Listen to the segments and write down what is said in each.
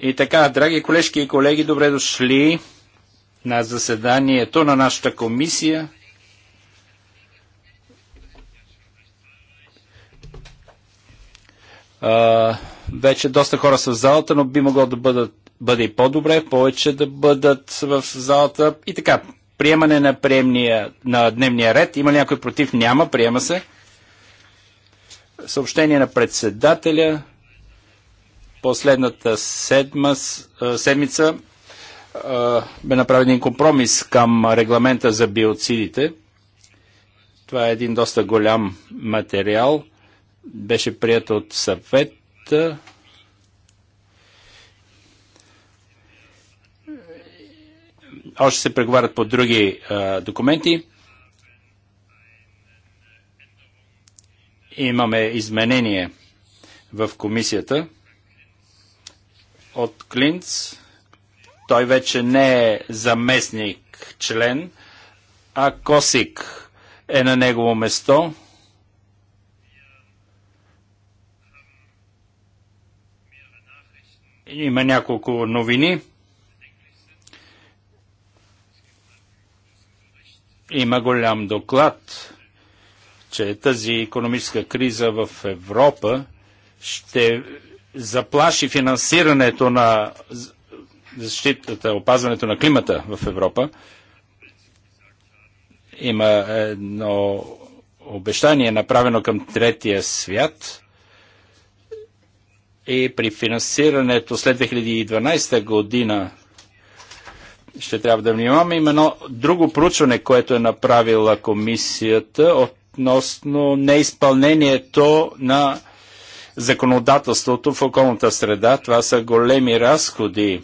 И така, драги колежки и колеги, добре дошли на заседанието на нашата комисия. вече доста хора са в залата, но би могло да бъдат, бъде и по-добре, повече да бъдат в залата. И така, приемане на, приемния, на дневния ред. Има ли някой против? Няма. Приема се. Съобщение на председателя последната седма, седмица бе направен един компромис към регламента за биоцидите. Това е един доста голям материал. Беше прият от съвета. Още се преговарят по други а, документи. Имаме изменение в комисията от Клинц. Той вече не е заместник член, а Косик е на негово место. Има няколко новини. Има голям доклад, че тази економическа криза в Европа ще заплаши финансирането на защитата, опазването на климата в Европа. Има едно обещание, направено към третия свят и при финансирането след 2012 година ще трябва да внимаваме. Има едно друго проучване, което е направила комисията относно неизпълнението на законодателството в околната среда. Това са големи разходи,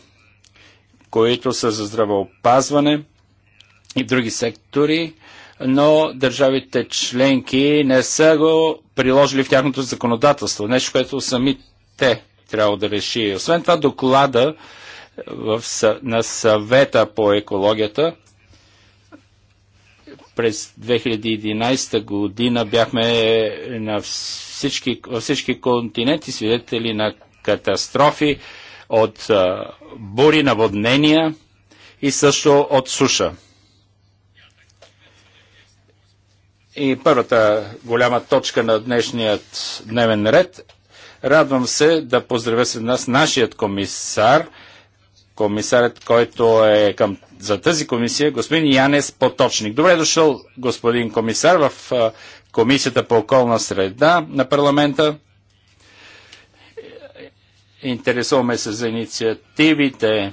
които са за здравеопазване и други сектори, но държавите членки не са го приложили в тяхното законодателство. Нещо, което сами те трябва да реши. Освен това, доклада в, на съвета по екологията през 2011 година бяхме на всички, във всички континенти свидетели на катастрофи от бури, наводнения и също от суша. И първата голяма точка на днешният дневен ред. Радвам се да поздравя с нас нашият комисар – комисарят, който е към, за тази комисия, господин Янес Поточник. Добре е дошъл, господин комисар, в Комисията по околна среда на парламента. Интересуваме се за инициативите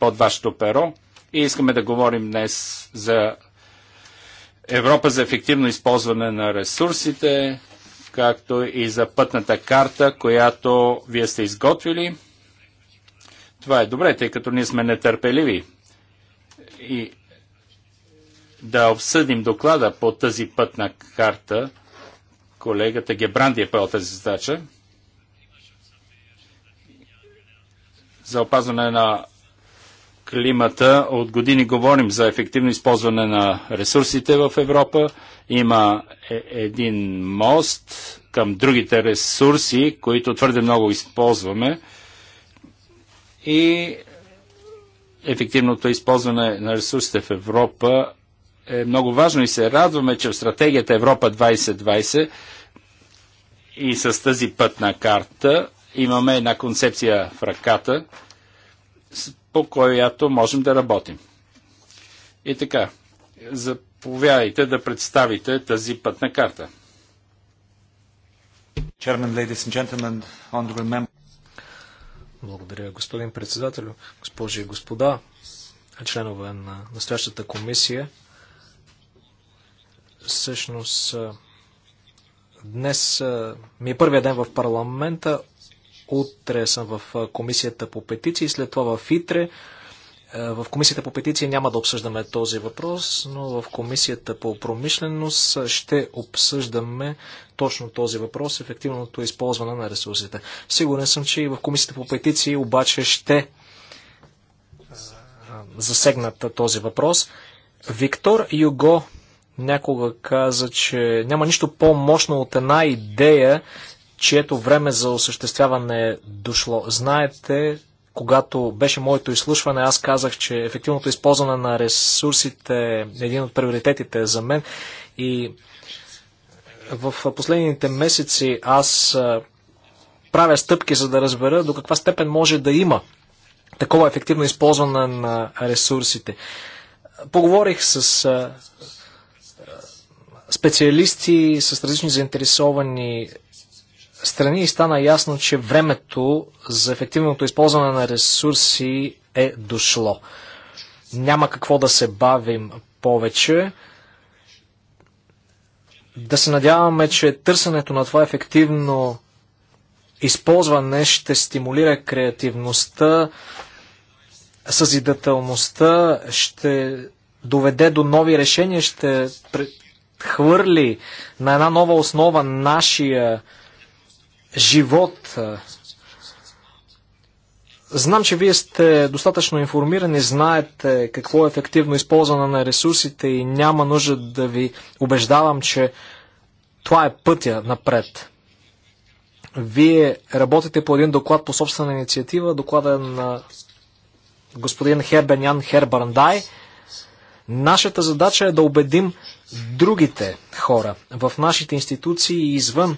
под вашето перо и искаме да говорим днес за Европа за ефективно използване на ресурсите, както и за пътната карта, която вие сте изготвили това е добре, тъй като ние сме нетърпеливи и да обсъдим доклада по тази пътна карта. Колегата Гебранди е поел тази задача за опазване на климата. От години говорим за ефективно използване на ресурсите в Европа. Има е, един мост към другите ресурси, които твърде много използваме и ефективното използване на ресурсите в Европа е много важно и се радваме, че в стратегията Европа 2020 и с тази пътна карта имаме една концепция в ръката, по която можем да работим. И така, заповядайте да представите тази пътна карта. Благодаря, господин председател, госпожи и господа, членове на настоящата комисия. Всъщност, днес ми е първият ден в парламента, утре съм в комисията по петиции, след това в ИТРЕ, е, в комисията по петиции няма да обсъждаме този въпрос, но в комисията по промишленост ще обсъждаме точно този въпрос, ефективното използване на ресурсите. Сигурен съм, че и в комисията по петиции обаче ще е, засегнат този въпрос. Виктор Юго някога каза, че няма нищо по-мощно от една идея, чието време за осъществяване е дошло. Знаете, когато беше моето изслушване, аз казах, че ефективното използване на ресурсите е един от приоритетите за мен и в последните месеци аз правя стъпки, за да разбера до каква степен може да има такова ефективно използване на ресурсите. Поговорих с специалисти, с различни заинтересовани страни и стана ясно, че времето за ефективното използване на ресурси е дошло. Няма какво да се бавим повече. Да се надяваме, че търсенето на това ефективно използване ще стимулира креативността, съзидателността, ще доведе до нови решения, ще хвърли на една нова основа нашия живот. Знам, че вие сте достатъчно информирани, знаете какво е ефективно използване на ресурсите и няма нужда да ви убеждавам, че това е пътя напред. Вие работите по един доклад по собствена инициатива, доклада е на господин Хербенян Хербарндай. Нашата задача е да убедим другите хора в нашите институции и извън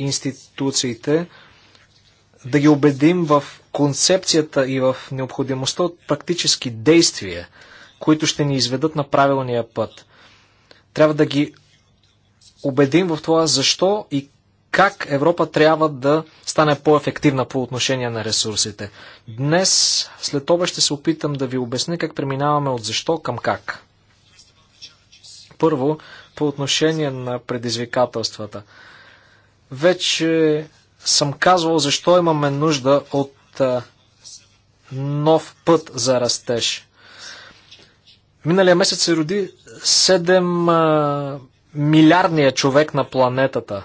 институциите, да ги убедим в концепцията и в необходимостта от практически действия, които ще ни изведат на правилния път. Трябва да ги убедим в това защо и как Европа трябва да стане по-ефективна по отношение на ресурсите. Днес, след това ще се опитам да ви обясня как преминаваме от защо към как. Първо, по отношение на предизвикателствата. Вече съм казвал защо имаме нужда от нов път за растеж. Миналия месец се роди 7 милиардния човек на планетата.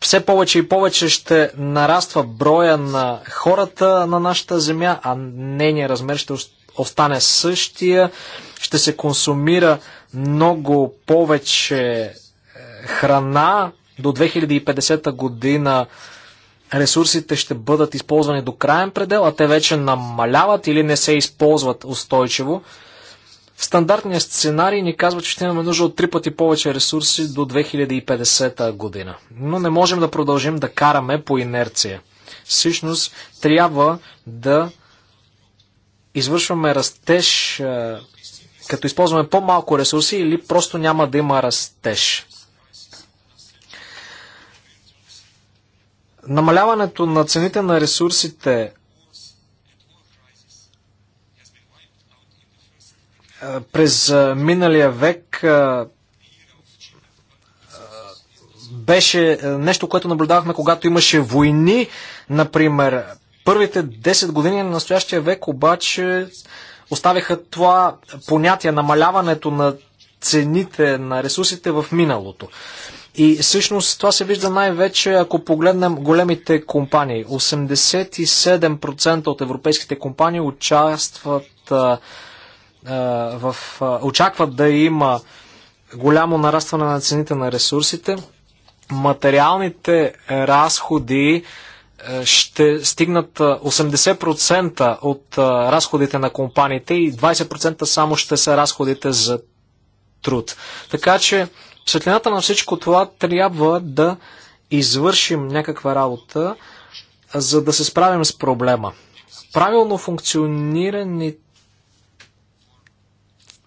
Все повече и повече ще нараства броя на хората на нашата земя, а нейният размер ще остане същия. Ще се консумира много повече е, храна. До 2050 година ресурсите ще бъдат използвани до краен предел, а те вече намаляват или не се използват устойчиво. В стандартния сценарий ни казва, че ще имаме нужда от три пъти повече ресурси до 2050 година. Но не можем да продължим да караме по инерция. Всъщност трябва да извършваме растеж е, като използваме по-малко ресурси или просто няма да има растеж. Намаляването на цените на ресурсите е, през е, миналия век е, беше нещо, което наблюдавахме, когато имаше войни, например. Първите 10 години на настоящия век обаче оставиха това понятие намаляването на цените на ресурсите в миналото. И всъщност това се вижда най-вече, ако погледнем големите компании. 87% от европейските компании участват а, а, в, а, очакват да има голямо нарастване на цените на ресурсите. Материалните разходи а, ще стигнат 80% от разходите на компаниите и 20% само ще са разходите за труд. Така че в светлината на всичко това трябва да извършим някаква работа, за да се справим с проблема. Правилно функционирани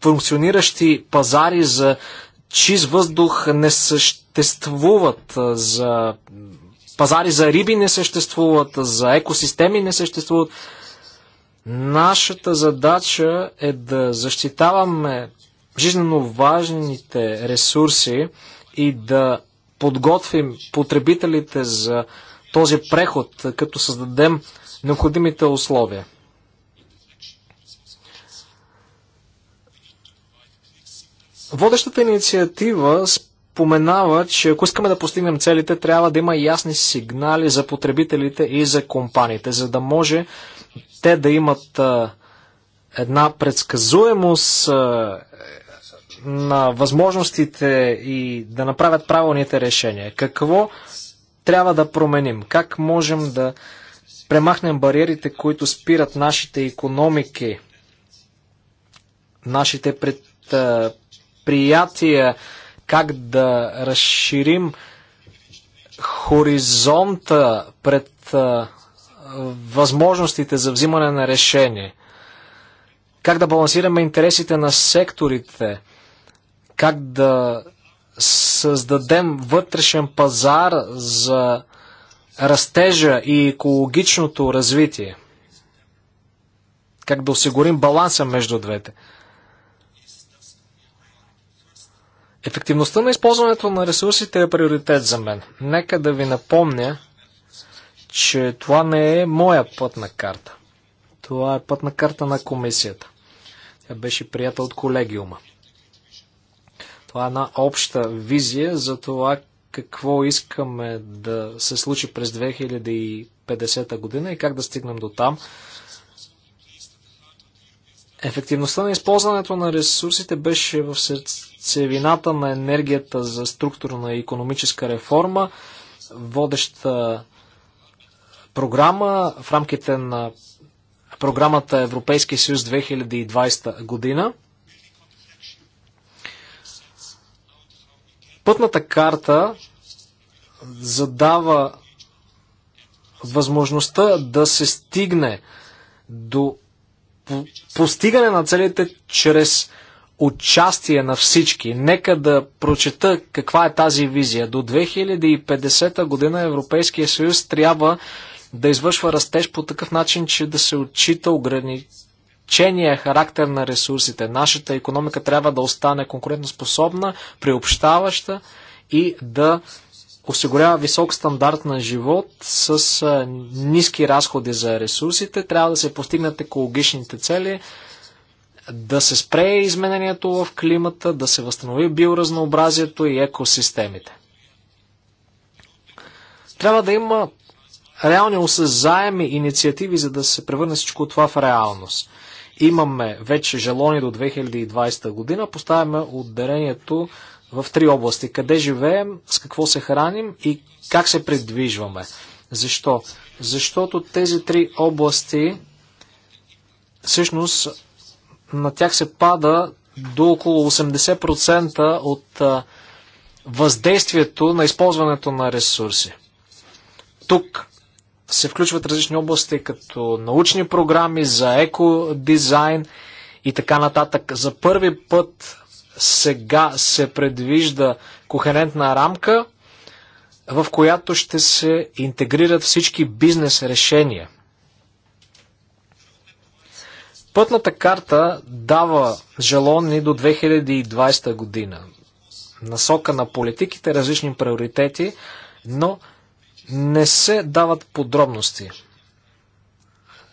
функциониращи пазари за чист въздух не съществуват за пазари за риби не съществуват, за екосистеми не съществуват. Нашата задача е да защитаваме жизненно важните ресурси и да подготвим потребителите за този преход, като създадем необходимите условия. Водещата инициатива, споменава, че ако искаме да постигнем целите, трябва да има ясни сигнали за потребителите и за компаниите, за да може те да имат една предсказуемост на възможностите и да направят правилните решения. Какво трябва да променим? Как можем да премахнем бариерите, които спират нашите економики, нашите предприятия? как да разширим хоризонта пред възможностите за взимане на решение, как да балансираме интересите на секторите, как да създадем вътрешен пазар за растежа и екологичното развитие, как да осигурим баланса между двете – Ефективността на използването на ресурсите е приоритет за мен. Нека да ви напомня, че това не е моя пътна карта. Това е пътна карта на комисията. Тя беше прията от колегиума. Това е една обща визия за това какво искаме да се случи през 2050 година и как да стигнем до там. Ефективността на използването на ресурсите беше в сърцевината на енергията за структурна и економическа реформа, водеща програма в рамките на програмата Европейския съюз 2020 година. Пътната карта задава възможността да се стигне до постигане на целите чрез участие на всички. Нека да прочета каква е тази визия. До 2050 година Европейския съюз трябва да извършва растеж по такъв начин, че да се отчита ограничения характер на ресурсите. Нашата економика трябва да остане конкурентоспособна, приобщаваща и да осигурява висок стандарт на живот с а, ниски разходи за ресурсите, трябва да се постигнат екологичните цели, да се спре изменението в климата, да се възстанови биоразнообразието и екосистемите. Трябва да има реални осъзаеми инициативи, за да се превърне всичко това в реалност. Имаме вече желони до 2020 година, поставяме отделението в три области. Къде живеем, с какво се храним и как се придвижваме. Защо? Защото тези три области всъщност на тях се пада до около 80% от а, въздействието на използването на ресурси. Тук се включват различни области, като научни програми за екодизайн и така нататък. За първи път сега се предвижда кохерентна рамка, в която ще се интегрират всички бизнес решения. Пътната карта дава желони до 2020 година. Насока на политиките, различни приоритети, но не се дават подробности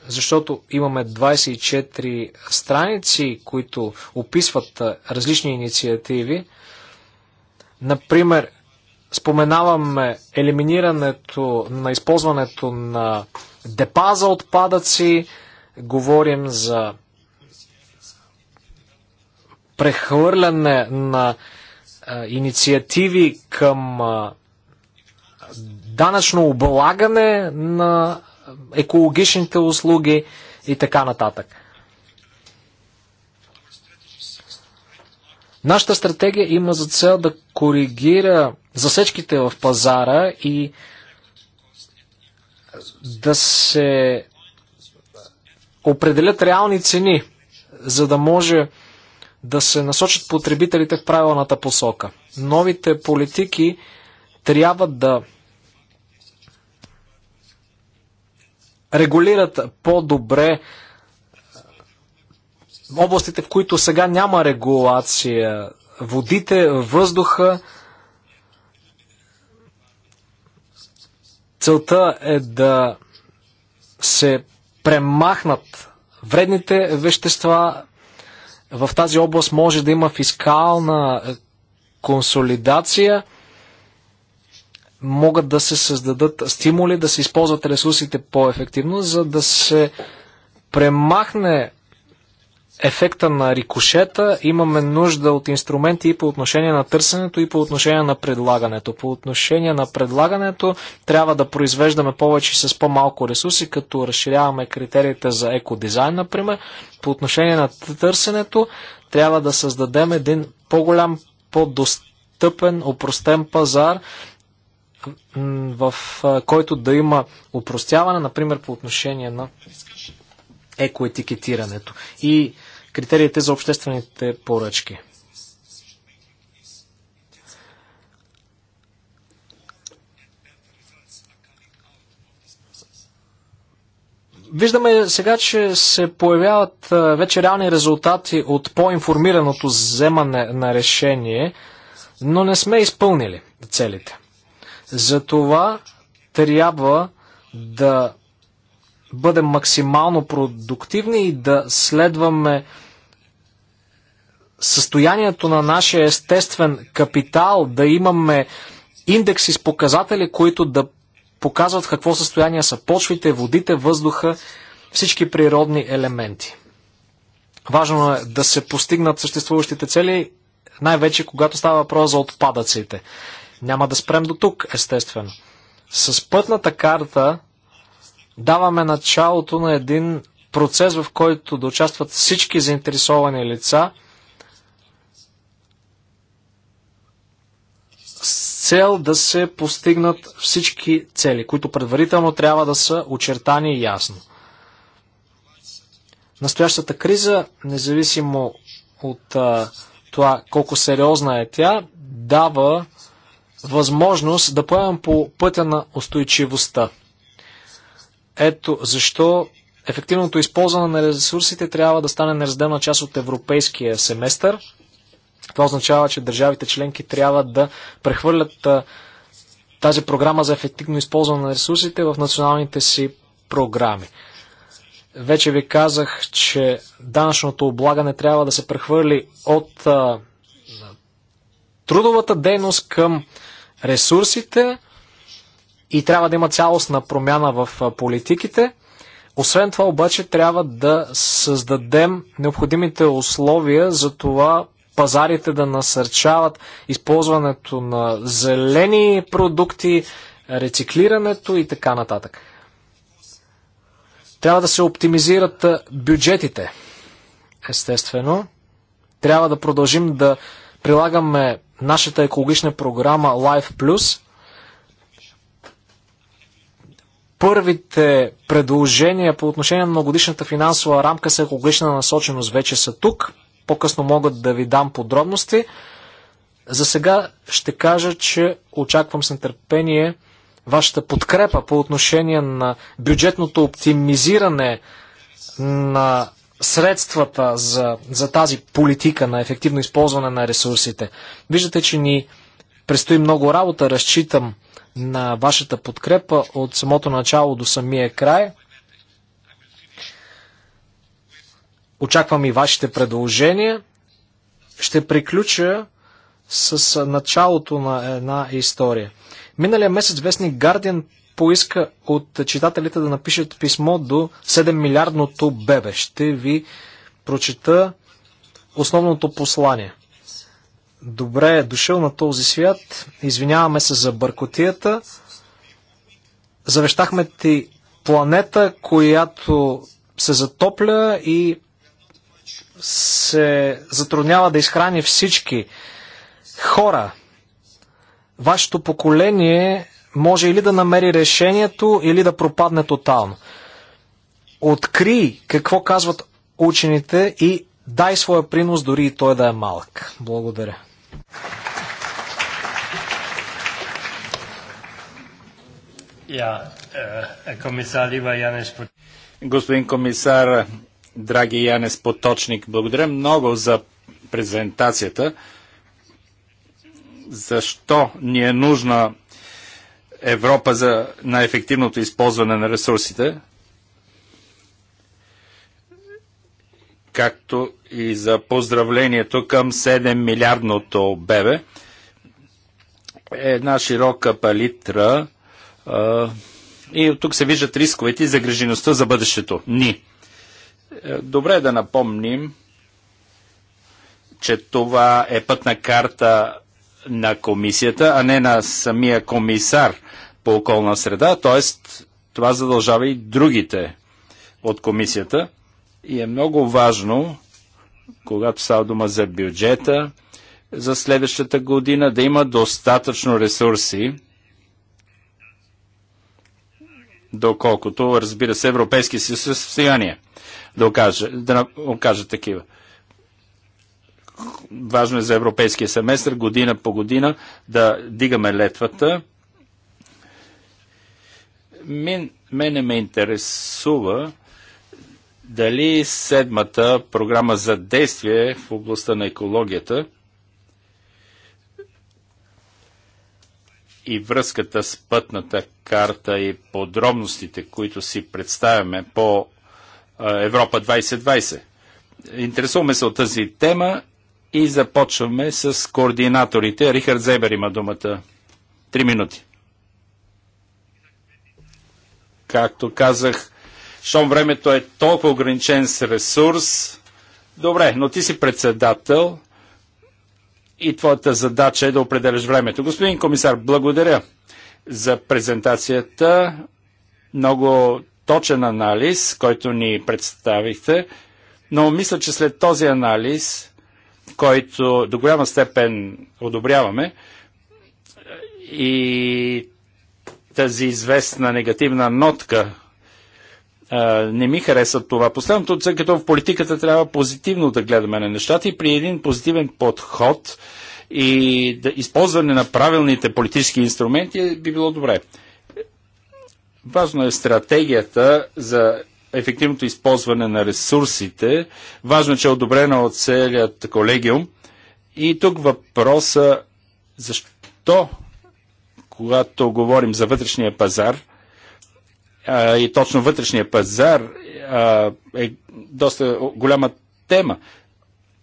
защото имаме 24 страници, които описват различни инициативи. Например, споменаваме елиминирането на използването на депа за отпадъци, говорим за прехвърляне на инициативи към данъчно облагане на екологичните услуги и така нататък. Нашата стратегия има за цел да коригира засечките в пазара и да се определят реални цени, за да може да се насочат потребителите в правилната посока. Новите политики трябва да регулират по-добре областите, в които сега няма регулация. Водите, въздуха. Целта е да се премахнат вредните вещества. В тази област може да има фискална консолидация могат да се създадат стимули, да се използват ресурсите по-ефективно, за да се премахне ефекта на рикошета. Имаме нужда от инструменти и по отношение на търсенето, и по отношение на предлагането. По отношение на предлагането трябва да произвеждаме повече с по-малко ресурси, като разширяваме критериите за екодизайн, например. По отношение на търсенето трябва да създадем един по-голям, по-достъпен, опростен пазар, в който да има упростяване, например по отношение на екоетикетирането и критериите за обществените поръчки. Виждаме сега, че се появяват вече реални резултати от по-информираното вземане на решение, но не сме изпълнили целите. Затова трябва да бъдем максимално продуктивни и да следваме състоянието на нашия естествен капитал, да имаме индекси с показатели, които да показват какво състояние са почвите, водите, въздуха, всички природни елементи. Важно е да се постигнат съществуващите цели, най-вече когато става въпрос за отпадъците. Няма да спрем до тук, естествено. С пътната карта даваме началото на един процес, в който да участват всички заинтересовани лица с цел да се постигнат всички цели, които предварително трябва да са очертани и ясно. Настоящата криза, независимо от а, това колко сериозна е тя, дава възможност да поемам по пътя на устойчивостта. Ето защо ефективното използване на ресурсите трябва да стане неразделна част от европейския семестър. Това означава, че държавите членки трябва да прехвърлят тази програма за ефективно използване на ресурсите в националните си програми. Вече ви казах, че данъчното облагане трябва да се прехвърли от а, трудовата дейност към ресурсите и трябва да има цялостна промяна в политиките. Освен това обаче трябва да създадем необходимите условия за това пазарите да насърчават използването на зелени продукти, рециклирането и така нататък. Трябва да се оптимизират бюджетите. Естествено, трябва да продължим да прилагаме нашата екологична програма Life Plus. Първите предложения по отношение на многодишната финансова рамка с екологична насоченост вече са тук. По-късно могат да ви дам подробности. За сега ще кажа, че очаквам с нетърпение вашата подкрепа по отношение на бюджетното оптимизиране на средствата за, за тази политика на ефективно използване на ресурсите. Виждате, че ни предстои много работа. Разчитам на вашата подкрепа от самото начало до самия край. Очаквам и вашите предложения. Ще приключа с началото на една история. Миналия месец вестник Гардиан поиска от читателите да напишат писмо до 7 милиардното бебе. Ще ви прочета основното послание. Добре е дошъл на този свят. Извиняваме се за бъркотията. Завещахме ти планета, която се затопля и се затруднява да изхрани всички хора. Вашето поколение може или да намери решението, или да пропадне тотално. Откри какво казват учените и дай своя принос, дори и той да е малък. Благодаря. Eh, Господин комисар, драги Янес Поточник, благодаря много за презентацията. Защо ни е нужна Европа за, най ефективното използване на ресурсите, както и за поздравлението към 7 милиардното бебе. Една широка палитра а, и тук се виждат рисковете и загрежеността за бъдещето ни. Е, добре е да напомним, че това е пътна карта на комисията, а не на самия комисар по околна среда, т.е. това задължава и другите от комисията. И е много важно, когато става дума за бюджета за следващата година, да има достатъчно ресурси, доколкото, разбира се, Европейския съюз е в състояние да окаже, да окаже такива. Важно е за европейския семестър година по година да дигаме летвата. Мен, мене ме интересува дали седмата програма за действие в областта на екологията и връзката с пътната карта и подробностите, които си представяме по Европа 2020. Интересуваме се от тази тема и започваме с координаторите. Рихард Зебер има думата. Три минути. Както казах, щом времето е толкова ограничен с ресурс, добре, но ти си председател и твоята задача е да определяш времето. Господин комисар, благодаря за презентацията. Много точен анализ, който ни представихте, но мисля, че след този анализ който до голяма степен одобряваме и тази известна негативна нотка не ми харесва това. Последното, тъй като в политиката трябва позитивно да гледаме на нещата и при един позитивен подход и да използване на правилните политически инструменти би било добре. Важно е стратегията за ефективното използване на ресурсите. Важно, е, че е одобрено от целият колегиум. И тук въпроса защо, когато говорим за вътрешния пазар, а, и точно вътрешния пазар а, е доста голяма тема.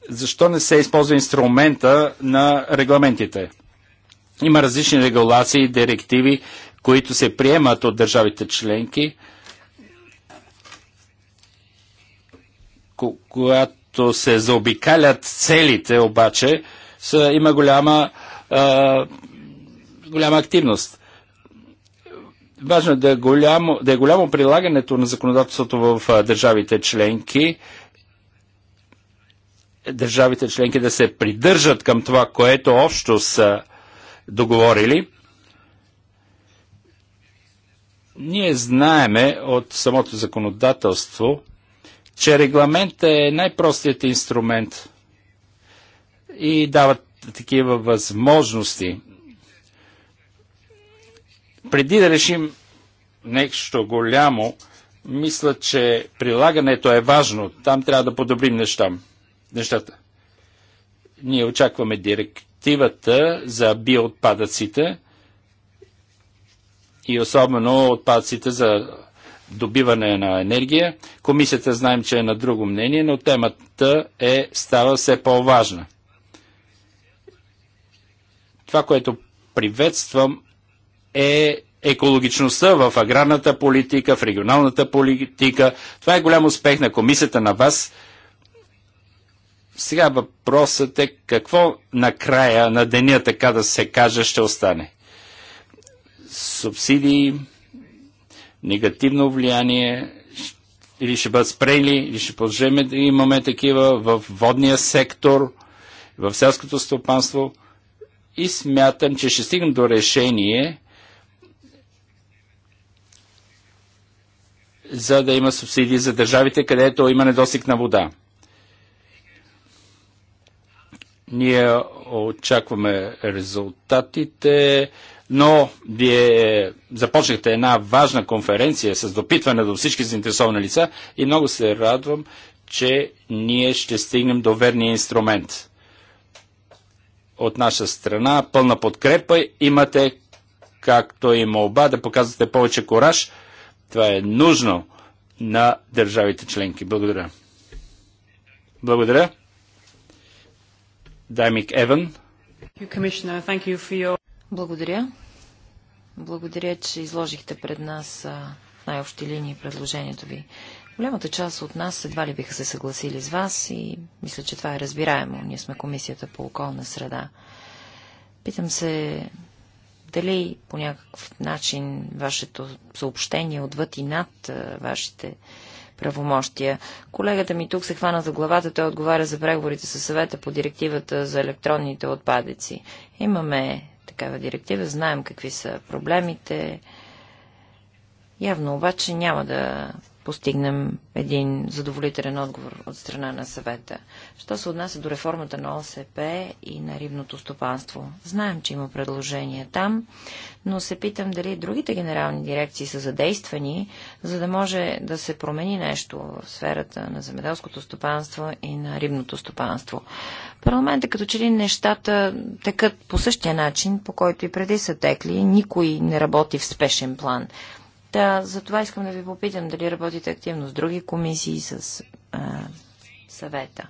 Защо не се използва инструмента на регламентите? Има различни регулации, директиви, които се приемат от държавите членки когато се заобикалят целите, обаче, са, има голяма, а, голяма активност. Важно е да е, голямо, да е голямо прилагането на законодателството в държавите членки, държавите членки да се придържат към това, което общо са договорили. Ние знаеме от самото законодателство, че регламент е най-простият инструмент и дават такива възможности. Преди да решим нещо голямо, мисля, че прилагането е важно. Там трябва да подобрим неща. нещата. Ние очакваме директивата за биоотпадъците и особено отпадъците за добиване на енергия. Комисията знаем, че е на друго мнение, но темата е, става все по-важна. Това, което приветствам е екологичността в аграрната политика, в регионалната политика. Това е голям успех на комисията на вас. Сега въпросът е какво накрая на деня, така да се каже, ще остане. Субсидии, негативно влияние или ще бъдат спрели, или ще продължим да имаме такива в водния сектор, в селското стопанство и смятам, че ще стигнем до решение за да има субсидии за държавите, където има недостиг на вода. Ние очакваме резултатите но вие започнахте една важна конференция с допитване до всички заинтересовани лица и много се радвам, че ние ще стигнем до верния инструмент. От наша страна пълна подкрепа имате, както и молба, да показвате повече кораж. Това е нужно на държавите членки. Благодаря. Благодаря. Даймик Еван. You, благодаря. Благодаря, че изложихте пред нас най-общи линии предложението ви. Голямата част от нас едва ли биха се съгласили с вас и мисля, че това е разбираемо. Ние сме комисията по околна среда. Питам се дали по някакъв начин вашето съобщение отвъд и над вашите правомощия. Колегата ми тук се хвана за главата, той отговаря за преговорите със съвета по директивата за електронните отпадъци. Имаме такава директива, знаем какви са проблемите. Явно обаче няма да постигнем един задоволителен отговор от страна на съвета. Що се отнася до реформата на ОСП и на рибното стопанство? Знаем, че има предложения там, но се питам дали другите генерални дирекции са задействани, за да може да се промени нещо в сферата на земеделското стопанство и на рибното стопанство. Парламентът като че ли нещата текат по същия начин, по който и преди са текли. Никой не работи в спешен план. Та, за това искам да ви попитам дали работите активно с други комисии, с а, съвета,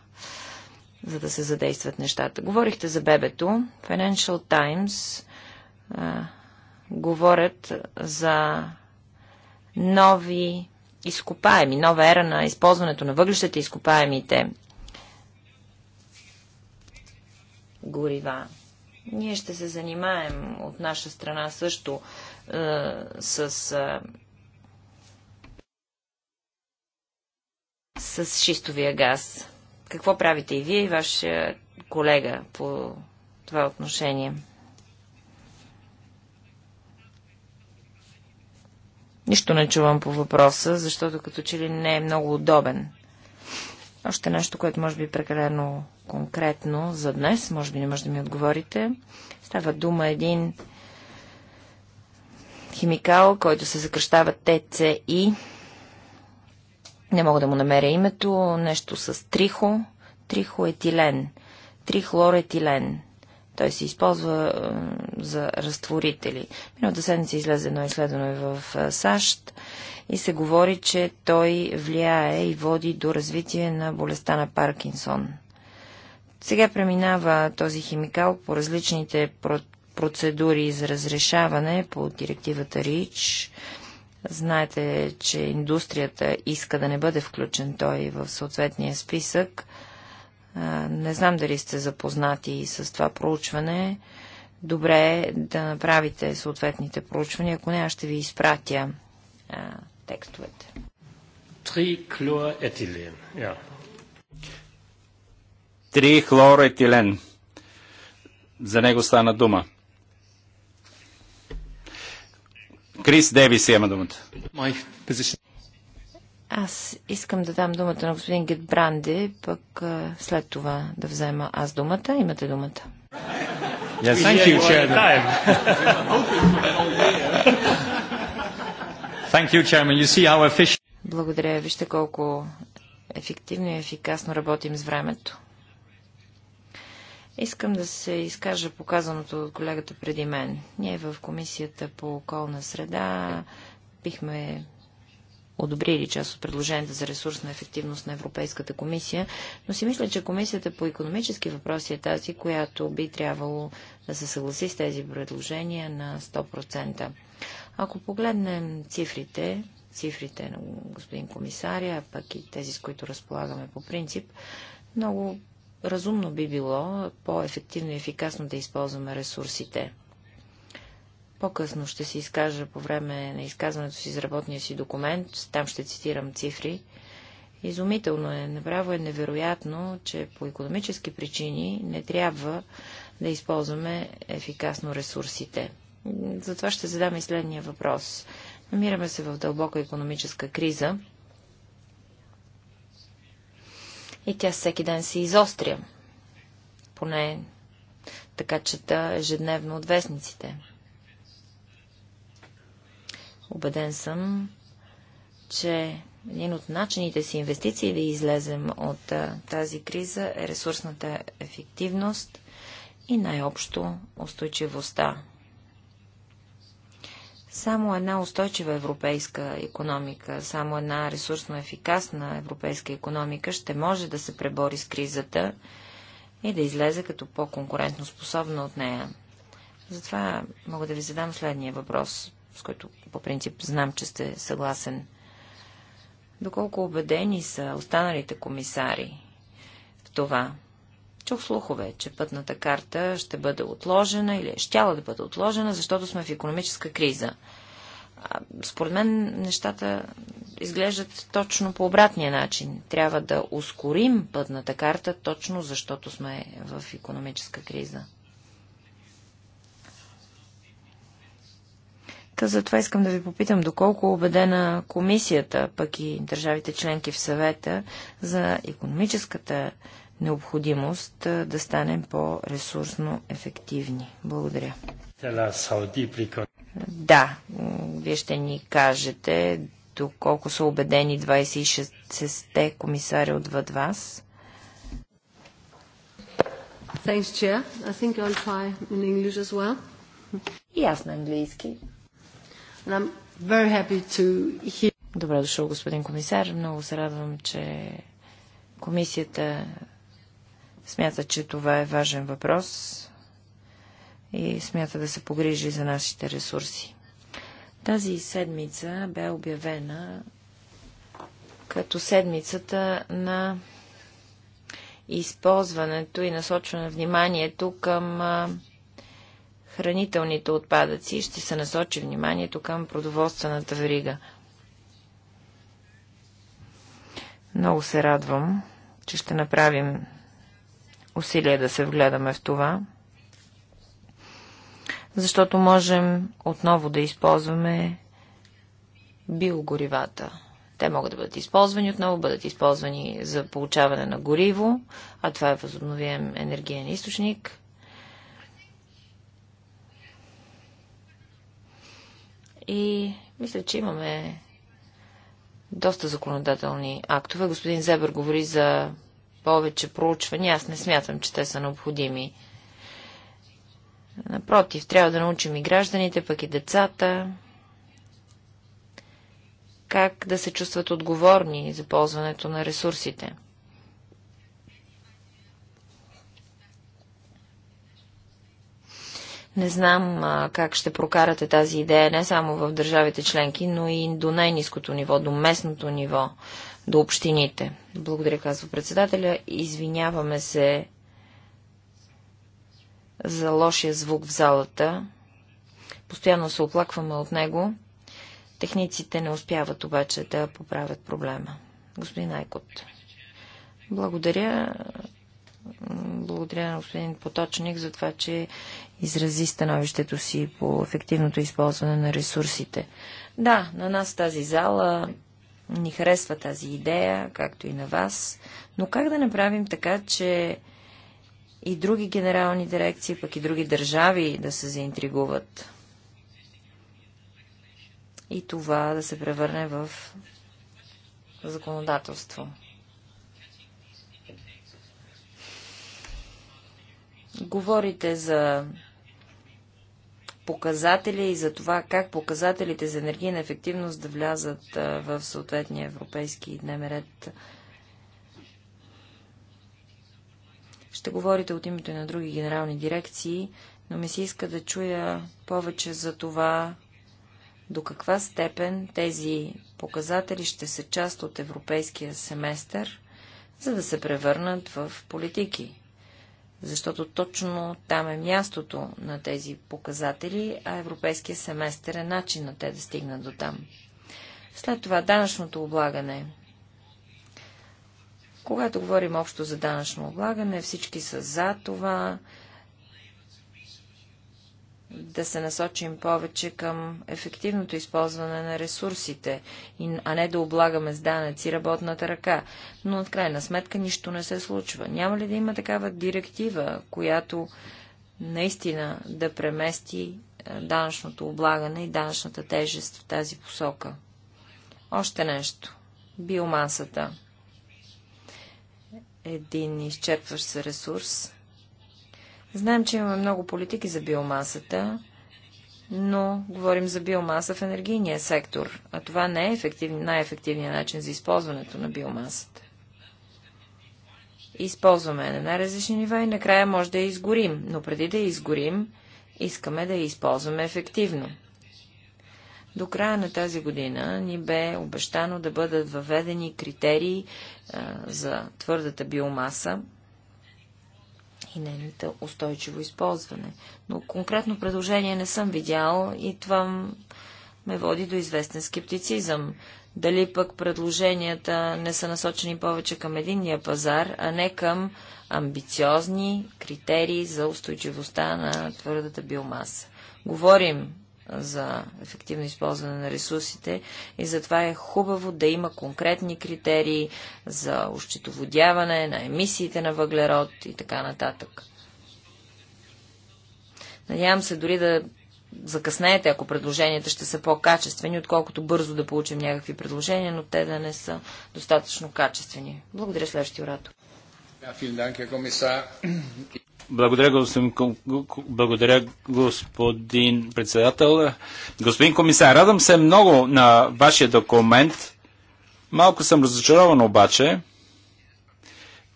за да се задействат нещата. Говорихте за бебето. Financial Times а, говорят за нови изкопаеми, нова ера на използването на въглищата и изкопаемите горива. Ние ще се занимаем от наша страна също с с шистовия газ. Какво правите и вие, и вашия колега по това отношение? Нищо не чувам по въпроса, защото като че ли не е много удобен. Още нещо, което може би е прекалено конкретно за днес, може би не може да ми отговорите. Става дума един химикал, който се съкръщава ТЦИ. Не мога да му намеря името. Нещо с трихо. Трихоетилен. Трихлоретилен. Той се използва е, за разтворители. Миналата седмица излезе едно изследване в е, САЩ и се говори, че той влияе и води до развитие на болестта на Паркинсон. Сега преминава този химикал по различните протеини процедури за разрешаване по директивата РИЧ. Знаете, че индустрията иска да не бъде включен той в съответния списък. Не знам дали сте запознати с това проучване. Добре е да направите съответните проучвания. Ако не, аз ще ви изпратя а, текстовете. Трихлоретилен. Трихлоретилен. За него стана дума. Крис има думата. Аз искам да дам думата на господин Гетбранди, пък след това да взема аз думата. Имате думата. Yes, thank you, Chairman. thank you, Chairman. You see how efficient... Благодаря. Вижте колко ефективно и ефикасно работим с времето. Искам да се изкажа показаното от колегата преди мен. Ние в Комисията по околна среда бихме одобрили част от предложенията за ресурсна ефективност на Европейската комисия, но си мисля, че Комисията по економически въпроси е тази, която би трябвало да се съгласи с тези предложения на 100%. Ако погледнем цифрите, цифрите на господин комисаря, пък и тези, с които разполагаме по принцип, много разумно би било по-ефективно и ефикасно да използваме ресурсите. По-късно ще се изкажа по време на изказването си за работния си документ, там ще цитирам цифри. Изумително е, направо е невероятно, че по економически причини не трябва да използваме ефикасно ресурсите. Затова ще задам и следния въпрос. Намираме се в дълбока економическа криза и тя всеки ден се изостря. Поне така чета ежедневно от вестниците. Обеден съм, че един от начините си инвестиции да излезем от тази криза е ресурсната ефективност и най-общо устойчивостта. Само една устойчива европейска економика, само една ресурсно ефикасна европейска економика ще може да се пребори с кризата и да излезе като по-конкурентно способна от нея. Затова мога да ви задам следния въпрос, с който по принцип знам, че сте съгласен. Доколко убедени са останалите комисари в това? чух слухове, че пътната карта ще бъде отложена или щяла да бъде отложена, защото сме в економическа криза. А, според мен нещата изглеждат точно по обратния начин. Трябва да ускорим пътната карта, точно защото сме в економическа криза. Та затова искам да ви попитам, доколко убедена комисията, пък и държавите членки в съвета за економическата необходимост да станем по-ресурсно ефективни. Благодаря. Да, вие ще ни кажете доколко са убедени 26-те комисари отвъд вас. Thanks, Chair. I think I'll try in English as well. И аз на английски. And I'm very happy to hear... Добре дошъл, господин комисар. Много се радвам, че комисията Смята, че това е важен въпрос и смята да се погрижи за нашите ресурси. Тази седмица бе обявена като седмицата на използването и насочване на вниманието към хранителните отпадъци. Ще се насочи вниманието към продоволствената врига. Много се радвам, че ще направим усилия да се вгледаме в това, защото можем отново да използваме биогоривата. Те могат да бъдат използвани отново, бъдат използвани за получаване на гориво, а това е възобновим енергиен източник. И мисля, че имаме доста законодателни актове. Господин Зебър говори за повече проучвания. Аз не смятам, че те са необходими. Напротив, трябва да научим и гражданите, пък и децата, как да се чувстват отговорни за ползването на ресурсите. Не знам а, как ще прокарате тази идея не само в държавите членки, но и до най-низкото ниво, до местното ниво до общините. Благодаря, казва председателя. Извиняваме се за лошия звук в залата. Постоянно се оплакваме от него. Техниците не успяват обаче да поправят проблема. Господин Айкот. Благодаря. Благодаря на господин Поточник за това, че изрази становището си по ефективното използване на ресурсите. Да, на нас тази зала ни харесва тази идея, както и на вас, но как да направим така, че и други генерални дирекции, пък и други държави да се заинтригуват? И това да се превърне в законодателство. Говорите за показатели и за това как показателите за енергийна ефективност да влязат в съответния европейски дневен ред. Ще говорите от името и на други генерални дирекции, но ми се иска да чуя повече за това, до каква степен тези показатели ще са част от европейския семестър, за да се превърнат в политики защото точно там е мястото на тези показатели, а европейския семестър е начин на те да стигнат до там. След това данъчното облагане. Когато говорим общо за данъчно облагане, всички са за това, да се насочим повече към ефективното използване на ресурсите, а не да облагаме с данъци работната ръка. Но от крайна сметка нищо не се случва. Няма ли да има такава директива, която наистина да премести е, данъчното облагане и данъчната тежест в тази посока? Още нещо. Биомасата. Един изчерпващ се ресурс Знаем, че имаме много политики за биомасата, но говорим за биомаса в енергийния сектор, а това не е ефектив, най-ефективният начин за използването на биомасата. Използваме на най-различни нива и накрая може да я изгорим, но преди да я изгорим, искаме да я използваме ефективно. До края на тази година ни бе обещано да бъдат въведени критерии а, за твърдата биомаса, и нейната устойчиво използване. Но конкретно предложение не съм видял и това ме води до известен скептицизъм. Дали пък предложенията не са насочени повече към единния пазар, а не към амбициозни критерии за устойчивостта на твърдата биомаса. Говорим за ефективно използване на ресурсите и затова е хубаво да има конкретни критерии за ощетоводяване на емисиите на въглерод и така нататък. Надявам се дори да закъснеете, ако предложенията ще са по-качествени, отколкото бързо да получим някакви предложения, но те да не са достатъчно качествени. Благодаря следващия оратор. Благодаря, господин, благодаря, господин председател. Господин комисар, радвам се много на вашия документ. Малко съм разочарован обаче,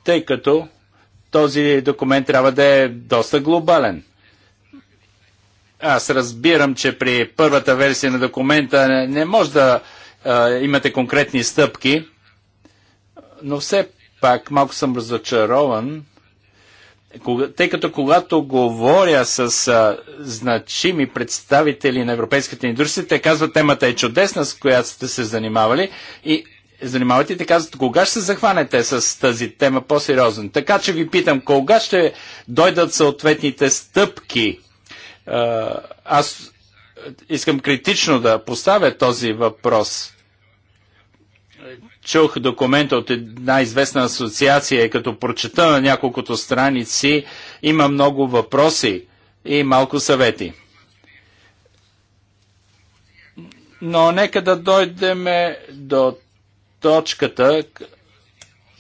тъй като този документ трябва да е доста глобален. Аз разбирам, че при първата версия на документа не, не може да а, имате конкретни стъпки, но все пак малко съм разочарован тъй като когато говоря с а, значими представители на европейските индустрии, те казват темата е чудесна, с която сте се занимавали и занимавате и те казват кога ще се захванете с тази тема по-сериозно. Така че ви питам, кога ще дойдат съответните стъпки? А, аз искам критично да поставя този въпрос чух документа от една известна асоциация и като прочета на няколкото страници, има много въпроси и малко съвети. Но нека да дойдем до точката,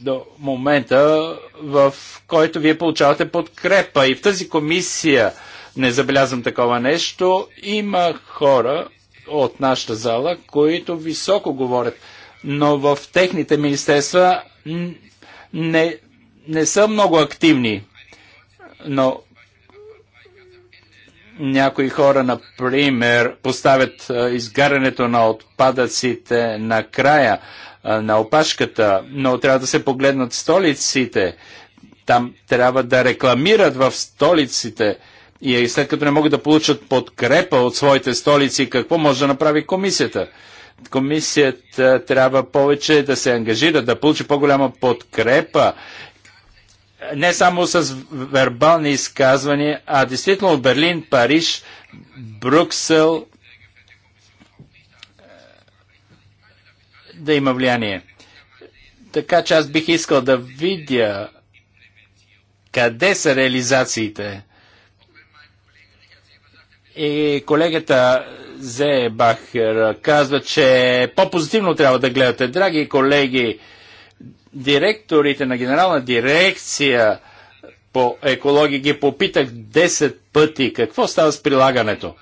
до момента, в който вие получавате подкрепа. И в тази комисия не забелязвам такова нещо. Има хора от нашата зала, които високо говорят но в техните министерства не, не са много активни. Но някои хора, например, поставят изгарянето на отпадъците на края на опашката, но трябва да се погледнат столиците. Там трябва да рекламират в столиците. И след като не могат да получат подкрепа от своите столици, какво може да направи комисията? Комисията трябва повече да се ангажира, да получи по-голяма подкрепа не само с вербални изказвания, а действително Берлин, Париж, Брюксел да има влияние. Така че аз бих искал да видя къде са реализациите. И колегата Зебахер казва, че по-позитивно трябва да гледате, драги колеги, директорите на генерална дирекция по екология ги попитах 10 пъти какво става с прилагането.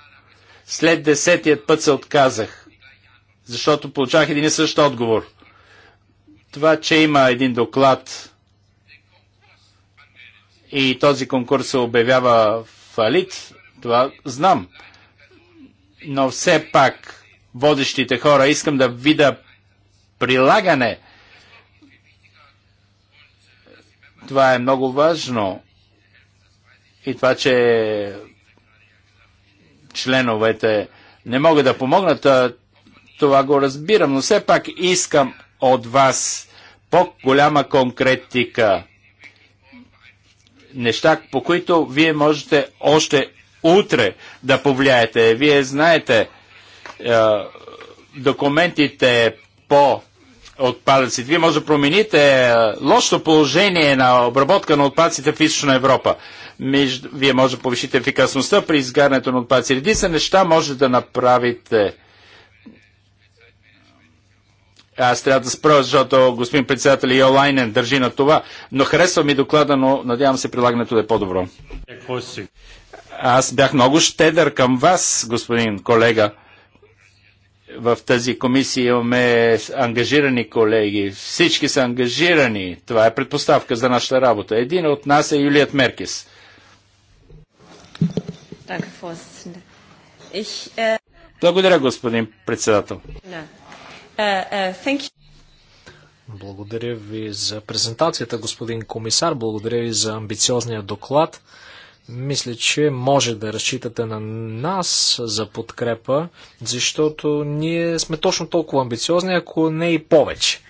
След десетият път се отказах, защото получах един и същ отговор. Това, че има един доклад и този конкурс се обявява фалит, това знам но все пак водещите хора искам да видя прилагане. Това е много важно. И това, че членовете не могат да помогнат, това го разбирам, но все пак искам от вас по-голяма конкретика. Неща, по които вие можете още утре да повлияете. Вие знаете е, документите по отпадъците. Вие може да промените е, лошото положение на обработка на отпадъците в Източна Европа. Между... Вие може да повишите ефикасността при изгарянето на отпадъци. Редица неща може да направите. Аз трябва да спра, защото господин председател Йолайнен държи на това, но харесва ми доклада, но надявам се прилагането да е по-добро. Е, аз бях много щедър към вас, господин колега. В тази комисия имаме ангажирани колеги. Всички са ангажирани. Това е предпоставка за нашата работа. Един от нас е Юлият Меркис. Äh, Благодаря, господин председател. Äh, äh, Благодаря ви за презентацията, господин комисар. Благодаря ви за амбициозния доклад. Мисля, че може да разчитате на нас за подкрепа, защото ние сме точно толкова амбициозни, ако не и повече.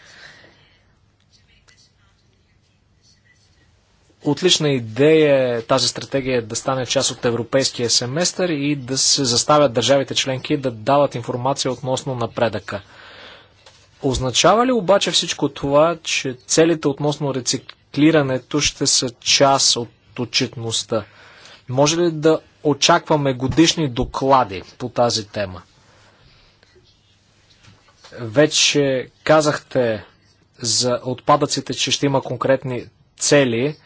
Отлична идея е тази стратегия да стане част от европейския семестър и да се заставят държавите членки да дават информация относно напредъка. Означава ли обаче всичко това, че целите относно рециклирането ще са част от отчетността? Може ли да очакваме годишни доклади по тази тема? Вече казахте за отпадъците, че ще има конкретни цели.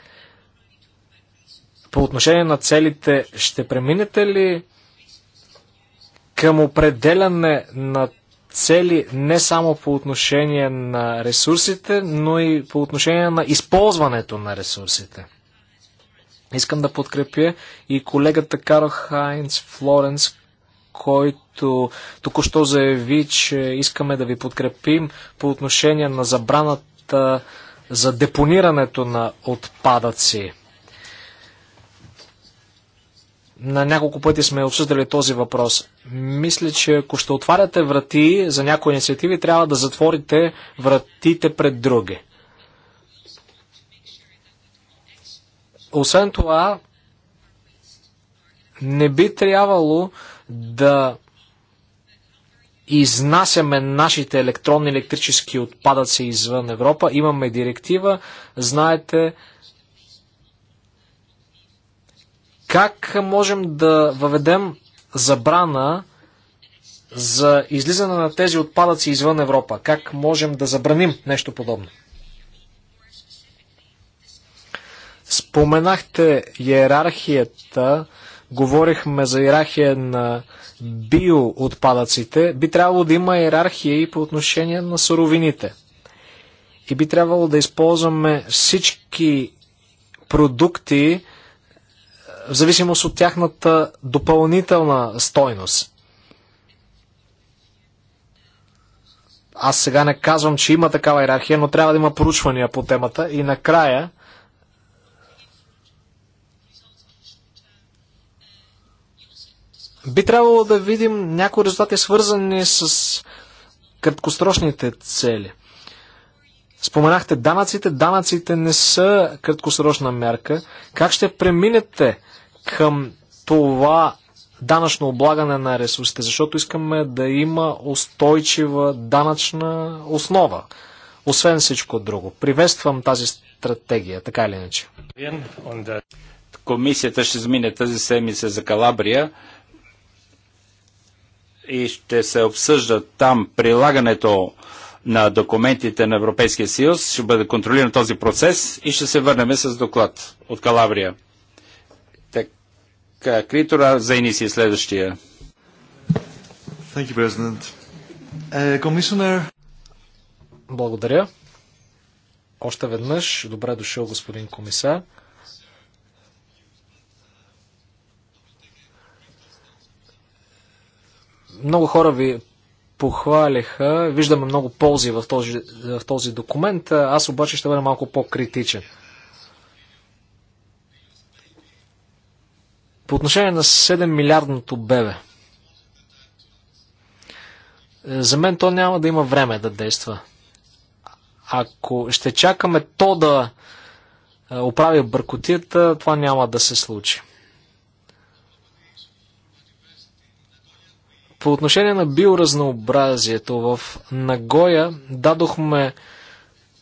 По отношение на целите, ще преминете ли към определяне на цели не само по отношение на ресурсите, но и по отношение на използването на ресурсите? Искам да подкрепя и колегата Карл Хайнц Флоренс, който току-що заяви, че искаме да ви подкрепим по отношение на забраната за депонирането на отпадъци. На няколко пъти сме обсъждали този въпрос. Мисля, че ако ще отваряте врати за някои инициативи, трябва да затворите вратите пред други. Освен това, не би трябвало да изнасяме нашите електронни електрически отпадъци извън Европа. Имаме директива, знаете как можем да въведем забрана за излизане на тези отпадъци извън Европа. Как можем да забраним нещо подобно? Споменахте иерархията, говорихме за иерархия на биоотпадъците. Би трябвало да има иерархия и по отношение на суровините. И би трябвало да използваме всички продукти е, в зависимост от тяхната допълнителна стойност. Аз сега не казвам, че има такава иерархия, но трябва да има поручвания по темата. И накрая, Би трябвало да видим някои резултати свързани с краткосрочните цели. Споменахте данъците. Данъците не са краткосрочна мерка. Как ще преминете към това данъчно облагане на ресурсите? Защото искаме да има устойчива данъчна основа. Освен всичко друго. Приветствам тази стратегия, така или иначе. Комисията ще замине тази седмица за Калабрия и ще се обсъжда там прилагането на документите на Европейския съюз, ще бъде контролиран този процес и ще се върнем с доклад от Калабрия. Така, Критора за си следващия. You, е, Благодаря. Още веднъж, добре дошъл господин комисар. Много хора ви похвалиха. Виждаме много ползи в този, в този документ. Аз обаче ще бъда малко по-критичен. По отношение на 7 милиардното бебе. За мен то няма да има време да действа. Ако ще чакаме то да оправи бъркотията, това няма да се случи. По отношение на биоразнообразието в Нагоя дадохме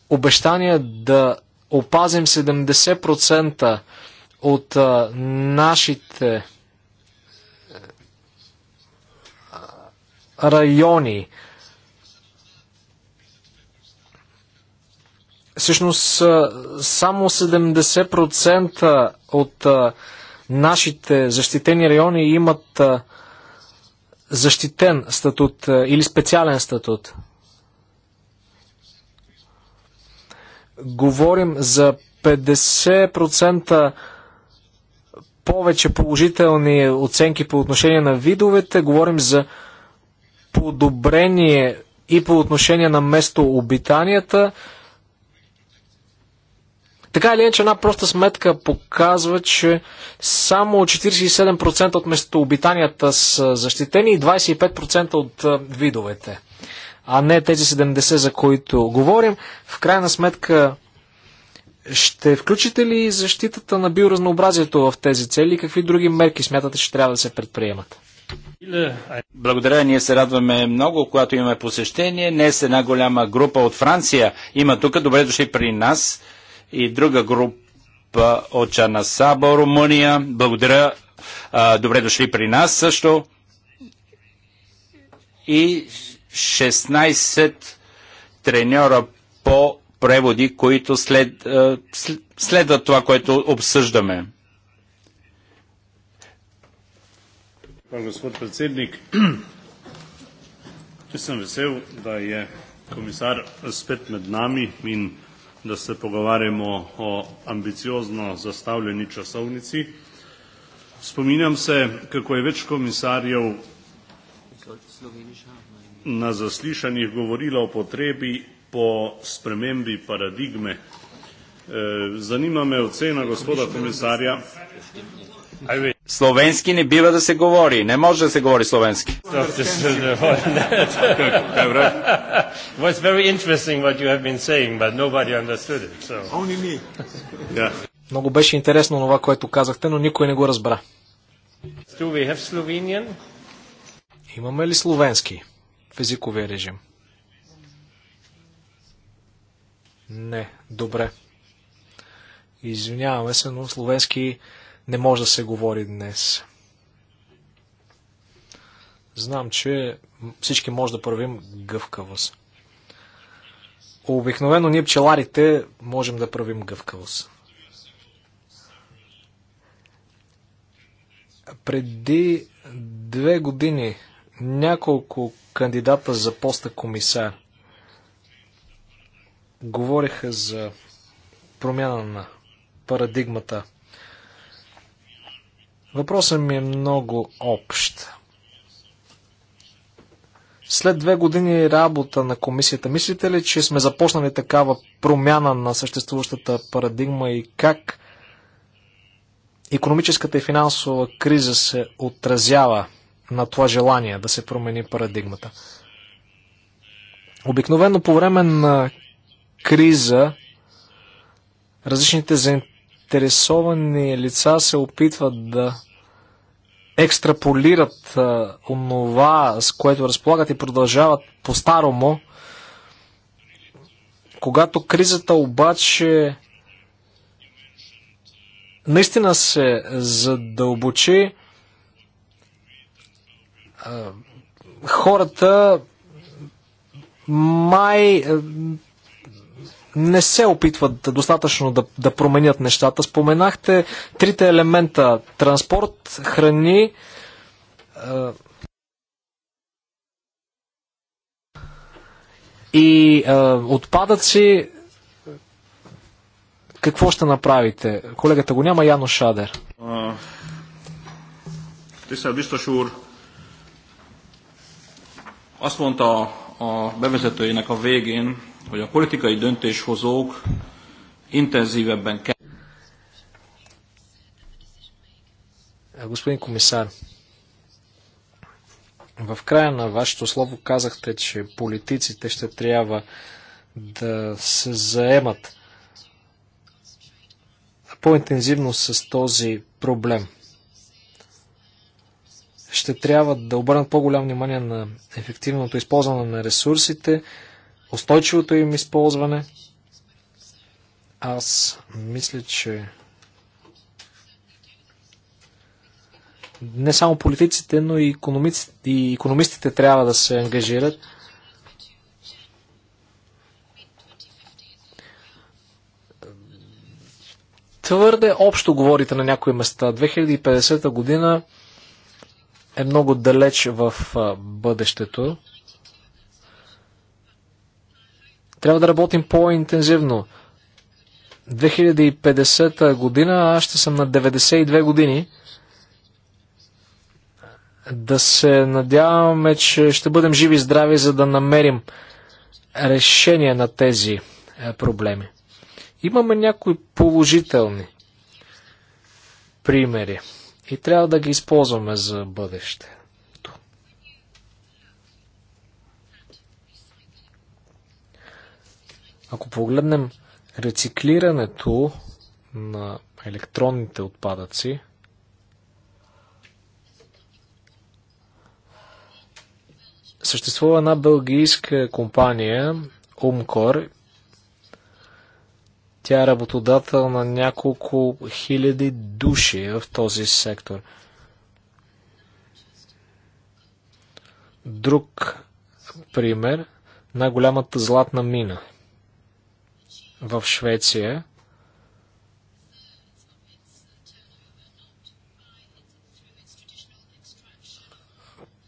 обещания да опазим 70% от а, нашите райони. Всъщност, само 70% от а, нашите защитени райони имат а, защитен статут е, или специален статут. Говорим за 50% повече положителни оценки по отношение на видовете, говорим за подобрение и по отношение на местообитанията, така или иначе, една проста сметка показва, че само 47% от местообитанията са защитени и 25% от видовете, а не тези 70, за които говорим. В крайна сметка, ще включите ли защитата на биоразнообразието в тези цели и какви други мерки смятате, че трябва да се предприемат? Благодаря, ние се радваме много, когато имаме посещение. Днес една голяма група от Франция има тук. Добре дошли при нас и друга група от Чанасабо, Румъния. Благодаря. Добре дошли при нас също. И 16 треньора по преводи, които след, следват това, което обсъждаме. Господ председник, Че съм весел да е комисар спет меднами nami da se pogovarjamo o ambiciozno zastavljeni časovnici. Spominjam se, kako je več komisarjev na zaslišanjih govorilo o potrebi po spremembi paradigme. Zanima me ocena gospoda komisarja, Словенски не бива да се говори. Не може да се говори словенски. Много беше интересно това, което казахте, но никой не го разбра. Имаме ли словенски в езиковия режим? Не, добре. Извиняваме се, но словенски не може да се говори днес. Знам, че всички може да правим гъвкавост. Обикновено ние пчеларите можем да правим гъвкавост. Преди две години няколко кандидата за поста комисар говориха за промяна на парадигмата – Въпросът ми е много общ. След две години работа на комисията, мислите ли, че сме започнали такава промяна на съществуващата парадигма и как економическата и финансова криза се отразява на това желание да се промени парадигмата? Обикновено по време на криза различните заинтересовани заинтересовани лица се опитват да екстраполират а, онова, с което разполагат и продължават по-старому. Когато кризата обаче наистина се задълбочи, хората май не се опитват достатъчно да, да променят нещата. Споменахте трите елемента транспорт, храни. Е, и е, отпадъци. Какво ще направите? Колегата го няма, Яно Шадер. Tisztelt biztos úr, azt mondta a bevezetőjének hogy a politikai döntéshozók intenzívebben kell. Господин комисар, в края на вашето слово казахте, че политиците ще трябва да се заемат по-интензивно с този проблем. Ще трябва да обърнат по-голямо внимание на ефективното използване на ресурсите, устойчивото им използване. Аз мисля, че не само политиците, но и економистите, и економистите трябва да се ангажират. Твърде общо говорите на някои места. 2050 година е много далеч в бъдещето. Трябва да работим по-интензивно. 2050 година, аз ще съм на 92 години. Да се надяваме, че ще бъдем живи и здрави, за да намерим решение на тези е, проблеми. Имаме някои положителни примери и трябва да ги използваме за бъдеще. Ако погледнем рециклирането на електронните отпадъци, съществува една бългийска компания, Умкор. Тя е работодател на няколко хиляди души в този сектор. Друг пример най-голямата златна мина – в Швеция.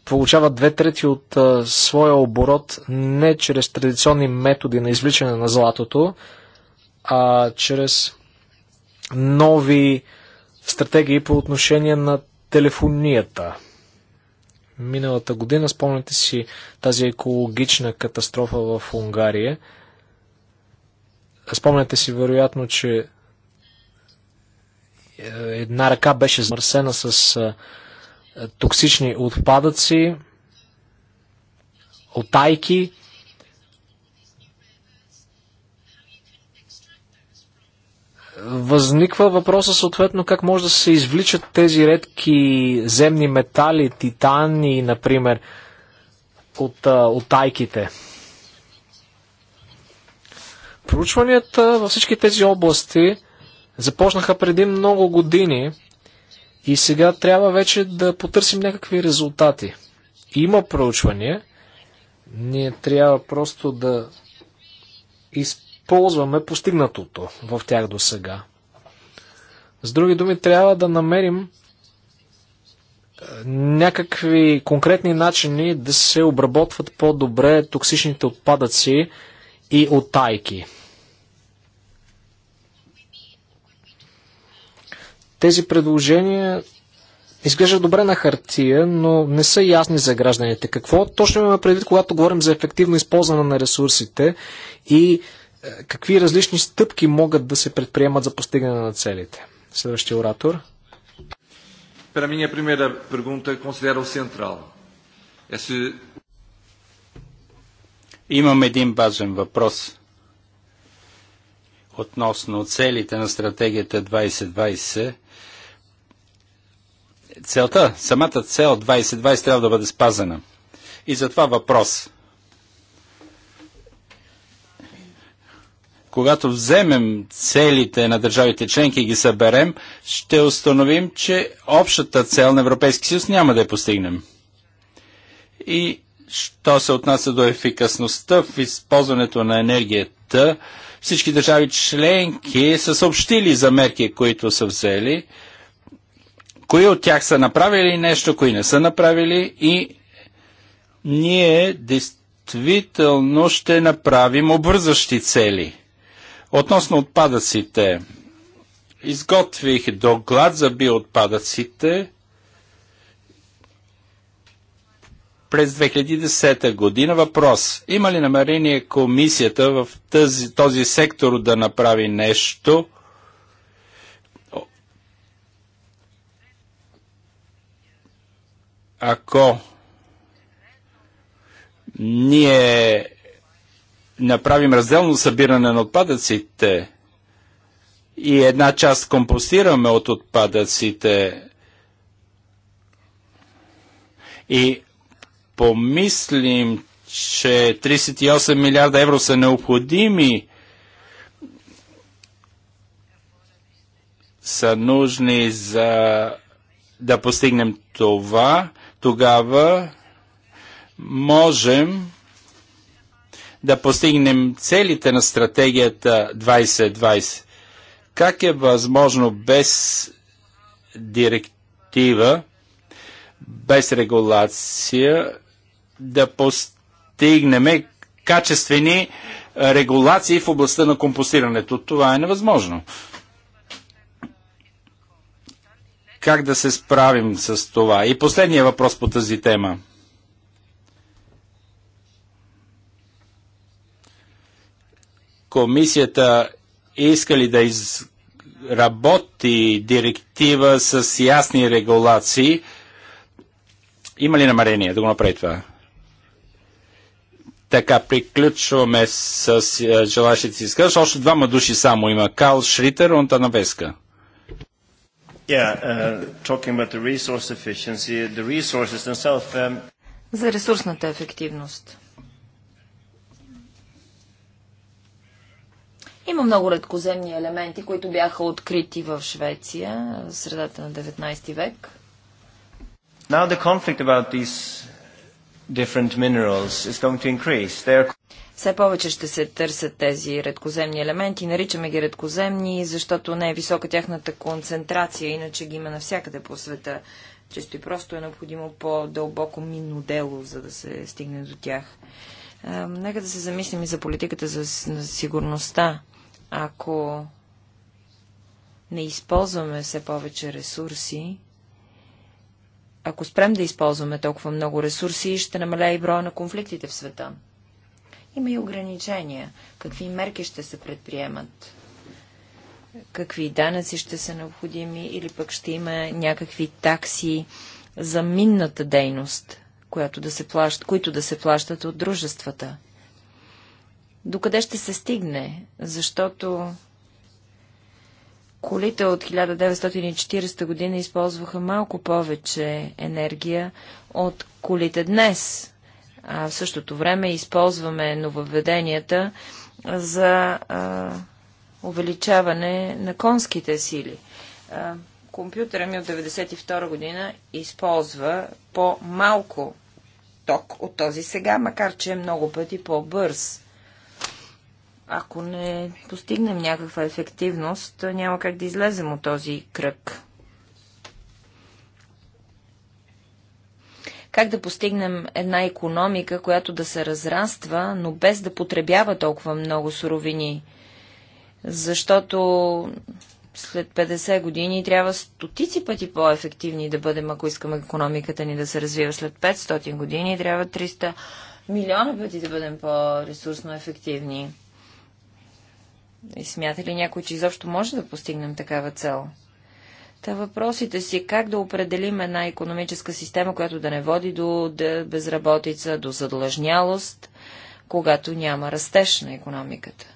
получават две трети от а, своя оборот не чрез традиционни методи на извличане на златото, а чрез нови стратегии по отношение на телефонията. Миналата година, спомняте си тази екологична катастрофа в Унгария – Спомняте си вероятно, че е, една ръка беше замърсена с е, токсични отпадъци, отайки. Възниква въпроса съответно как може да се извличат тези редки земни метали, титани, например, от, е, от тайките. Проучванията във всички тези области започнаха преди много години и сега трябва вече да потърсим някакви резултати. Има проучвания, ние трябва просто да използваме постигнатото в тях до сега. С други думи, трябва да намерим е, някакви конкретни начини да се обработват по-добре токсичните отпадъци и отайки. Тези предложения изглеждат добре на хартия, но не са ясни за гражданите. Какво точно имаме предвид, когато говорим за ефективно използване на ресурсите и е, какви различни стъпки могат да се предприемат за постигане на целите? Следващия оратор. Para mim, a primeira pergunta considero central. É se... Имам един важен въпрос относно целите на стратегията 2020 целта, самата цел 2020 трябва да бъде спазена. И затова въпрос. Когато вземем целите на държавите членки и ги съберем, ще установим, че общата цел на Европейски съюз няма да я постигнем. И що се отнася до ефикасността в използването на енергията, всички държави членки са съобщили за мерки, които са взели – кои от тях са направили нещо, кои не са направили и ние действително ще направим обвързащи цели. Относно отпадъците, изготвих доклад за биоотпадъците през 2010 година. Въпрос. Има ли намерение комисията в тази, този сектор да направи нещо – ако ние направим разделно събиране на отпадъците и една част компостираме от отпадъците и помислим, че 38 милиарда евро са необходими, са нужни за да постигнем това, тогава можем да постигнем целите на стратегията 2020. Как е възможно без директива, без регулация да постигнем качествени регулации в областта на компостирането? Това е невъзможно. Как да се справим с това? И последния въпрос по тази тема. Комисията иска ли да изработи директива с ясни регулации? Има ли намерение да го направи това? Така, приключваме с е, желащите си изказ. Още двама души само има. Кал Шритер Онтана Веска. Uh, um, За ресурсната ефективност. Има много редкоземни елементи, които бяха открити в Швеция в средата на 19 век. Now the conflict about these different minerals is going to increase. They are... Все повече ще се търсят тези редкоземни елементи. Наричаме ги редкоземни, защото не е висока тяхната концентрация, иначе ги има навсякъде по света. Често и просто е необходимо по-дълбоко минно дело, за да се стигне до тях. нека да се замислим и за политиката за сигурността. Ако не използваме все повече ресурси, ако спрем да използваме толкова много ресурси, ще намаля и броя на конфликтите в света. Има и ограничения. Какви мерки ще се предприемат? Какви данъци ще са необходими? Или пък ще има някакви такси за минната дейност, която да се плащ, които да се плащат от дружествата? Докъде ще се стигне? Защото Колите от 1940 година използваха малко повече енергия от колите днес в същото време използваме нововведенията за увеличаване на конските сили. компютъра ми от 1992 година използва по-малко ток от този сега, макар че е много пъти по-бърз. Ако не постигнем някаква ефективност, няма как да излезем от този кръг. Как да постигнем една економика, която да се разраства, но без да потребява толкова много суровини? Защото след 50 години трябва стотици пъти по-ефективни да бъдем, ако искаме економиката ни да се развива. След 500 години трябва 300 милиона пъти да бъдем по-ресурсно ефективни. И смята ли някой, че изобщо може да постигнем такава цел? Та въпросите си как да определим една економическа система, която да не води до безработица, до задлъжнялост, когато няма растеж на економиката.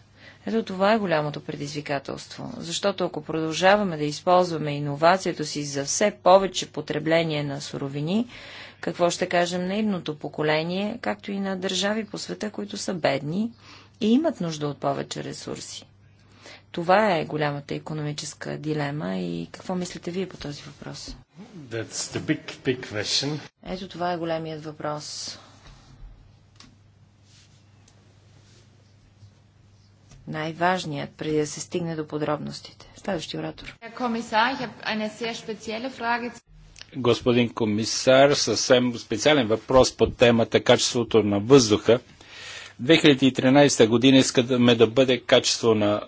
Ето това е голямото предизвикателство, защото ако продължаваме да използваме иновацията си за все повече потребление на суровини, какво ще кажем на идното поколение, както и на държави по света, които са бедни и имат нужда от повече ресурси. Това е голямата економическа дилема и какво мислите вие по този въпрос? Big, big Ето това е големият въпрос. най-важният, преди да се стигне до подробностите. Следващи оратор. Господин комисар, съвсем специален въпрос по темата качеството на въздуха. 2013 година искаме да бъде качество на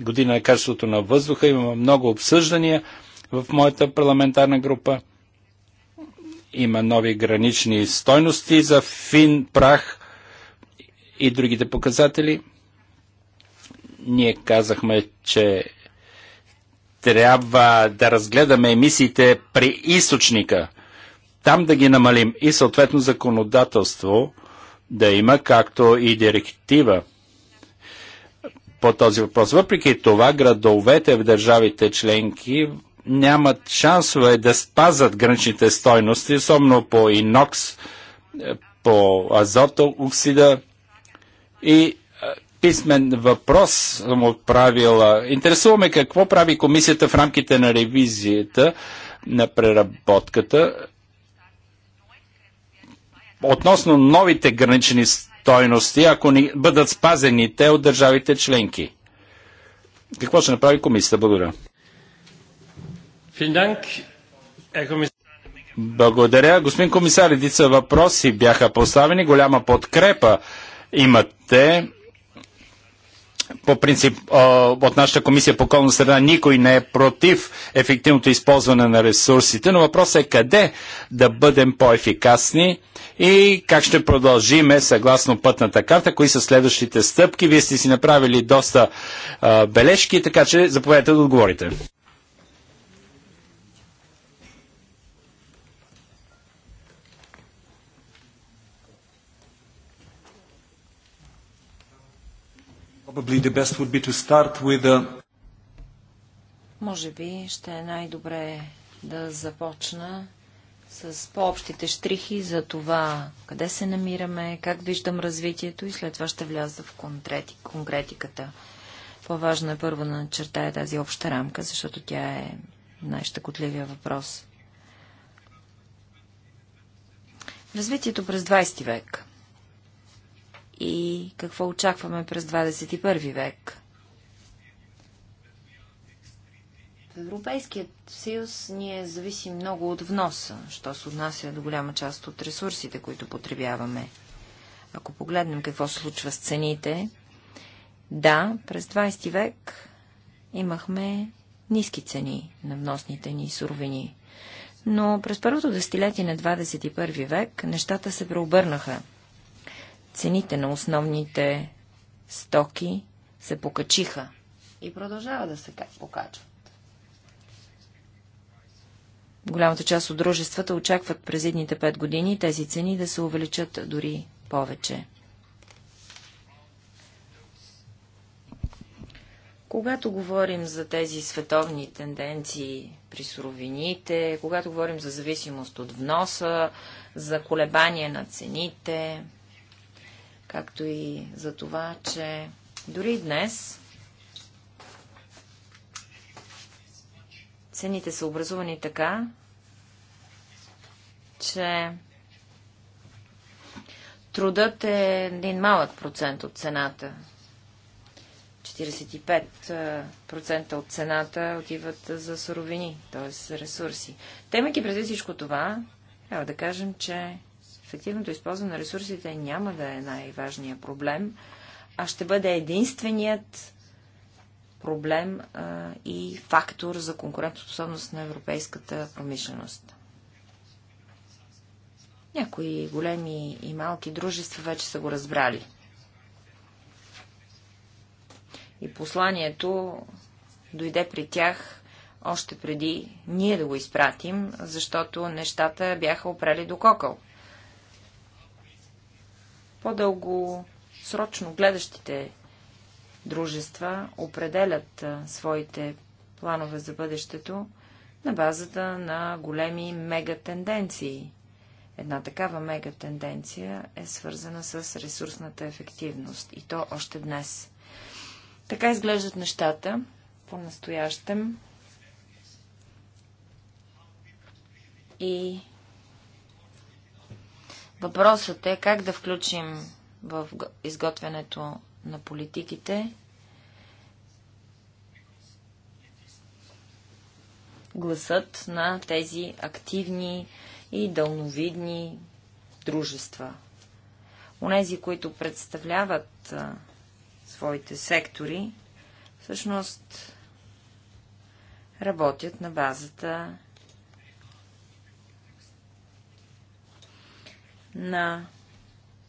година на е качеството на въздуха. Имаме много обсъждания в моята парламентарна група. Има нови гранични стойности за фин, прах и другите показатели. Ние казахме, че трябва да разгледаме емисиите при източника. Там да ги намалим и съответно законодателство да има, както и директива по този въпрос. Въпреки това, градовете в държавите членки нямат шансове да спазат граничните стойности, особено по инокс, е, по азотооксида и е, писмен въпрос съм отправила. Интересуваме какво прави комисията в рамките на ревизията на преработката относно новите гранични стойности стойности, ако ни бъдат спазени те от държавите членки. Какво ще направи комисията? Благодаря. Благодаря. Господин комисар, редица въпроси бяха поставени. Голяма подкрепа имате по принцип, от нашата комисия по околна среда никой не е против ефективното използване на ресурсите, но въпросът е къде да бъдем по-ефикасни и как ще продължиме съгласно пътната карта, кои са следващите стъпки. Вие сте си направили доста бележки, така че заповядайте да отговорите. Uh, Може би ще е най-добре да започна с по-общите штрихи за това къде се намираме, как виждам развитието и след това ще вляза в конкретиката. По-важно е първо да начертая тази обща рамка, защото тя е най-щекотливия въпрос. Развитието през 20 век и какво очакваме през 21 век. В Европейският съюз ние зависим много от вноса, що се отнася до голяма част от ресурсите, които потребяваме. Ако погледнем какво се случва с цените, да, през 20 век имахме ниски цени на вносните ни суровини. Но през първото десетилетие на 21 век нещата се преобърнаха цените на основните стоки се покачиха и продължава да се покачват. Голямата част от дружествата очакват през едните пет години тези цени да се увеличат дори повече. Когато говорим за тези световни тенденции при суровините, когато говорим за зависимост от вноса, за колебание на цените, както и за това, че дори днес цените са образувани така, че трудът е един малък процент от цената. 45% от цената отиват за суровини, т.е. ресурси. Темайки преди всичко това, трябва да кажем, че Ефективното използване на ресурсите няма да е най-важният проблем, а ще бъде единственият проблем а, и фактор за конкурентоспособност на европейската промишленост. Някои големи и малки дружества вече са го разбрали. И посланието дойде при тях още преди ние да го изпратим, защото нещата бяха опрели до кокъл. По-дългосрочно гледащите дружества определят своите планове за бъдещето на базата на големи мегатенденции. Една такава мегатенденция е свързана с ресурсната ефективност и то още днес. Така изглеждат нещата по-настоящем и Въпросът е как да включим в изготвянето на политиките гласът на тези активни и дълновидни дружества. Онези, които представляват а, своите сектори, всъщност работят на базата на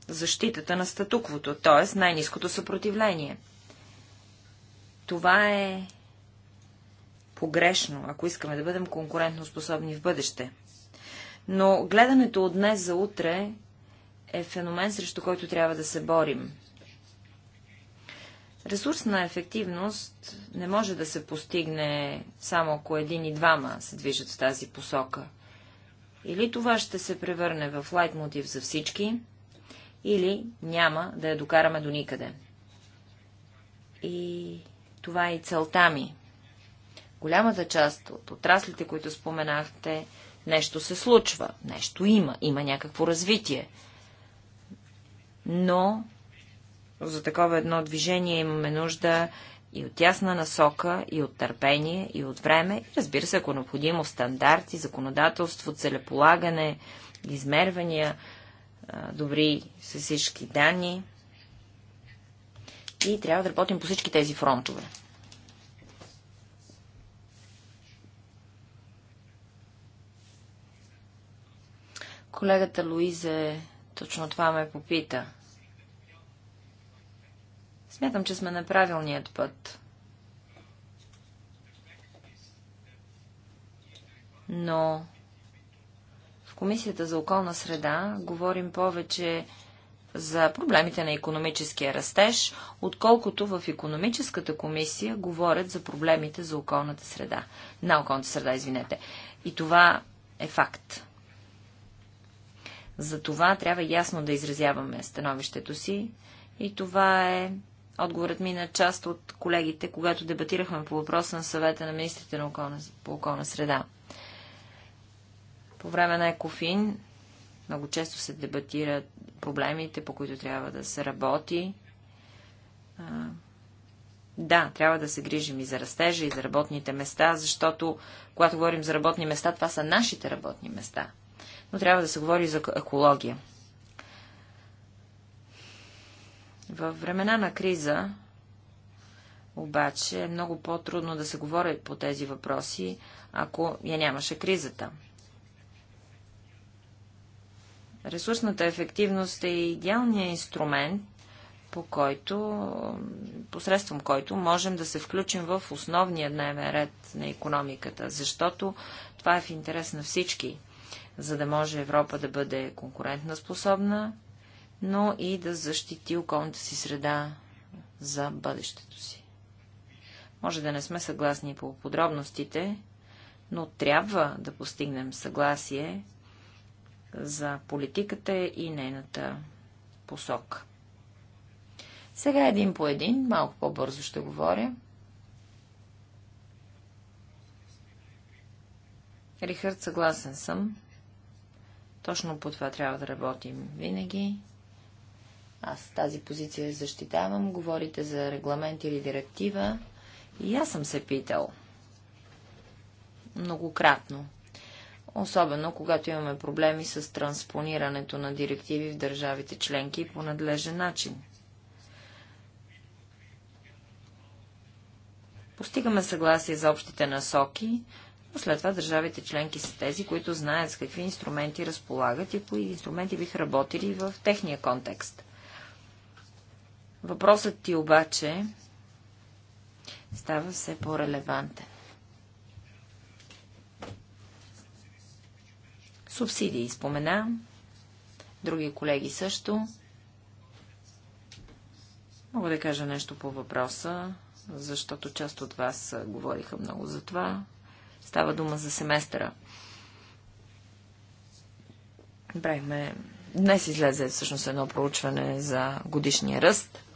защитата на статуквото, т.е. най-низкото съпротивление. Това е погрешно, ако искаме да бъдем конкурентно способни в бъдеще. Но гледането от днес за утре е феномен, срещу който трябва да се борим. Ресурсна ефективност не може да се постигне само ако един и двама се движат в тази посока – или това ще се превърне в лайт мотив за всички, или няма да я докараме до никъде. И това е и целта ми. Голямата част от отраслите, които споменахте, нещо се случва, нещо има, има някакво развитие. Но за такова едно движение имаме нужда и от ясна насока, и от търпение, и от време, и разбира се, ако е необходимо, стандарти, законодателство, целеполагане, измервания, добри с всички данни. И трябва да работим по всички тези фронтове. Колегата Луиза точно това ме попита – Смятам, че сме на правилният път. Но в Комисията за околна среда говорим повече за проблемите на економическия растеж, отколкото в економическата комисия говорят за проблемите за околната среда. На околната среда, извинете. И това е факт. За това трябва ясно да изразяваме становището си и това е Отговорът ми е на част от колегите, когато дебатирахме по въпроса на съвета на министрите на околна, по околна среда. По време на Екофин много често се дебатират проблемите, по които трябва да се работи. Да, трябва да се грижим и за растежа, и за работните места, защото когато говорим за работни места, това са нашите работни места. Но трябва да се говори за екология. Във времена на криза, обаче, е много по-трудно да се говори по тези въпроси, ако я нямаше кризата. Ресурсната ефективност е идеалният инструмент, по който, посредством който можем да се включим в основния дневен ред на економиката, защото това е в интерес на всички, за да може Европа да бъде конкурентна способна, но и да защити околната си среда за бъдещето си. Може да не сме съгласни по подробностите, но трябва да постигнем съгласие за политиката и нейната посока. Сега един по един, малко по-бързо ще говоря. Рихард, съгласен съм. Точно по това трябва да работим винаги. Аз тази позиция защитавам. Говорите за регламент или директива. И аз съм се питал. Многократно. Особено, когато имаме проблеми с транспонирането на директиви в държавите членки по надлежен начин. Постигаме съгласие за общите насоки, но след това държавите членки са тези, които знаят с какви инструменти разполагат и кои инструменти бих работили в техния контекст. Въпросът ти обаче става все по-релевантен. Субсидии спомена, други колеги също. Мога да кажа нещо по въпроса, защото част от вас говориха много за това. Става дума за семестъра. Правихме... Днес излезе всъщност едно проучване за годишния ръст –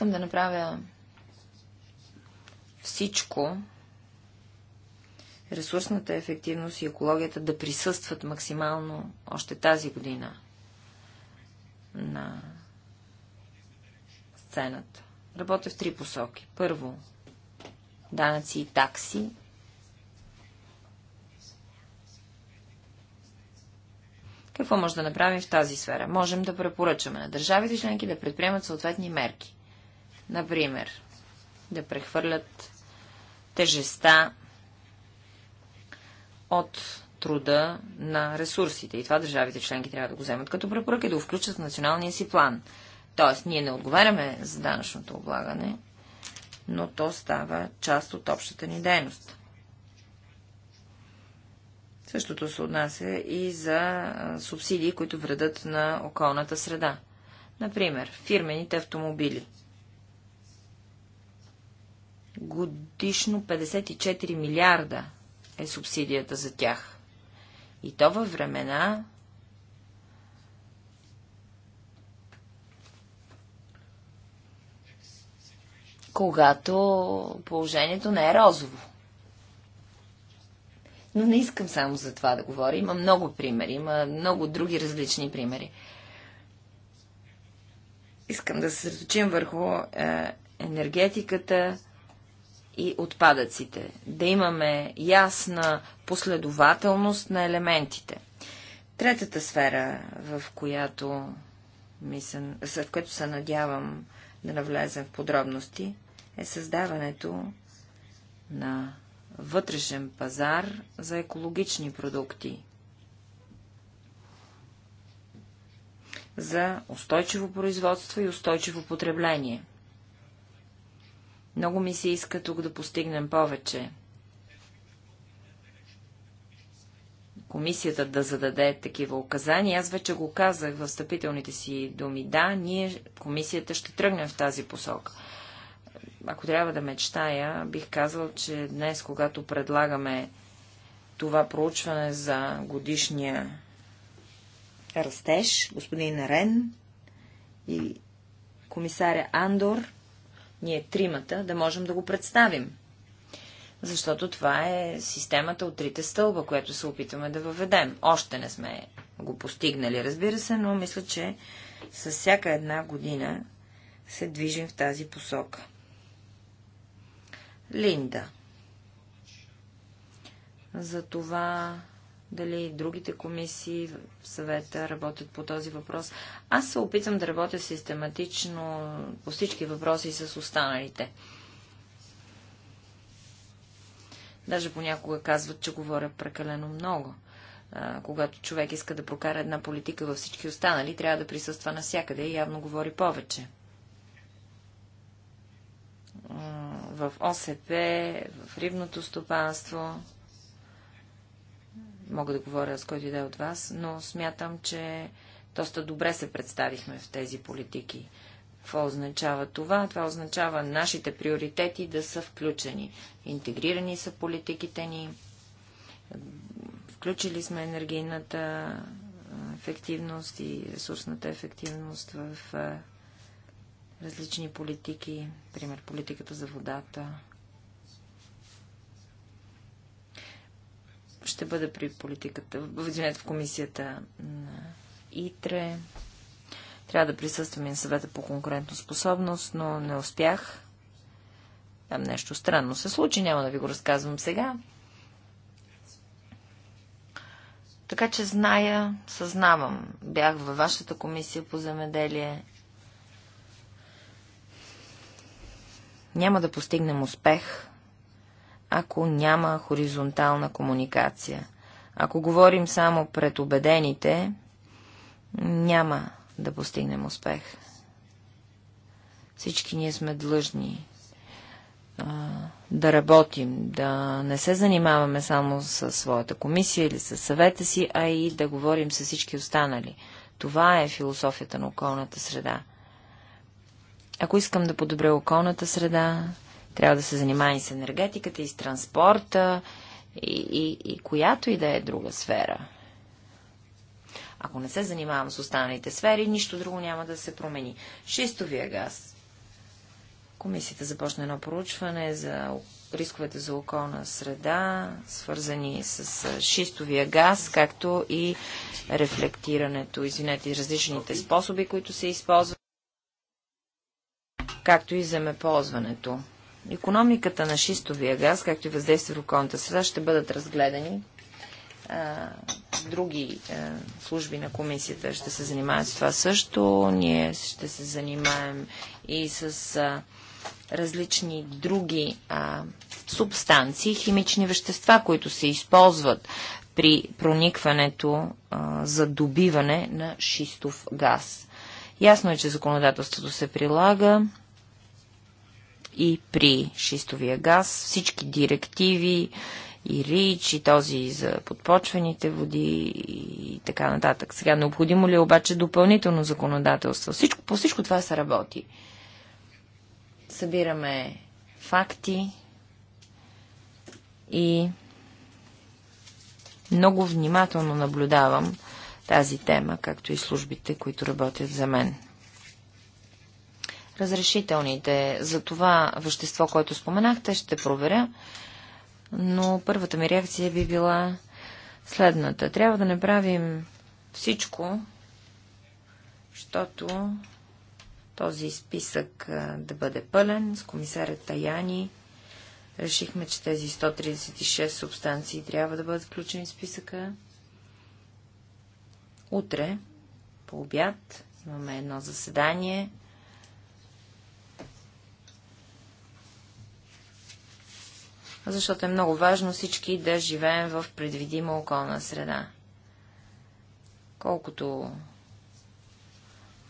Искам да направя всичко, ресурсната ефективност и екологията да присъстват максимално още тази година на сцената. Работя в три посоки. Първо, данъци и такси. Какво може да направим в тази сфера? Можем да препоръчаме на държавите членки да предприемат съответни мерки. Например, да прехвърлят тежеста от труда на ресурсите. И това държавите членки трябва да го вземат като препоръка и да го включат в националния си план. Тоест, ние не отговаряме за данъчното облагане, но то става част от общата ни дейност. Същото се отнася и за субсидии, които вредат на околната среда. Например, фирмените автомобили – Годишно 54 милиарда е субсидията за тях. И то във времена, когато положението не е розово. Но не искам само за това да говоря. Има много примери, има много други различни примери. Искам да се съсредоточим върху е, енергетиката, и отпадъците. Да имаме ясна последователност на елементите. Третата сфера, в която, мисля, в която се надявам да навлезем в подробности, е създаването на вътрешен пазар за екологични продукти. За устойчиво производство и устойчиво потребление. Много ми се иска тук да постигнем повече. Комисията да зададе такива указания. Аз вече го казах в встъпителните си думи. Да, ние, комисията, ще тръгнем в тази посока. Ако трябва да мечтая, бих казал, че днес, когато предлагаме това проучване за годишния растеж, господин Рен и комисаря Андор, ние тримата, да можем да го представим. Защото това е системата от трите стълба, която се опитваме да въведем. Още не сме го постигнали, разбира се, но мисля, че с всяка една година се движим в тази посока. Линда. За това дали другите комисии в съвета работят по този въпрос. Аз се опитвам да работя систематично по всички въпроси с останалите. Даже понякога казват, че говоря прекалено много. А, когато човек иска да прокара една политика във всички останали, трябва да присъства навсякъде и явно говори повече. А, в ОСП, в рибното стопанство, мога да говоря с който и да е от вас, но смятам, че доста добре се представихме в тези политики. Какво означава това? Това означава нашите приоритети да са включени. Интегрирани са политиките ни, включили сме енергийната ефективност и ресурсната ефективност в различни политики, пример политиката за водата, ще бъда при политиката, в, в комисията на ИТРЕ. Трябва да присъствам и на съвета по конкурентно способност, но не успях. Там нещо странно се случи, няма да ви го разказвам сега. Така че зная, съзнавам. Бях във вашата комисия по земеделие. Няма да постигнем успех, ако няма хоризонтална комуникация. Ако говорим само пред убедените, няма да постигнем успех. Всички ние сме длъжни а, да работим, да не се занимаваме само с своята комисия или с съвета си, а и да говорим с всички останали. Това е философията на околната среда. Ако искам да подобря околната среда, трябва да се занимава и с енергетиката, и с транспорта, и, и, и която и да е друга сфера. Ако не се занимавам с останалите сфери, нищо друго няма да се промени. Шистовия газ. Комисията започна едно проучване за рисковете за околна среда, свързани с шистовия газ, както и рефлектирането, извинете, различните способи, които се използват, както и земеползването. Економиката на шистовия газ, както и въздействие в околната среда, ще бъдат разгледани. други служби на комисията ще се занимават с това също. Ние ще се занимаем и с различни други субстанции, химични вещества, които се използват при проникването за добиване на шистов газ. Ясно е, че законодателството се прилага и при шистовия газ. Всички директиви и РИЧ, и този за подпочвените води и така нататък. Сега, необходимо ли е обаче допълнително законодателство? Всичко, по всичко това се работи. Събираме факти и много внимателно наблюдавам тази тема, както и службите, които работят за мен разрешителните. За това вещество, което споменахте, ще проверя. Но първата ми реакция би била следната. Трябва да направим всичко, защото този списък да бъде пълен с комисаря Таяни. Решихме, че тези 136 субстанции трябва да бъдат включени в списъка. Утре, по обяд, имаме едно заседание защото е много важно всички да живеем в предвидима околна среда. Колкото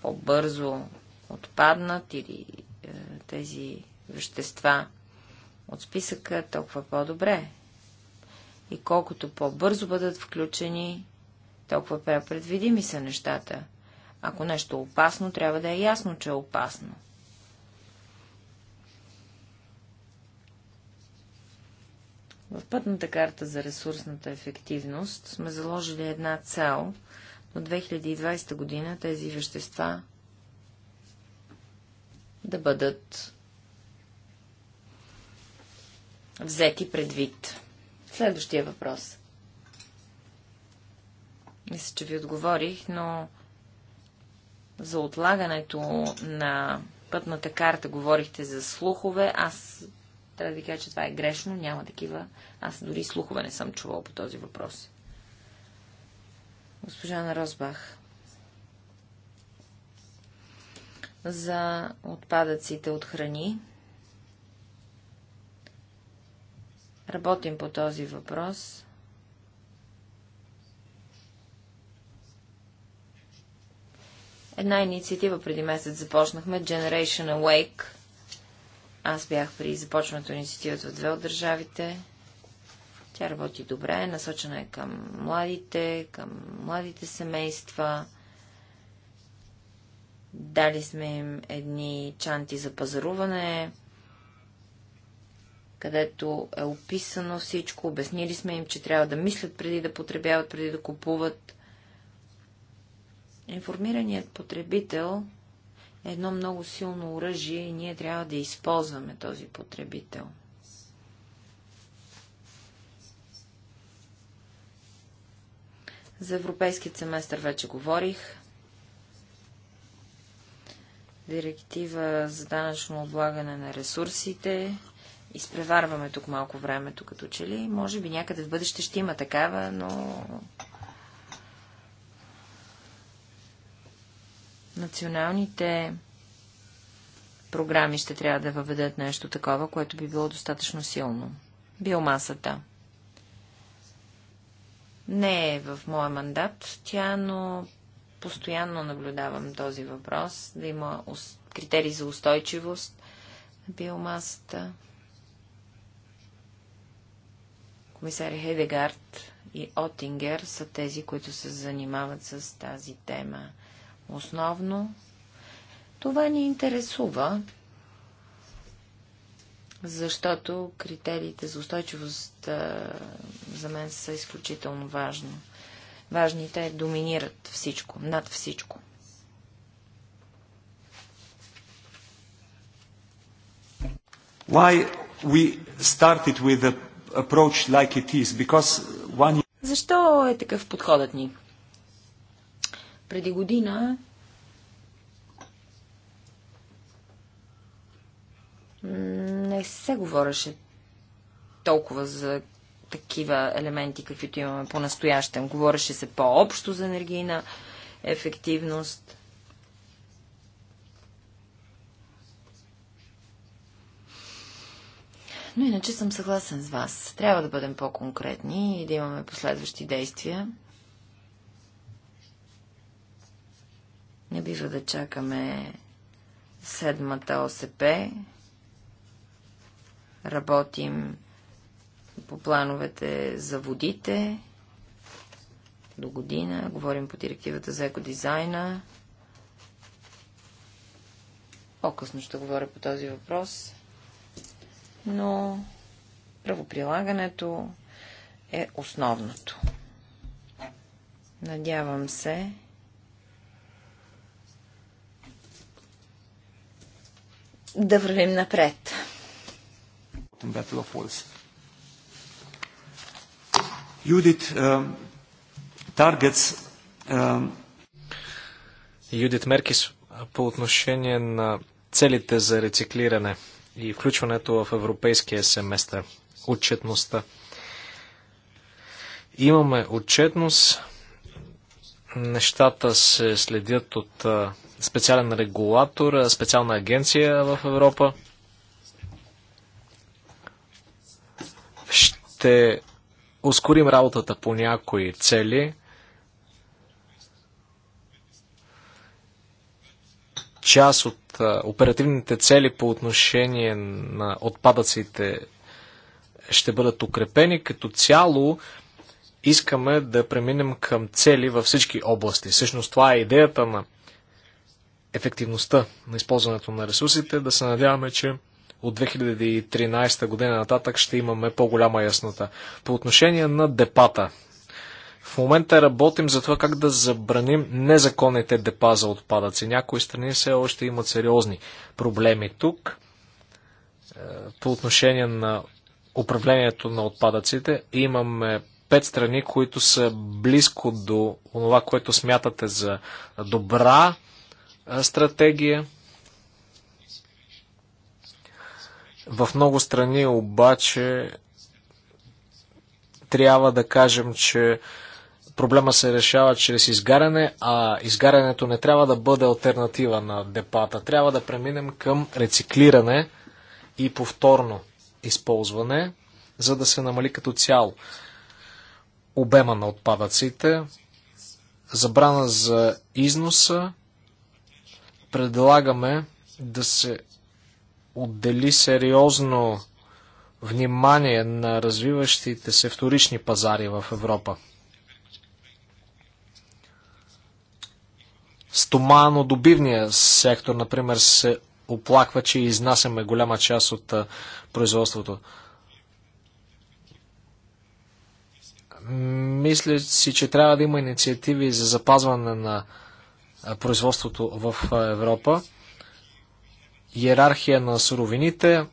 по-бързо отпаднат или е, тези вещества от списъка, толкова по-добре. И колкото по-бързо бъдат включени, толкова по-предвидими са нещата. Ако нещо е опасно, трябва да е ясно, че е опасно – В пътната карта за ресурсната ефективност сме заложили една цел до 2020 година тези вещества да бъдат взети предвид. Следващия въпрос. Мисля, че ви отговорих, но за отлагането на пътната карта говорихте за слухове. Аз трябва да ви кажа, че това е грешно, няма такива. Аз дори слухове не съм чувал по този въпрос. Госпожа на Розбах. За отпадъците от храни. Работим по този въпрос. Една инициатива преди месец започнахме, Generation Awake – аз бях при започването на инициативата в две от държавите. Тя работи добре, насочена е към младите, към младите семейства. Дали сме им едни чанти за пазаруване, където е описано всичко. Обяснили сме им, че трябва да мислят преди да потребяват, преди да купуват. Информираният потребител едно много силно оръжие и ние трябва да използваме този потребител. За европейският семестър вече говорих. Директива за данъчно облагане на ресурсите. Изпреварваме тук малко времето, като че ли. Може би някъде в бъдеще ще има такава, но Националните програми ще трябва да въведат нещо такова, което би било достатъчно силно. Биомасата. Не е в моя мандат тя, но постоянно наблюдавам този въпрос, да има критерии за устойчивост на биомасата. Комисари Хейдегард и Отингер са тези, които се занимават с тази тема основно. Това ни интересува, защото критериите за устойчивост а, за мен са изключително важни. Важните доминират всичко, над всичко. Why we started with the approach like it is? Because one... Защо е такъв подходът ни? Преди година не се говореше толкова за такива елементи, каквито имаме по-настоящем. Говореше се по-общо за енергийна ефективност. Но иначе съм съгласен с вас. Трябва да бъдем по-конкретни и да имаме последващи действия, Не бива да чакаме седмата ОСП. Работим по плановете за водите до година. Говорим по директивата за екодизайна. По-късно ще говоря по този въпрос. Но правоприлагането е основното. Надявам се, да вървим напред. Юдит, таргетс... Um, um, Юдит Меркис, по отношение на целите за рециклиране и включването в европейския семестър, отчетността. Имаме отчетност, нещата се следят от специален регулатор, специална агенция в Европа. Ще ускорим работата по някои цели. Част от оперативните цели по отношение на отпадъците ще бъдат укрепени. Като цяло искаме да преминем към цели във всички области. Всъщност това е идеята на ефективността на използването на ресурсите. Да се надяваме, че от 2013 година нататък ще имаме по-голяма яснота. По отношение на депата, в момента работим за това как да забраним незаконните депа за отпадъци. Някои страни все още имат сериозни проблеми тук е, по отношение на управлението на отпадъците. Имаме пет страни, които са близко до това, което смятате за добра стратегия. В много страни обаче трябва да кажем, че проблема се решава чрез изгаряне, а изгарянето не трябва да бъде альтернатива на депата. Трябва да преминем към рециклиране и повторно използване, за да се намали като цяло обема на отпадъците, забрана за износа предлагаме да се отдели сериозно внимание на развиващите се вторични пазари в Европа. добивният сектор, например, се оплаква, че изнасяме голяма част от производството. Мисля си, че трябва да има инициативи за запазване на производството в Европа, иерархия на суровините,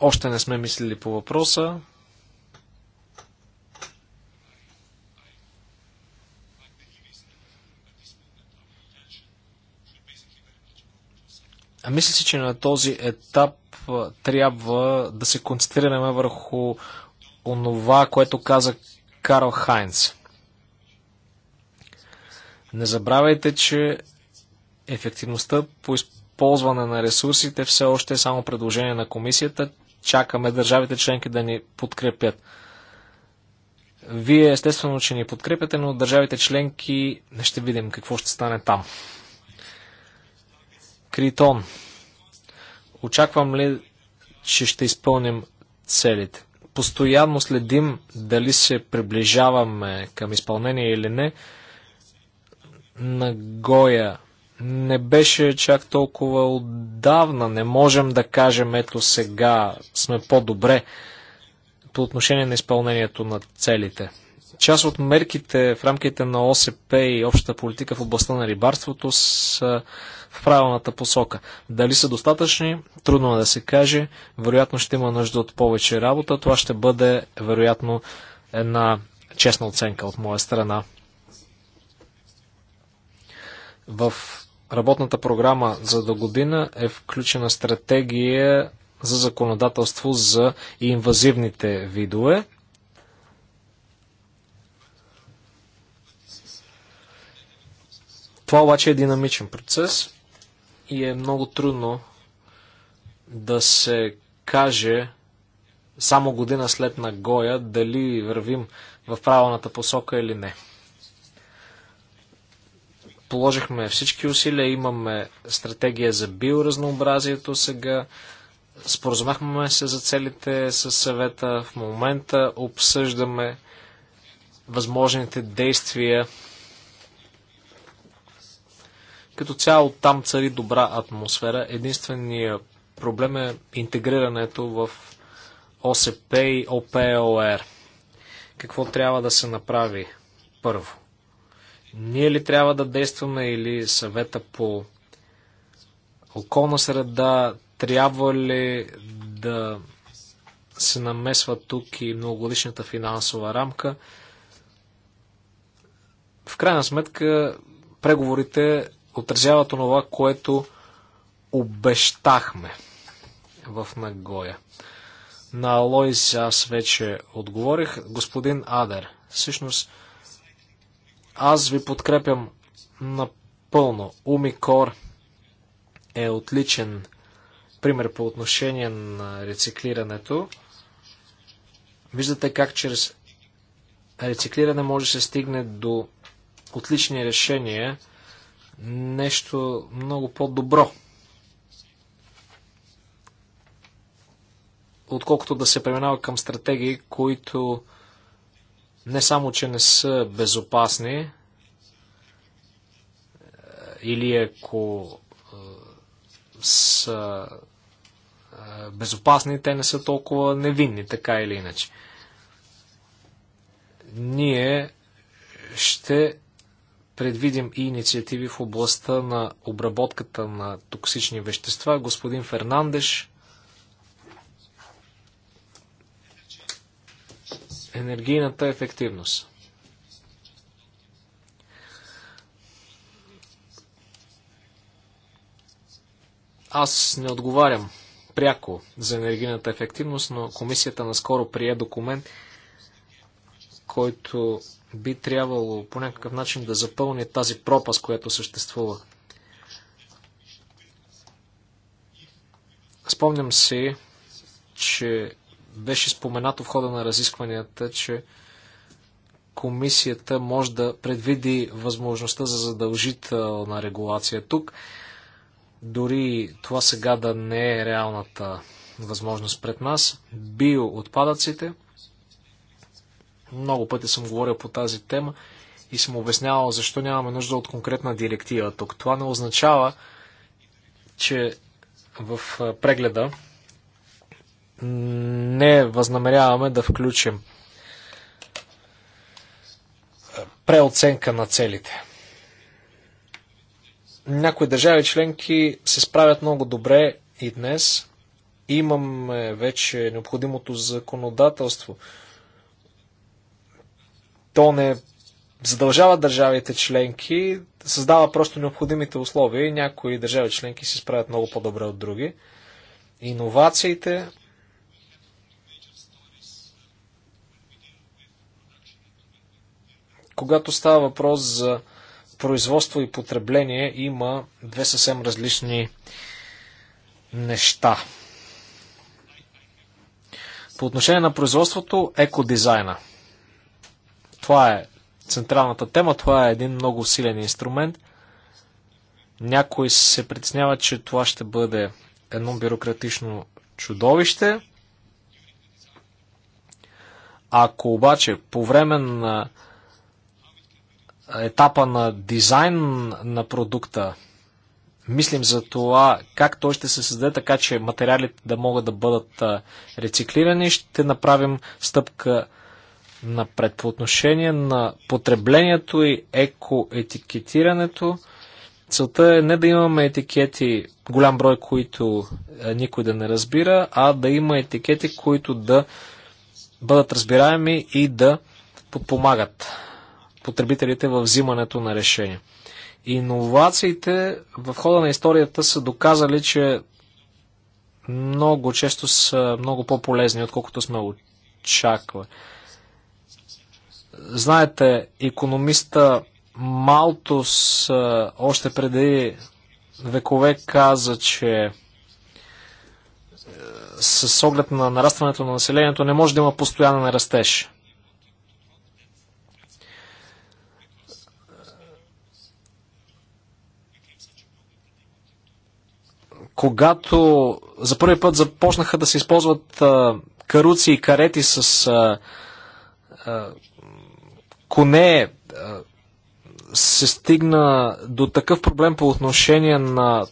още не сме мислили по въпроса. А мисля си, че на този етап трябва да се концентрираме върху онова, което каза Карл Хайнц. Не забравяйте, че ефективността по използване на ресурсите все още е само предложение на комисията. Чакаме държавите членки да ни подкрепят. Вие естествено, че ни подкрепяте, но държавите членки не ще видим какво ще стане там. Критон. Очаквам ли, че ще изпълним целите? Постоянно следим дали се приближаваме към изпълнение или не. На Гоя. не беше чак толкова отдавна. Не можем да кажем, ето сега сме по-добре по отношение на изпълнението на целите. Част от мерките в рамките на ОСП и общата политика в областта на рибарството са в правилната посока. Дали са достатъчни, трудно е да се каже. Вероятно ще има нужда от повече работа. Това ще бъде, вероятно, една честна оценка от моя страна. В работната програма за до година е включена стратегия за законодателство за инвазивните видове. Това обаче е динамичен процес и е много трудно да се каже само година след Нагоя дали вървим в правилната посока или не. Положихме всички усилия, имаме стратегия за биоразнообразието сега. Споразумахме се за целите с съвета. В момента обсъждаме възможните действия. Като цяло там цари добра атмосфера. Единственият проблем е интегрирането в ОСП и ОПОР. Е Какво трябва да се направи първо? Ние ли трябва да действаме или съвета по околна среда трябва ли да се намесва тук и многогодишната финансова рамка? В крайна сметка, преговорите отразяват онова, което обещахме в Нагоя. На Лойс аз вече отговорих. Господин Адер, всъщност, аз ви подкрепям напълно. Умикор е отличен пример по отношение на рециклирането. Виждате как чрез рециклиране може да се стигне до отлични решения, нещо много по-добро. Отколкото да се преминава към стратегии, които не само, че не са безопасни, е, или ако е, са е, безопасни, те не са толкова невинни, така или иначе. Ние ще предвидим и инициативи в областта на обработката на токсични вещества. Господин Фернандеш енергийната ефективност. Аз не отговарям пряко за енергийната ефективност, но комисията наскоро прие документ, който би трябвало по някакъв начин да запълни тази пропаст, която съществува. Спомням си, че беше споменато в хода на разискванията, че комисията може да предвиди възможността за задължителна регулация тук. Дори това сега да не е реалната възможност пред нас. Биоотпадъците. Много пъти съм говорил по тази тема и съм обяснявал защо нямаме нужда от конкретна директива тук. Това не означава, че в прегледа не възнамеряваме да включим е, преоценка на целите. Някои държави членки се справят много добре и днес. Имаме вече необходимото законодателство. То не задължава държавите членки, създава просто необходимите условия и някои държави членки се справят много по-добре от други. Иновациите когато става въпрос за производство и потребление, има две съвсем различни неща. По отношение на производството, екодизайна. Това е централната тема, това е един много силен инструмент. Някой се притеснява, че това ще бъде едно бюрократично чудовище. Ако обаче по време на етапа на дизайн на продукта, мислим за това как той ще се създаде така, че материалите да могат да бъдат рециклирани, ще направим стъпка на предпоотношение на потреблението и екоетикетирането. Целта е не да имаме етикети, голям брой, които никой да не разбира, а да има етикети, които да бъдат разбираеми и да подпомагат потребителите в взимането на решения. Иновациите в хода на историята са доказали, че много често са много по-полезни, отколкото сме очаквали. Знаете, економиста Малтус още преди векове каза, че с оглед на нарастването на населението не може да има постоянен растеж. Когато за първи път започнаха да се използват каруци и карети с коне, се стигна до такъв проблем по отношение на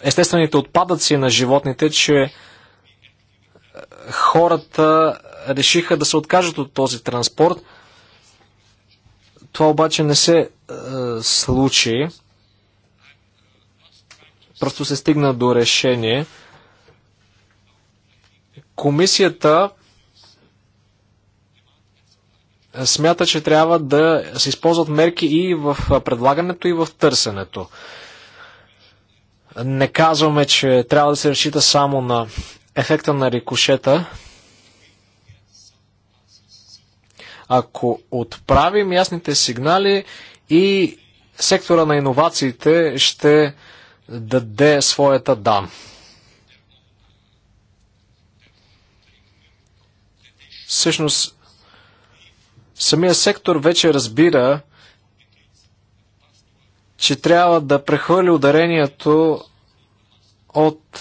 естествените отпадъци на животните, че хората решиха да се откажат от този транспорт. Това обаче не се а, случи. Просто се стигна до решение. Комисията смята, че трябва да се използват мерки и в предлагането, и в търсенето. Не казваме, че трябва да се разчита само на ефекта на рикошета. Ако отправим ясните сигнали и сектора на иновациите ще даде своята дан. Всъщност, самия сектор вече разбира, че трябва да прехвърли ударението от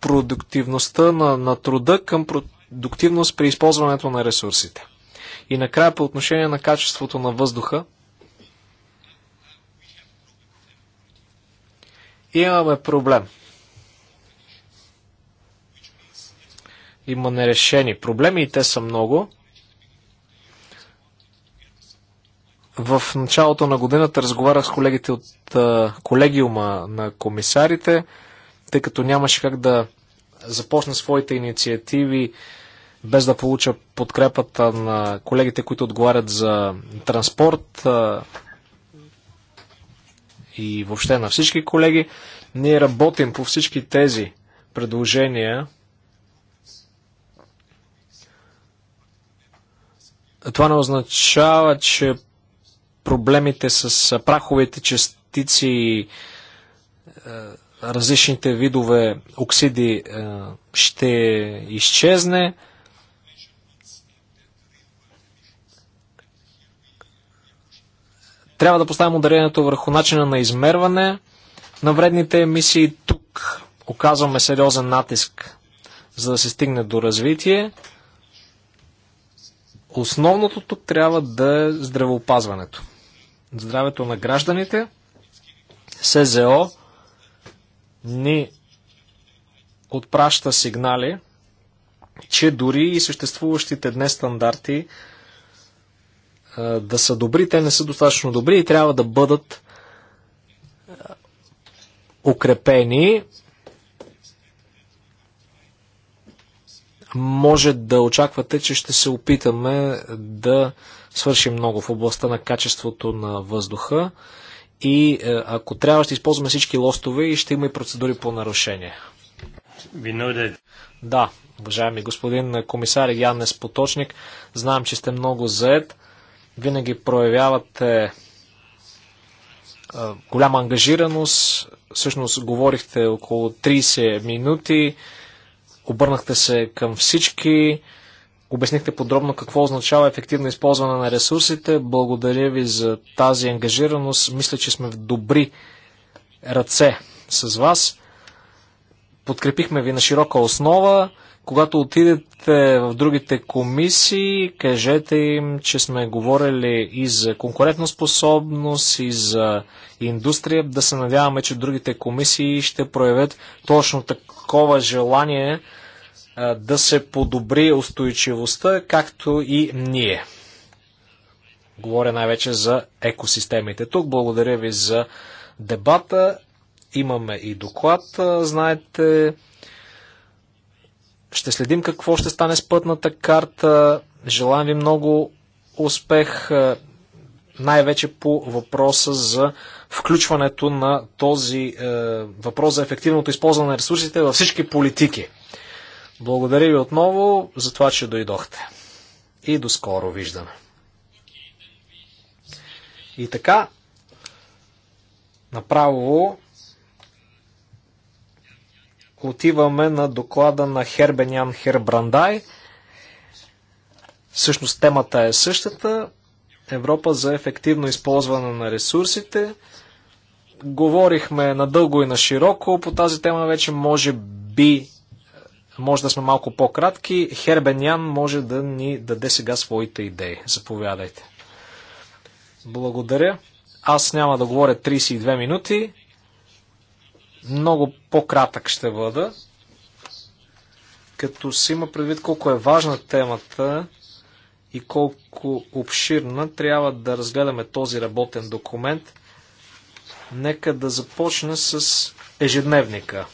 продуктивността на, на труда към продуктивност при използването на ресурсите. И накрая по отношение на качеството на въздуха, имаме проблем. Има нерешени проблеми и те са много. В началото на годината разговарях с колегите от колегиума на комисарите, тъй като нямаше как да започна своите инициативи без да получа подкрепата на колегите, които отговарят за транспорт, и въобще на всички колеги. Ние работим по всички тези предложения. Това не означава, че проблемите с праховите частици и е, различните видове оксиди е, ще изчезне. Трябва да поставим ударението върху начина на измерване на вредните емисии. Тук оказваме сериозен натиск, за да се стигне до развитие. Основното тук трябва да е здравеопазването. Здравето на гражданите. СЗО ни отпраща сигнали, че дори и съществуващите днес стандарти да са добри, те не са достатъчно добри и трябва да бъдат укрепени. Може да очаквате, че ще се опитаме да свършим много в областта на качеството на въздуха и е, ако трябва ще използваме всички лостове и ще има и процедури по нарушение. Да, уважаеми господин комисар Янес Поточник, знам, че сте много заед. Винаги проявявате голяма ангажираност. Всъщност говорихте около 30 минути. Обърнахте се към всички. Обяснихте подробно какво означава ефективно използване на ресурсите. Благодаря ви за тази ангажираност. Мисля, че сме в добри ръце с вас. Подкрепихме ви на широка основа. Когато отидете в другите комисии, кажете им, че сме говорили и за конкурентоспособност, и за индустрия. Да се надяваме, че другите комисии ще проявят точно такова желание да се подобри устойчивостта, както и ние. Говоря най-вече за екосистемите. Тук благодаря ви за дебата. Имаме и доклад, знаете ще следим какво ще стане с пътната карта. Желаем ви много успех, е, най-вече по въпроса за включването на този е, въпрос за ефективното използване на ресурсите във всички политики. Благодаря ви отново за това, че дойдохте. И до скоро виждане. И така, направо отиваме на доклада на Хербенян Хербрандай. Всъщност темата е същата. Европа за ефективно използване на ресурсите. Говорихме надълго и на широко по тази тема вече. Може би, може да сме малко по-кратки. Хербенян може да ни даде сега своите идеи. Заповядайте. Благодаря. Аз няма да говоря 32 минути. Много по-кратък ще бъда. Като си има предвид колко е важна темата и колко обширна, трябва да разгледаме този работен документ. Нека да започна с ежедневника.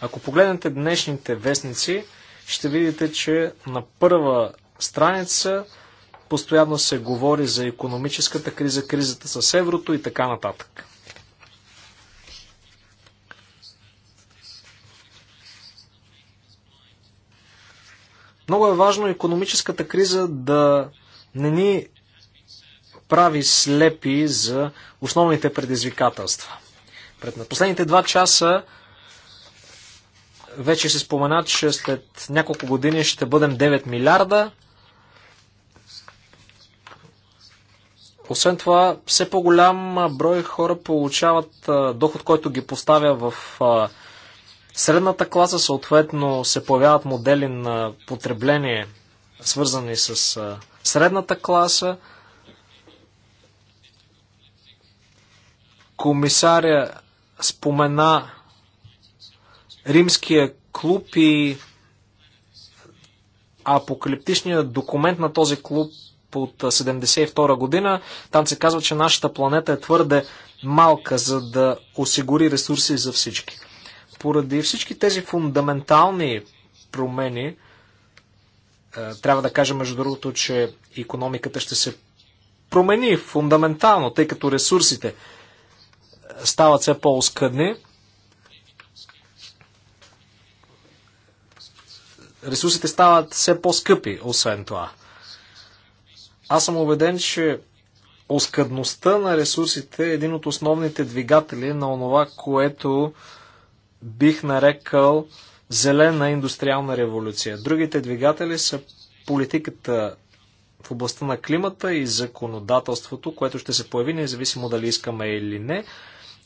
Ако погледнете днешните вестници, ще видите, че на първа страница постоянно се говори за економическата криза, кризата с еврото и така нататък. Много е важно економическата криза да не ни прави слепи за основните предизвикателства. Пред последните два часа вече се спомена, че след няколко години ще бъдем 9 милиарда. Освен това, все по-голям брой хора получават доход, който ги поставя в средната класа, съответно се появяват модели на потребление, свързани с средната класа. Комисаря спомена римския клуб и апокалиптичният документ на този клуб от 72 година. Там се казва, че нашата планета е твърде малка, за да осигури ресурси за всички. Поради всички тези фундаментални промени, е, трябва да кажа между другото, че економиката ще се промени фундаментално, тъй като ресурсите е, стават все по-оскъдни. Ресурсите стават все по-скъпи, освен това. Аз съм убеден, че оскъдността на ресурсите е един от основните двигатели на онова, което бих нарекал зелена индустриална революция. Другите двигатели са политиката в областта на климата и законодателството, което ще се появи, независимо дали искаме или не.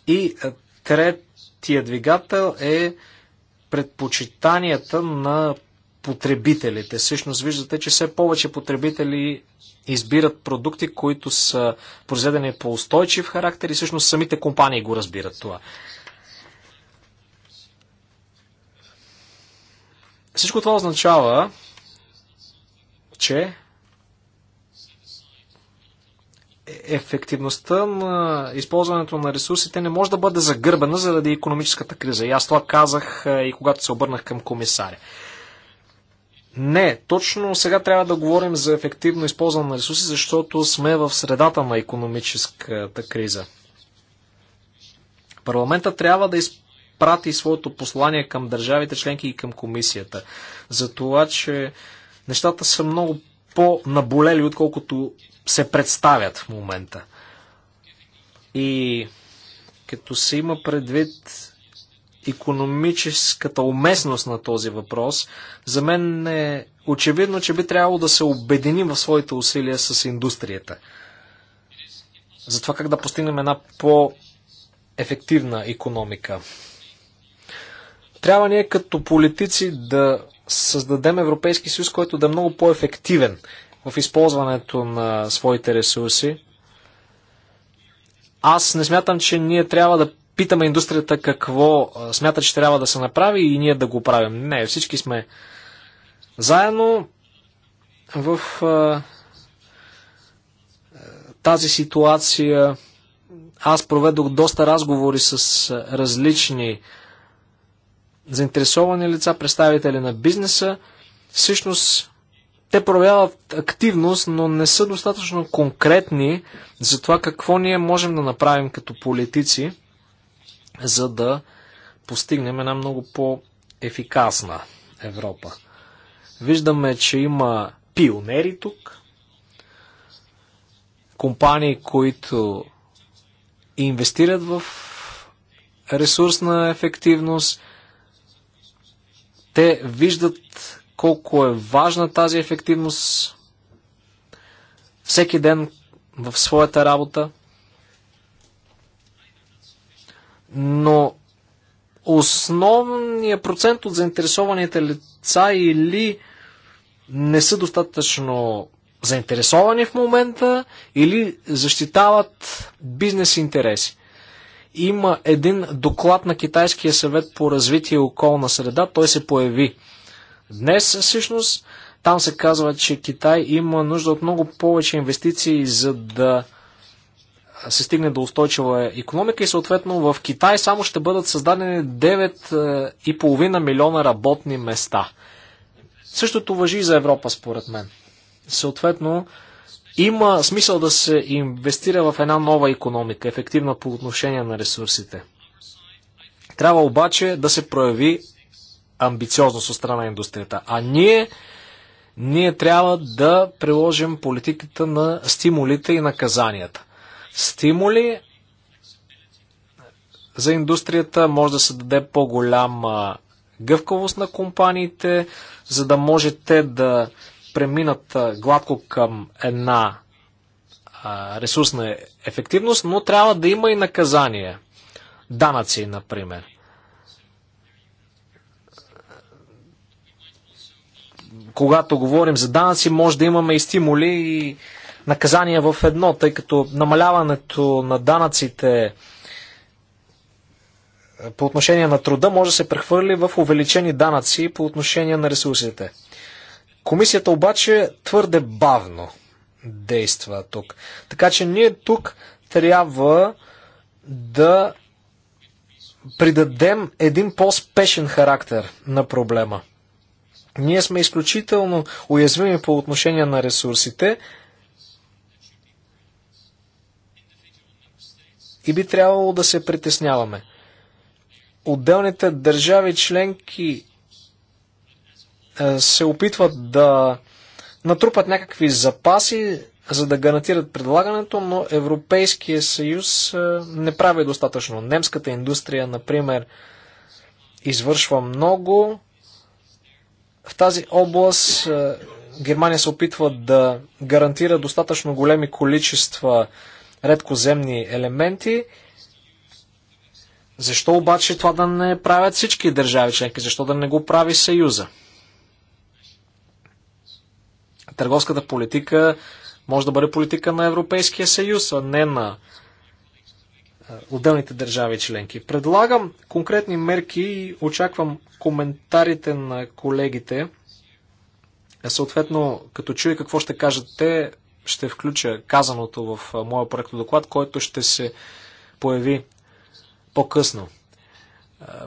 И е, третия двигател е предпочитанията на потребителите. Всъщност виждате, че все повече потребители избират продукти, които са произведени по устойчив характер и всъщност самите компании го разбират това. Всичко това означава, че ефективността на използването на ресурсите не може да бъде загърбена заради економическата криза. И аз това казах е, и когато се обърнах към комисаря. Не, точно сега трябва да говорим за ефективно използване на ресурси, защото сме в средата на економическата криза. Парламента трябва да използва прати своето послание към държавите членки и към комисията. За това, че нещата са много по-наболели, отколкото се представят в момента. И като се има предвид економическата уместност на този въпрос, за мен е очевидно, че би трябвало да се обединим в своите усилия с индустрията. За това как да постигнем една по-ефективна економика. Трябва ние като политици да създадем Европейски съюз, който да е много по-ефективен в използването на своите ресурси. Аз не смятам, че ние трябва да питаме индустрията какво смята, че трябва да се направи и ние да го правим. Не, всички сме заедно в а, тази ситуация. Аз проведох доста разговори с различни заинтересовани лица, представители на бизнеса. Всъщност, те проявяват активност, но не са достатъчно конкретни за това какво ние можем да направим като политици, за да постигнем една много по-ефикасна Европа. Виждаме, че има пионери тук, компании, които инвестират в ресурсна ефективност, те виждат колко е важна тази ефективност всеки ден в своята работа. Но основният процент от заинтересованите лица или не са достатъчно заинтересовани в момента или защитават бизнес интереси. Има един доклад на Китайския съвет по развитие и околна среда. Той се появи днес всъщност. Там се казва, че Китай има нужда от много повече инвестиции, за да се стигне до устойчива економика и съответно в Китай само ще бъдат създадени 9,5 е, милиона работни места. Същото въжи и за Европа, според мен. Съответно, има смисъл да се инвестира в една нова економика, ефективна по отношение на ресурсите. Трябва обаче да се прояви амбициозност от страна на индустрията. А ние, ние трябва да приложим политиката на стимулите и наказанията. Стимули за индустрията може да се даде по-голяма гъвкавост на компаниите, за да може те да преминат гладко към една ресурсна ефективност, но трябва да има и наказание. Данъци, например. Когато говорим за данъци, може да имаме и стимули и наказания в едно, тъй като намаляването на данъците по отношение на труда може да се прехвърли в увеличени данъци по отношение на ресурсите. Комисията обаче твърде бавно действа тук. Така че ние тук трябва да придадем един по-спешен характер на проблема. Ние сме изключително уязвими по отношение на ресурсите и би трябвало да се притесняваме. Отделните държави членки е, се опитват да натрупат някакви запаси, за да гарантират предлагането, но Европейския съюз е, не прави достатъчно. Немската индустрия, например, извършва много. В тази област е, Германия се опитва да гарантира достатъчно големи количества редкоземни елементи. Защо обаче това да не правят всички държави членки? Защо да не го прави Съюза? търговската политика може да бъде политика на Европейския съюз, а не на отделните държави членки. Предлагам конкретни мерки и очаквам коментарите на колегите. Съответно, като чуя какво ще кажат те, ще включа казаното в моя проект доклад, който ще се появи по-късно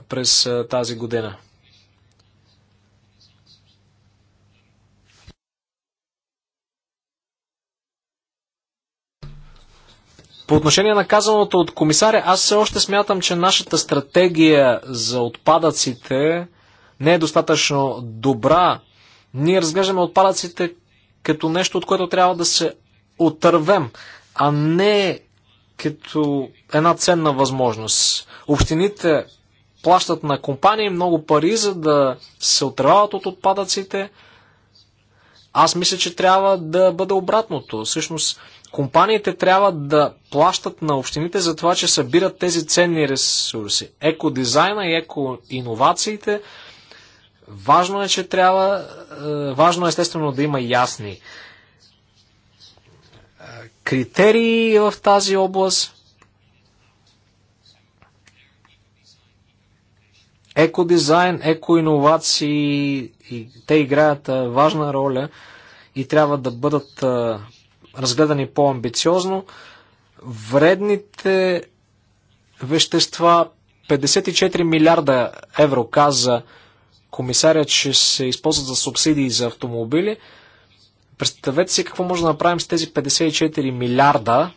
през тази година. По отношение на казаното от комисаря, аз все още смятам, че нашата стратегия за отпадъците не е достатъчно добра. Ние разглеждаме отпадъците като нещо, от което трябва да се отървем, а не като една ценна възможност. Общините плащат на компании много пари, за да се отървават от отпадъците. Аз мисля, че трябва да бъде обратното. Всъщност, Компаниите трябва да плащат на общините за това, че събират тези ценни ресурси. Екодизайна и екоинновациите. Важно е, че трябва, е, важно е естествено да има ясни е, критерии в тази област. Екодизайн, екоинновации, те играят е, важна роля и трябва да бъдат разгледани по-амбициозно. Вредните вещества 54 милиарда евро каза комисарят, че се използват за субсидии за автомобили. Представете си какво може да направим с тези 54 милиарда,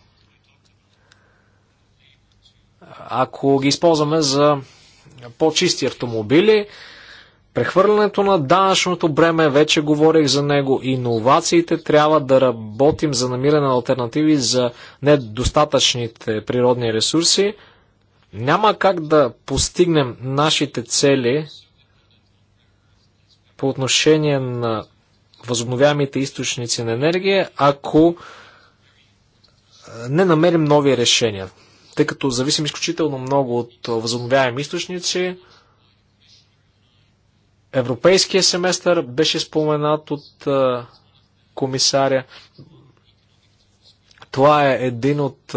ако ги използваме за по-чисти автомобили. Прехвърлянето на данъчното бреме, вече говорих за него, иновациите трябва да работим за намиране на альтернативи за недостатъчните природни ресурси. Няма как да постигнем нашите цели по отношение на възобновяемите източници на енергия, ако не намерим нови решения, тъй като зависим изключително много от възобновяеми източници, Европейския семестър беше споменат от комисаря. Това е един от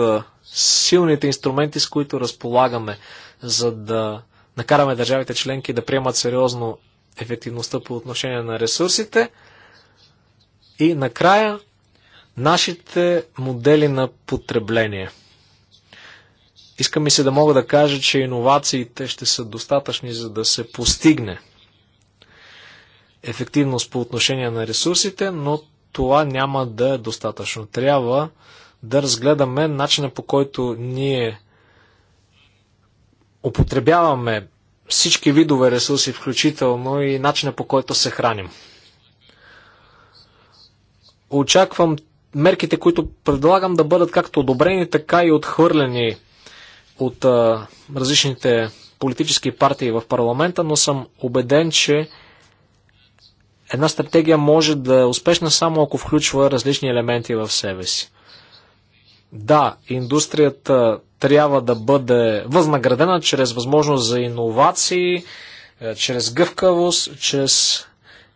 силните инструменти, с които разполагаме, за да накараме държавите членки да приемат сериозно ефективността по отношение на ресурсите. И накрая, нашите модели на потребление. Искам ми се да мога да кажа, че иновациите ще са достатъчни, за да се постигне ефективност по отношение на ресурсите, но това няма да е достатъчно. Трябва да разгледаме начина по който ние употребяваме всички видове ресурси, включително и начина по който се храним. Очаквам мерките, които предлагам да бъдат както одобрени, така и отхвърлени от а, различните политически партии в парламента, но съм убеден, че Една стратегия може да е успешна само ако включва различни елементи в себе си. Да, индустрията трябва да бъде възнаградена чрез възможност за иновации, е, чрез гъвкавост, чрез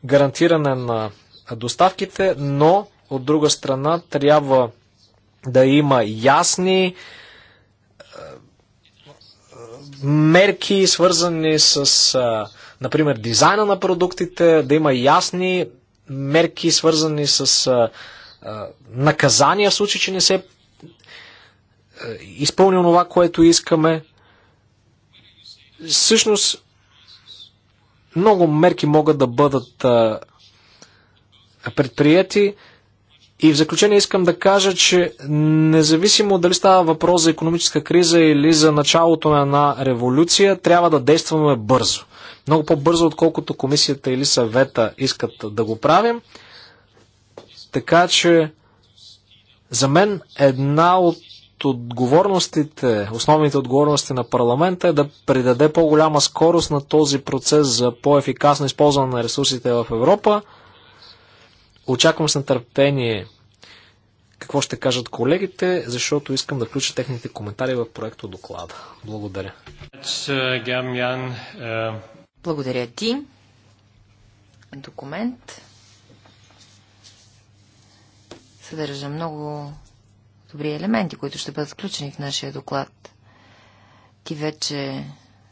гарантиране на доставките, но от друга страна трябва да има ясни е, мерки, свързани с е, например, дизайна на продуктите, да има ясни мерки, свързани с а, а, наказания в случай, че не се изпълни това, което искаме. Всъщност, много мерки могат да бъдат а, предприяти. И в заключение искам да кажа, че независимо дали става въпрос за економическа криза или за началото на една революция, трябва да действаме бързо много по-бързо, отколкото комисията или съвета искат да го правим. Така че за мен една от отговорностите, основните отговорности на парламента е да придаде по-голяма скорост на този процес за по-ефикасно използване на ресурсите в Европа. Очаквам с нетърпение какво ще кажат колегите, защото искам да включа техните коментари в проекто доклада. Благодаря. Е, благодаря ти. Документ. Съдържа много добри елементи, които ще бъдат включени в нашия доклад. Ти вече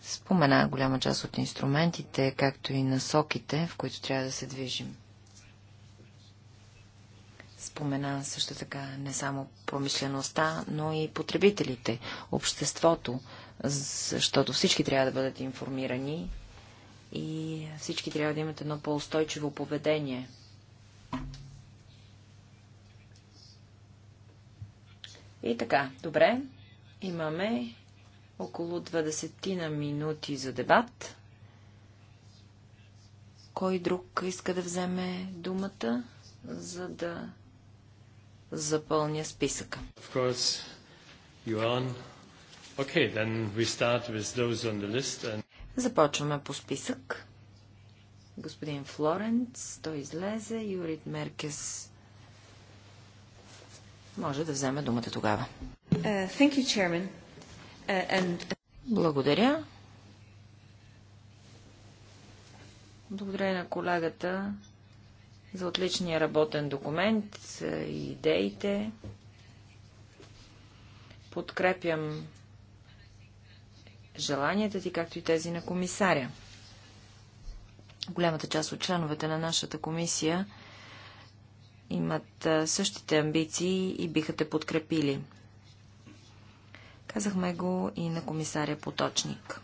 спомена голяма част от инструментите, както и насоките, в които трябва да се движим. Спомена също така не само промишлеността, но и потребителите, обществото, защото всички трябва да бъдат информирани и всички трябва да имат едно по-устойчиво поведение. И така, добре, имаме около 20 на минути за дебат. Кой друг иска да вземе думата, за да запълня списъка? Okay, and... Започваме по списък. Господин Флоренц, той излезе, Юрит Меркес може да вземе думата тогава. Uh, you, uh, and... Благодаря. Благодаря на колегата за отличния работен документ и идеите. Подкрепям желанията ти, както и тези на комисаря. Голямата част от членовете на нашата комисия имат същите амбиции и биха те подкрепили. Казахме го и на комисаря Поточник.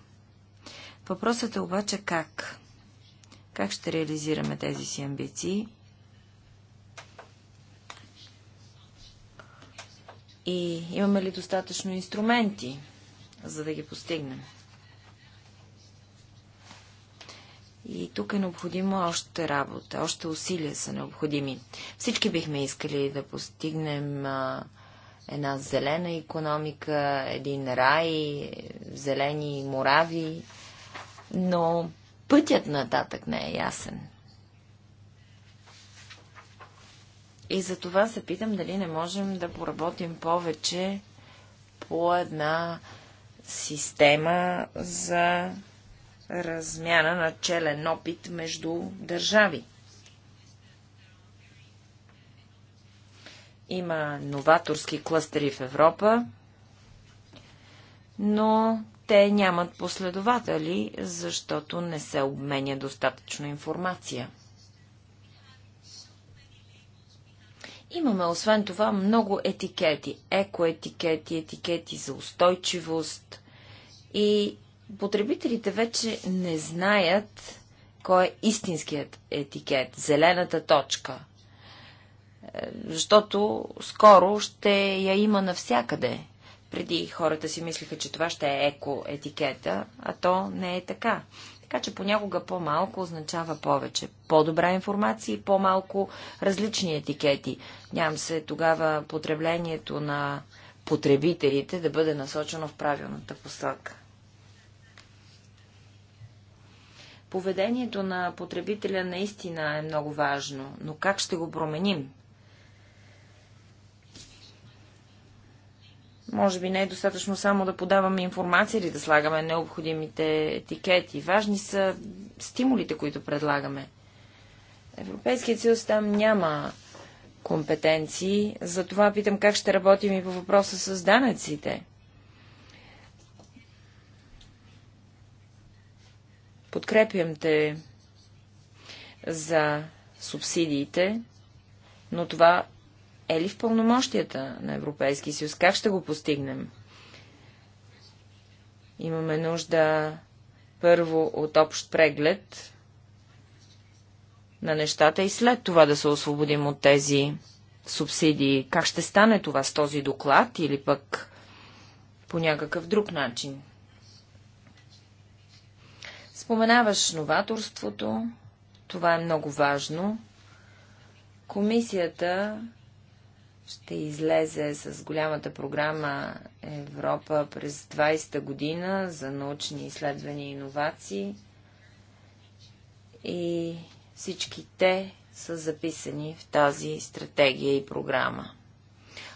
Въпросът е обаче как? Как ще реализираме тези си амбиции? И имаме ли достатъчно инструменти? за да ги постигнем. И тук е необходимо още работа, още усилия са необходими. Всички бихме искали да постигнем а, една зелена економика, един рай, зелени морави, но пътят нататък не е ясен. И за това се питам дали не можем да поработим повече по една система за размяна на челен опит между държави. Има новаторски клъстери в Европа, но те нямат последователи, защото не се обменя достатъчно информация. Имаме, освен това, много етикети. Екоетикети, етикети за устойчивост. И потребителите вече не знаят кой е истинският етикет, зелената точка. Е, защото скоро ще я има навсякъде. Преди хората си мислиха, че това ще е еко-етикета, а то не е така. Така че понякога по-малко означава повече. По-добра информация и по-малко различни етикети. Нямам се тогава потреблението на потребителите да бъде насочено в правилната посока. Поведението на потребителя наистина е много важно, но как ще го променим? Може би не е достатъчно само да подаваме информация или да слагаме необходимите етикети. Важни са стимулите, които предлагаме. Европейският съюз там няма компетенции, затова питам как ще работим и по въпроса с данъците. Подкрепям те за субсидиите, но това е ли в пълномощията на Европейския съюз? Как ще го постигнем? Имаме нужда първо от общ преглед на нещата и след това да се освободим от тези субсидии. Как ще стане това с този доклад или пък по някакъв друг начин? Споменаваш новаторството. Това е много важно. Комисията ще излезе с голямата програма Европа през 20-та година за научни изследвания и иновации. И всички те са записани в тази стратегия и програма.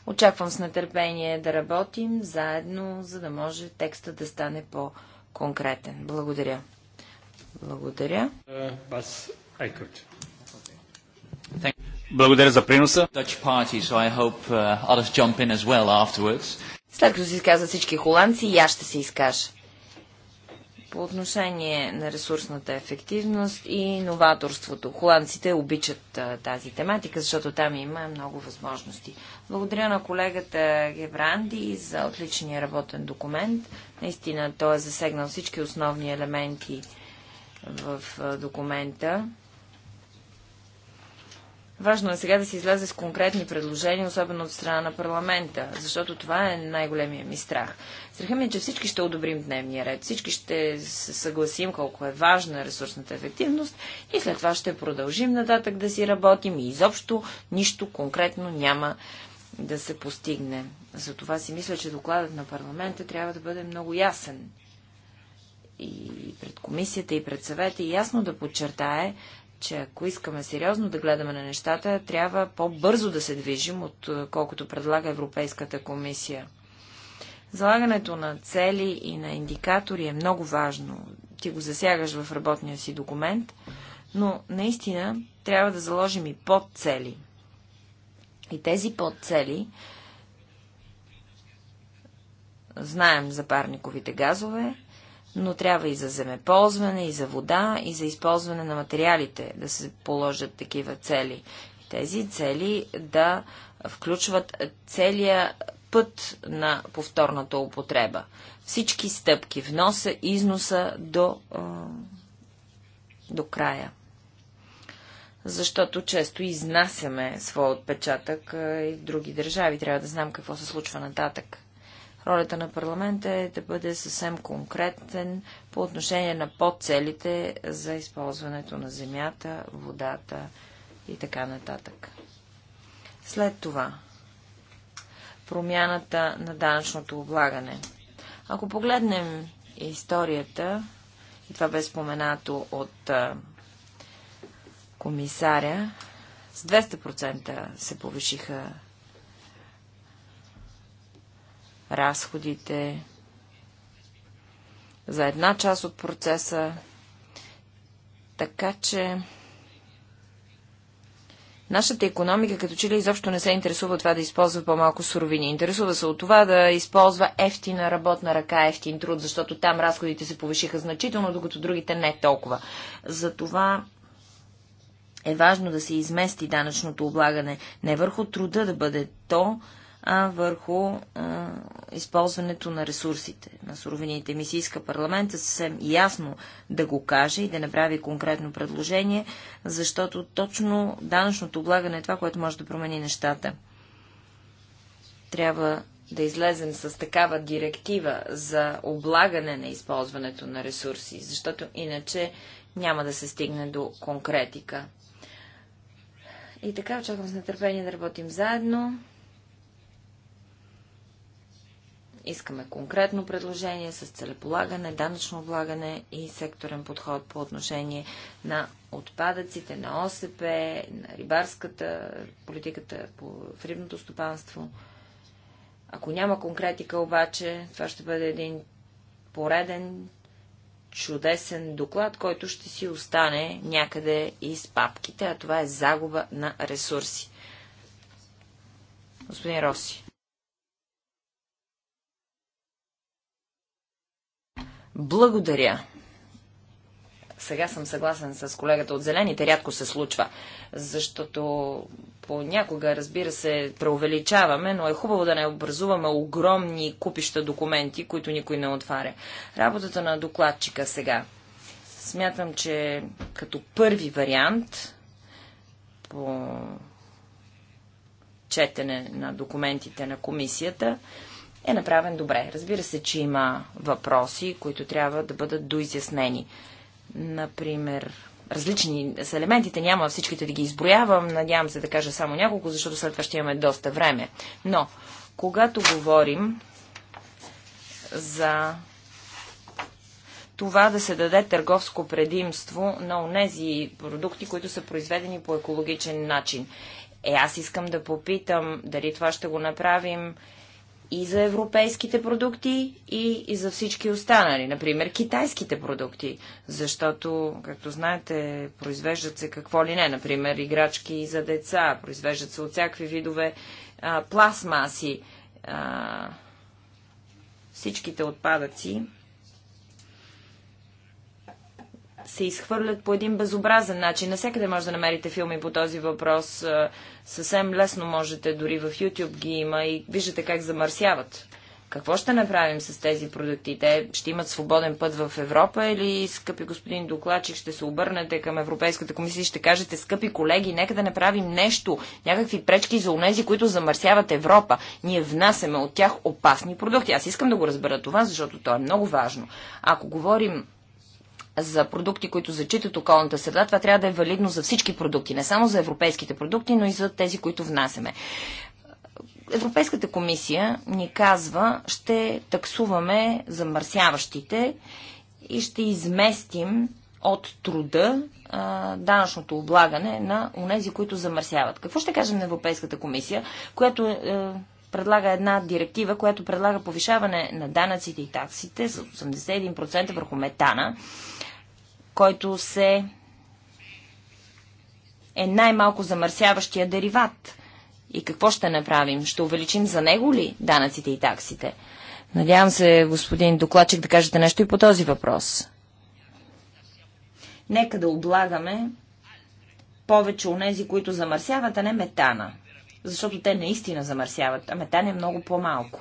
Очаквам с нетърпение да работим заедно, за да може текста да стане по-конкретен. Благодаря. Благодаря. Uh, благодаря за приноса. Uh, След като се изказват всички холандци, и аз ще се изкажа. По отношение на ресурсната ефективност и новаторството. Холандците обичат а, тази тематика, защото там има много възможности. Благодаря на колегата Гевранди за отличния работен документ. Наистина той е засегнал всички основни елементи в а, документа. Важно е сега да се излезе с конкретни предложения, особено от страна на парламента, защото това е най-големия ми страх. Страха ми е, че всички ще одобрим дневния ред, всички ще се съгласим колко е важна ресурсната ефективност и след това ще продължим нататък да си работим и изобщо нищо конкретно няма да се постигне. Затова си мисля, че докладът на парламента трябва да бъде много ясен и пред комисията, и пред съвета, и ясно да подчертае че ако искаме сериозно да гледаме на нещата, трябва по-бързо да се движим, отколкото е, предлага Европейската комисия. Залагането на цели и на индикатори е много важно. Ти го засягаш в работния си документ, но наистина трябва да заложим и подцели. И тези подцели знаем за парниковите газове, но трябва и за земеползване, и за вода, и за използване на материалите да се положат такива цели. Тези цели да включват целия път на повторната употреба. Всички стъпки, вноса, износа до, до края. Защото често изнасяме своя отпечатък и в други държави. Трябва да знам какво се случва нататък. Ролята на парламента е да бъде съвсем конкретен по отношение на подцелите за използването на земята, водата и така нататък. След това промяната на данъчното облагане. Ако погледнем историята, и това бе споменато от а, комисаря, с 200% се повишиха разходите за една част от процеса. Така че нашата економика като че ли изобщо не се интересува от това да използва по-малко суровини. Интересува се от това да използва ефтина работна ръка, ефтин труд, защото там разходите се повишиха значително, докато другите не толкова. Затова е важно да се измести данъчното облагане не върху труда да бъде то, а върху а, използването на ресурсите, на суровините. Ми се иска парламента съвсем ясно да го каже и да направи конкретно предложение, защото точно данъчното облагане е това, което може да промени нещата. Трябва да излезем с такава директива за облагане на използването на ресурси, защото иначе няма да се стигне до конкретика. И така очаквам с нетърпение да работим заедно Искаме конкретно предложение с целеполагане, данъчно облагане и секторен подход по отношение на отпадъците, на ОСП, на рибарската политиката по рибното стопанство. Ако няма конкретика обаче, това ще бъде един пореден чудесен доклад, който ще си остане някъде из папките, а това е загуба на ресурси. Господин Роси. Благодаря. Сега съм съгласен с колегата от Зелените, рядко се случва, защото понякога, разбира се, преувеличаваме, но е хубаво да не образуваме огромни купища документи, които никой не отваря. Работата на докладчика сега. Смятам, че като първи вариант по четене на документите на комисията, е направен добре. Разбира се, че има въпроси, които трябва да бъдат доизяснени. Например, различни са елементите, няма всичките да ги изброявам, надявам се да кажа само няколко, защото след това ще имаме доста време. Но, когато говорим за това да се даде търговско предимство на онези продукти, които са произведени по екологичен начин. Е, аз искам да попитам дали това ще го направим и за европейските продукти, и, и за всички останали, например китайските продукти, защото, както знаете, произвеждат се какво ли не, например играчки за деца, произвеждат се от всякакви видове а, пластмаси, а, всичките отпадъци се изхвърлят по един безобразен начин. всекъде може да намерите филми по този въпрос. Е, съвсем лесно можете, дори в YouTube ги има и виждате как замърсяват. Какво ще направим с тези продукти? Те ще имат свободен път в Европа или, скъпи господин докладчик, ще се обърнете към Европейската комисия и ще кажете, скъпи колеги, нека да направим нещо, някакви пречки за унези, които замърсяват Европа. Ние внасяме от тях опасни продукти. Аз искам да го разбера това, защото то е много важно. Ако говорим за продукти, които зачитат околната среда, това трябва да е валидно за всички продукти, не само за европейските продукти, но и за тези, които внасяме. Европейската комисия ни казва, ще таксуваме замърсяващите и ще изместим от труда данъчното облагане на унези, които замърсяват. Какво ще кажем на Европейската комисия, която е, предлага една директива, която предлага повишаване на данъците и таксите с 81% върху метана, който се е най-малко замърсяващия дериват. И какво ще направим? Ще увеличим за него ли данъците и таксите? Надявам се, господин докладчик, да кажете нещо и по този въпрос. Нека да облагаме повече нези, които замърсяват, а не метана защото те наистина замърсяват, а ами, метан е много по-малко.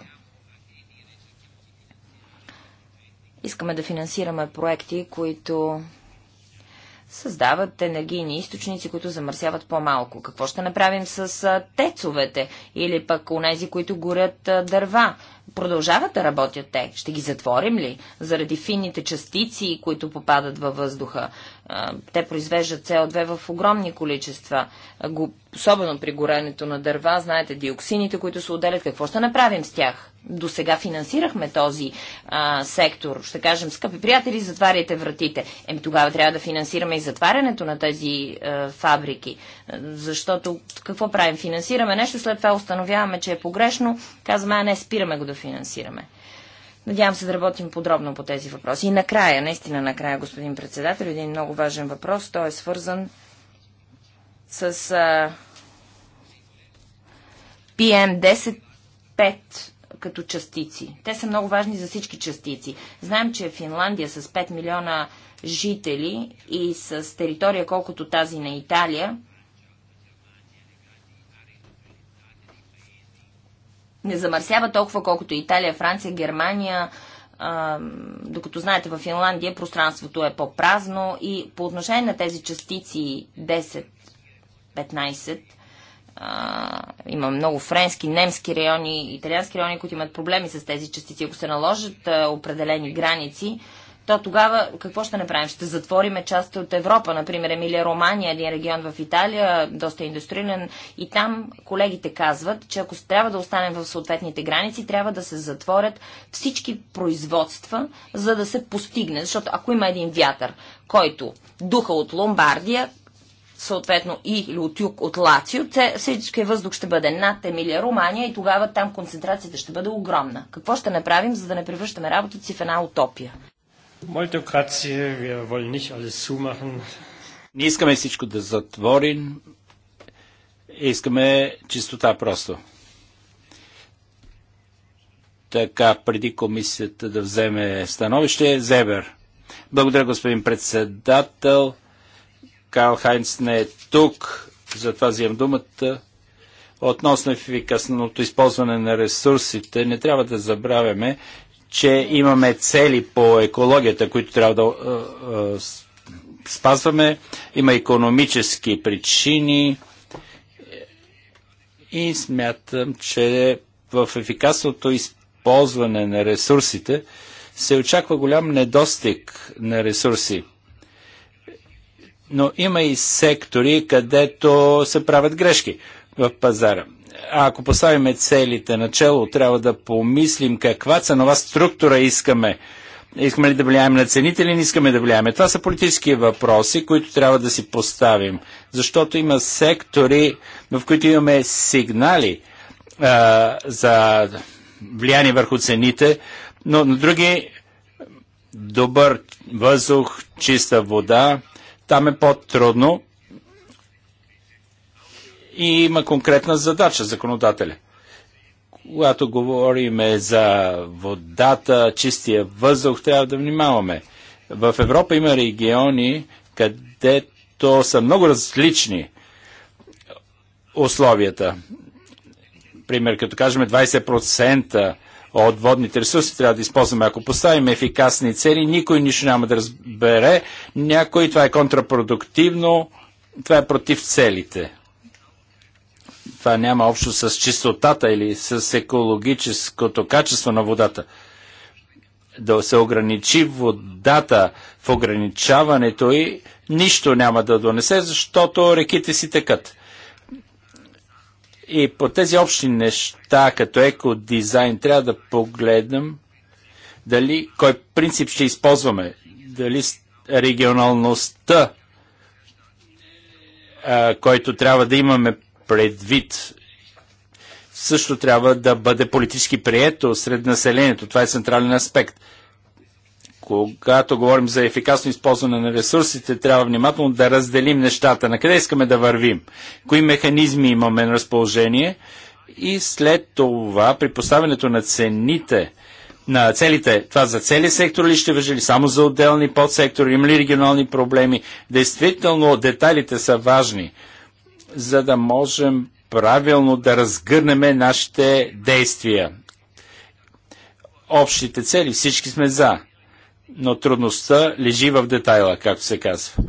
Искаме да финансираме проекти, които създават енергийни източници, които замърсяват по-малко. Какво ще направим с тецовете или пък у нези, които горят дърва? Продължават да работят те. Ще ги затворим ли? Заради финните частици, които попадат във въздуха те произвеждат СО2 в огромни количества, особено при горенето на дърва. Знаете, диоксините, които се отделят, какво ще направим с тях? До сега финансирахме този а, сектор. Ще кажем, скъпи приятели, затваряйте вратите. Еми тогава трябва да финансираме и затварянето на тези а, фабрики. Защото какво правим? Финансираме нещо, след това установяваме, че е погрешно. Казваме, а не, спираме го да финансираме. Надявам се да работим подробно по тези въпроси. И накрая, наистина накрая, господин председател, един много важен въпрос. Той е свързан с а, PM10-5 като частици. Те са много важни за всички частици. Знаем, че Финландия с 5 милиона жители и с територия колкото тази на Италия, не замърсява толкова, колкото Италия, Франция, Германия, а, докато знаете, в Финландия пространството е по-празно и по отношение на тези частици 10-15, има много френски, немски райони, италиански райони, които имат проблеми с тези частици. Ако се наложат определени граници, то тогава какво ще направим? Ще затвориме част от Европа, например Емилия Романия, един регион в Италия, доста индустриален, и там колегите казват, че ако трябва да останем в съответните граници, трябва да се затворят всички производства, за да се постигне. Защото ако има един вятър, който духа от Ломбардия, съответно или от юг, от Лацио, всичкият въздух ще бъде над Емилия Романия, и тогава там концентрацията ще бъде огромна. Какво ще направим, за да не превръщаме работата си в една утопия? Не искаме всичко да затворим, искаме чистота просто. Така, преди комисията да вземе становище, Зебер. Благодаря, господин председател. Карл Хайнц не е тук, затова взем думата. Относно ефикасното използване на ресурсите, не трябва да забравяме, че имаме цели по екологията, които трябва да е, е, спазваме. Има економически причини и смятам, че в ефикасното използване на ресурсите се очаква голям недостиг на ресурси. Но има и сектори, където се правят грешки в пазара ако поставим целите начало, трябва да помислим каква ценова структура искаме. Искаме ли да влияем на цените или не искаме да влияем? Това са политически въпроси, които трябва да си поставим. Защото има сектори, в които имаме сигнали а, за влияние върху цените, но на други добър въздух, чиста вода, там е по-трудно и има конкретна задача законодателя. Когато говорим за водата, чистия въздух, трябва да внимаваме. В Европа има региони, където са много различни условията. Пример, като кажем 20% от водните ресурси трябва да използваме. Ако поставим ефикасни цели, никой нищо няма да разбере. Някой това е контрапродуктивно, това е против целите това няма общо с чистотата или с екологическото качество на водата. Да се ограничи водата в ограничаването и нищо няма да донесе, защото реките си текат. И по тези общи неща, като екодизайн, трябва да погледнем дали кой принцип ще използваме. Дали регионалността, който трябва да имаме предвид. Също трябва да бъде политически прието сред населението. Това е централен аспект. Когато говорим за ефикасно използване на ресурсите, трябва внимателно да разделим нещата. На къде искаме да вървим? Кои механизми имаме на разположение? И след това, при поставянето на цените, на целите, това за цели сектор ли ще въжи ли само за отделни подсектори, има ли регионални проблеми. Действително, детайлите са важни за да можем правилно да разгърнем нашите действия. Общите цели всички сме за, но трудността лежи в детайла, както се казва.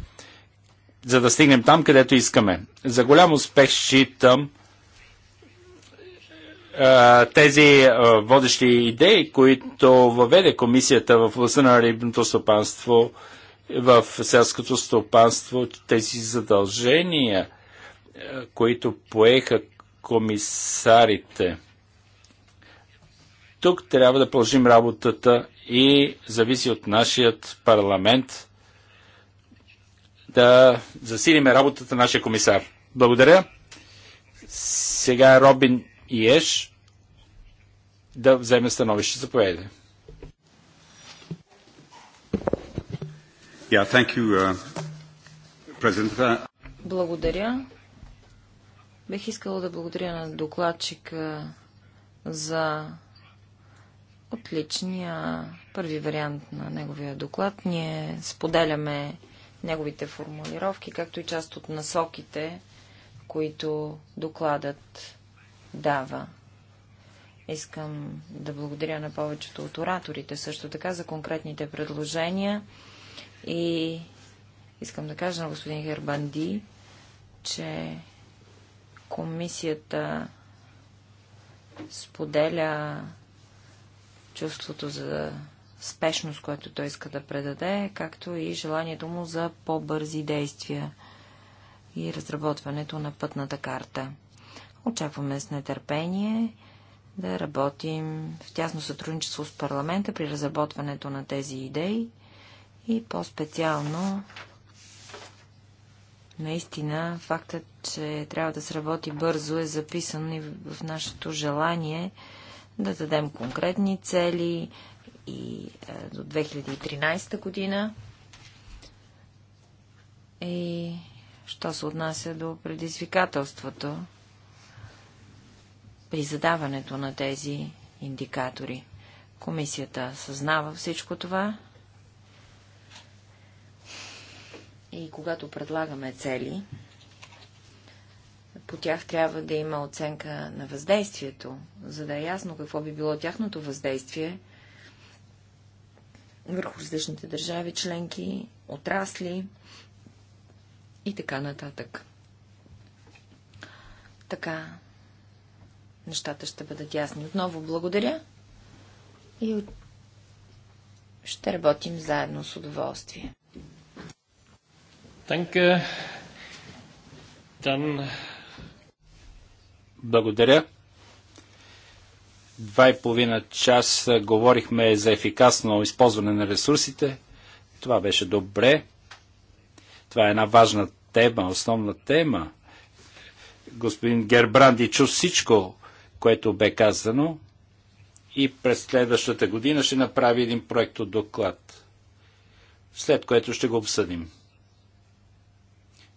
За да стигнем там, където искаме. За голям успех считам тези водещи идеи, които въведе комисията в областта на рибното стопанство, в селското стопанство, тези задължения – които поеха комисарите. Тук трябва да продължим работата и зависи от нашият парламент да засилиме работата на нашия комисар. Благодаря. Сега Робин Иеш да вземе становище. Заповядайте. Yeah, thank you, uh, Благодаря. Бех искала да благодаря на докладчика за отличния първи вариант на неговия доклад. Ние споделяме неговите формулировки, както и част от насоките, които докладът дава. Искам да благодаря на повечето от ораторите също така за конкретните предложения и искам да кажа на господин Хербанди, че Комисията споделя чувството за спешност, което той иска да предаде, както и желанието му за по-бързи действия и разработването на пътната карта. Очакваме с нетърпение да работим в тясно сътрудничество с парламента при разработването на тези идеи и по-специално Наистина, фактът, че трябва да се работи бързо е записан и в нашето желание да дадем конкретни цели и е, до 2013 година. И що се отнася до предизвикателството при задаването на тези индикатори. Комисията съзнава всичко това И когато предлагаме цели, по тях трябва да има оценка на въздействието, за да е ясно какво би било тяхното въздействие върху различните държави, членки, отрасли и така нататък. Така, нещата ще бъдат ясни. Отново благодаря и ще работим заедно с удоволствие. Danke. Dann... Благодаря. Два и половина час говорихме за ефикасно използване на ресурсите. Това беше добре. Това е една важна тема, основна тема. Господин Гербранди чу всичко, което бе казано и през следващата година ще направи един проект от доклад, след което ще го обсъдим.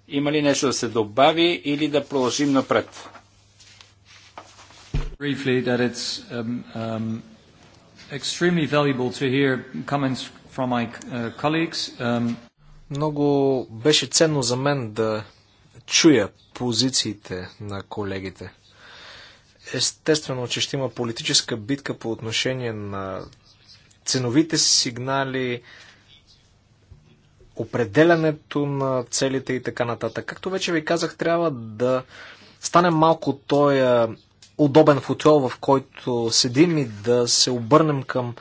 Има ли нещо да се добави или да продължим напред? Briefly, that it's um, um, extremely valuable to hear comments from my uh, colleagues. Um... Много беше ценно за мен да чуя позициите на колегите. Естествено, че ще има политическа битка по отношение на ценовите сигнали, определянето на целите и така нататък. Както вече ви казах, трябва да стане малко той удобен футел, в който седим и да се обърнем към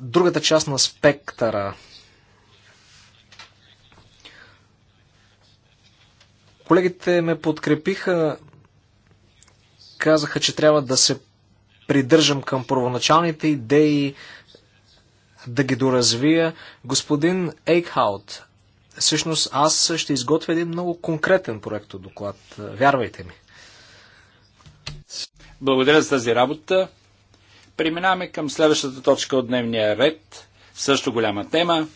другата част на спектъра. Колегите ме подкрепиха, казаха, че трябва да се придържам към първоначалните идеи, да ги доразвия. Господин Ейкхаут, всъщност аз ще изготвя един много конкретен проект от доклад. Вярвайте ми. Благодаря за тази работа. Преминаваме към следващата точка от дневния ред. Също голяма тема.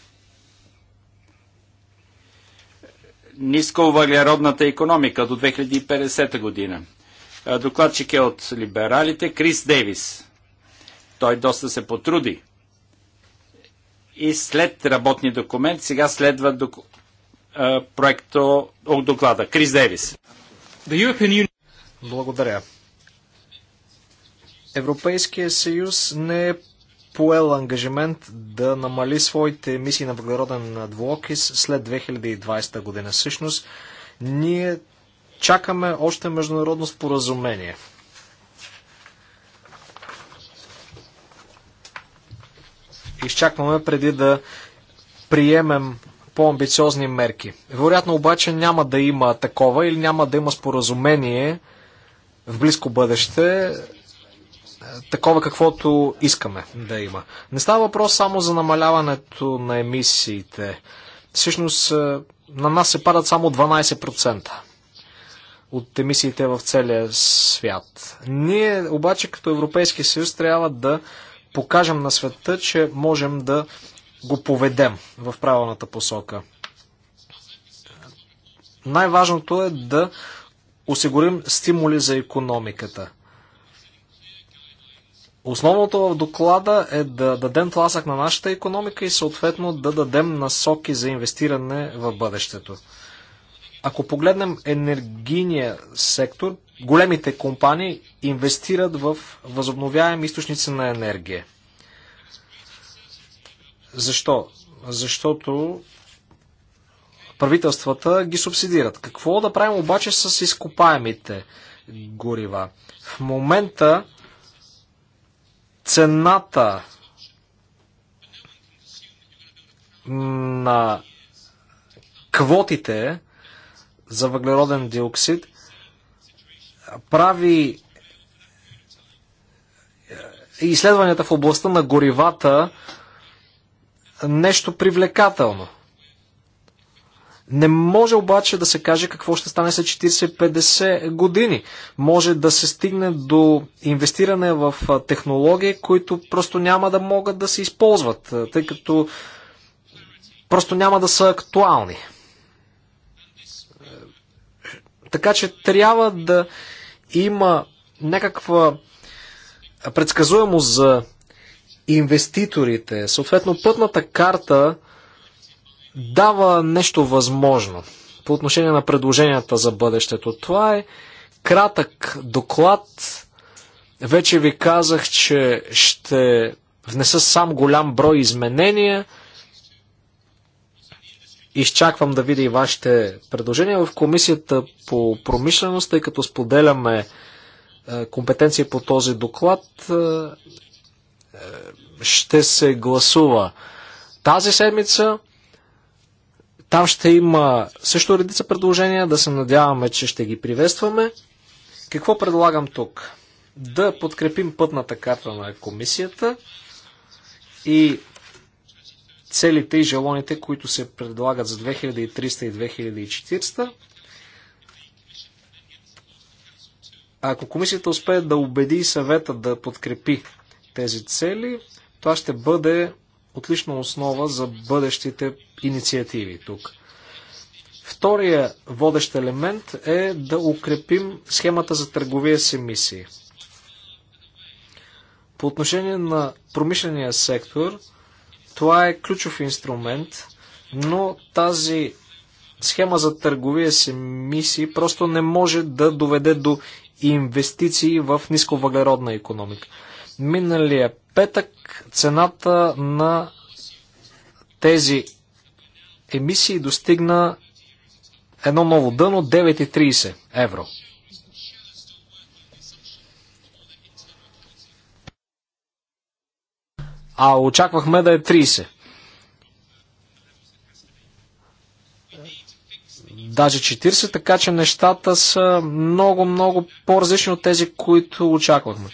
Нисковъглеродната економика до 2050 година. Докладчик е от либералите Крис Дейвис. Той доста се потруди и след работни документ сега следва доку... проекто от доклада. Крис Дейвис. Благодаря. Европейския съюз не е поел ангажимент да намали своите емисии на въглероден двуокис след 2020 година. Всъщност, ние чакаме още международно споразумение изчакваме преди да приемем по-амбициозни мерки. Вероятно обаче няма да има такова или няма да има споразумение в близко бъдеще, е, такова каквото искаме да има. Не става въпрос само за намаляването на емисиите. Всъщност е, на нас се падат само 12% от емисиите в целия свят. Ние обаче като Европейски съюз трябва да покажем на света, че можем да го поведем в правилната посока. Най-важното е да осигурим стимули за економиката. Основното в доклада е да дадем тласък на нашата економика и съответно да дадем насоки за инвестиране в бъдещето. Ако погледнем енергийния сектор, големите компании инвестират в възобновяеми източници на енергия. Защо? Защото правителствата ги субсидират. Какво да правим обаче с изкопаемите горива? В момента цената на квотите за въглероден диоксид прави е, изследванията в областта на горивата нещо привлекателно. Не може обаче да се каже какво ще стане след 40-50 години. Може да се стигне до инвестиране в технологии, които просто няма да могат да се използват, тъй като просто няма да са актуални. Така че трябва да има някаква предсказуемост за инвеститорите. Съответно, пътната карта дава нещо възможно по отношение на предложенията за бъдещето. Това е кратък доклад. Вече ви казах, че ще внеса сам голям брой изменения – изчаквам да видя и вашите предложения в комисията по промишленост, тъй като споделяме е, компетенции по този доклад. Е, е, ще се гласува тази седмица. Там ще има също редица предложения, да се надяваме, че ще ги приветстваме. Какво предлагам тук? Да подкрепим пътната карта на комисията и целите и желоните, които се предлагат за 2300 и 2400. Ако комисията успее да убеди съвета да подкрепи тези цели, това ще бъде отлична основа за бъдещите инициативи тук. Втория водещ елемент е да укрепим схемата за търговия с емисии. По отношение на промишления сектор, това е ключов инструмент, но тази схема за търговия с емисии просто не може да доведе до инвестиции в нисковъглеродна економика. Миналия петък цената на тези емисии достигна едно ново дъно 9,30 евро. а очаквахме да е 30. даже 40, така че нещата са много, много по-различни от тези, които очаквахме.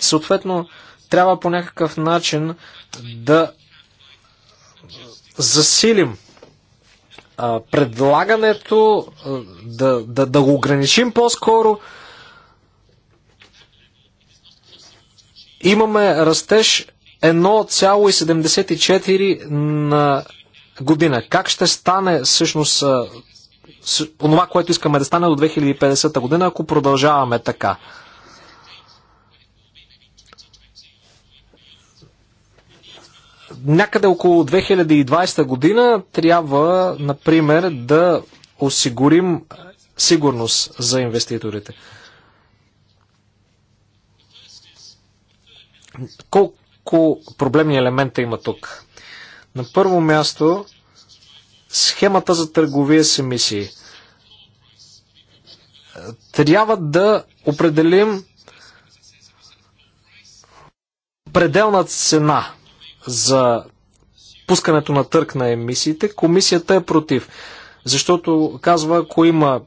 Съответно, трябва по някакъв начин да засилим а, предлагането, а, да, да, да го ограничим по-скоро. Имаме растеж 1,74 на година. Как ще стане всъщност това, което искаме да стане до 2050 година, ако продължаваме така? Някъде около 2020 година трябва, например, да осигурим сигурност за инвеститорите. Колко няколко проблемни елемента има тук. На първо място, схемата за търговия с емисии. Трябва да определим пределна цена за пускането на търк на емисиите. Комисията е против, защото казва, ако има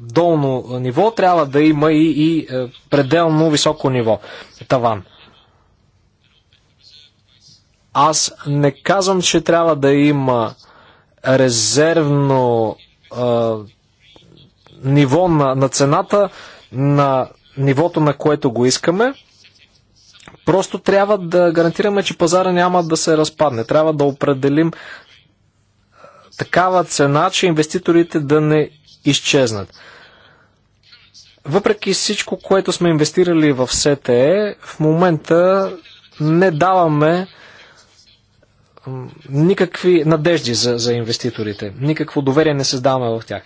долно ниво, трябва да има и, и е, пределно високо ниво, таван. Аз не казвам, че трябва да има резервно а, ниво на, на цената, на нивото, на което го искаме. Просто трябва да гарантираме, че пазара няма да се разпадне. Трябва да определим такава цена, че инвеститорите да не изчезнат. Въпреки всичко, което сме инвестирали в СТЕ, в момента не даваме никакви надежди за, за инвеститорите. Никакво доверие не създаваме в тях.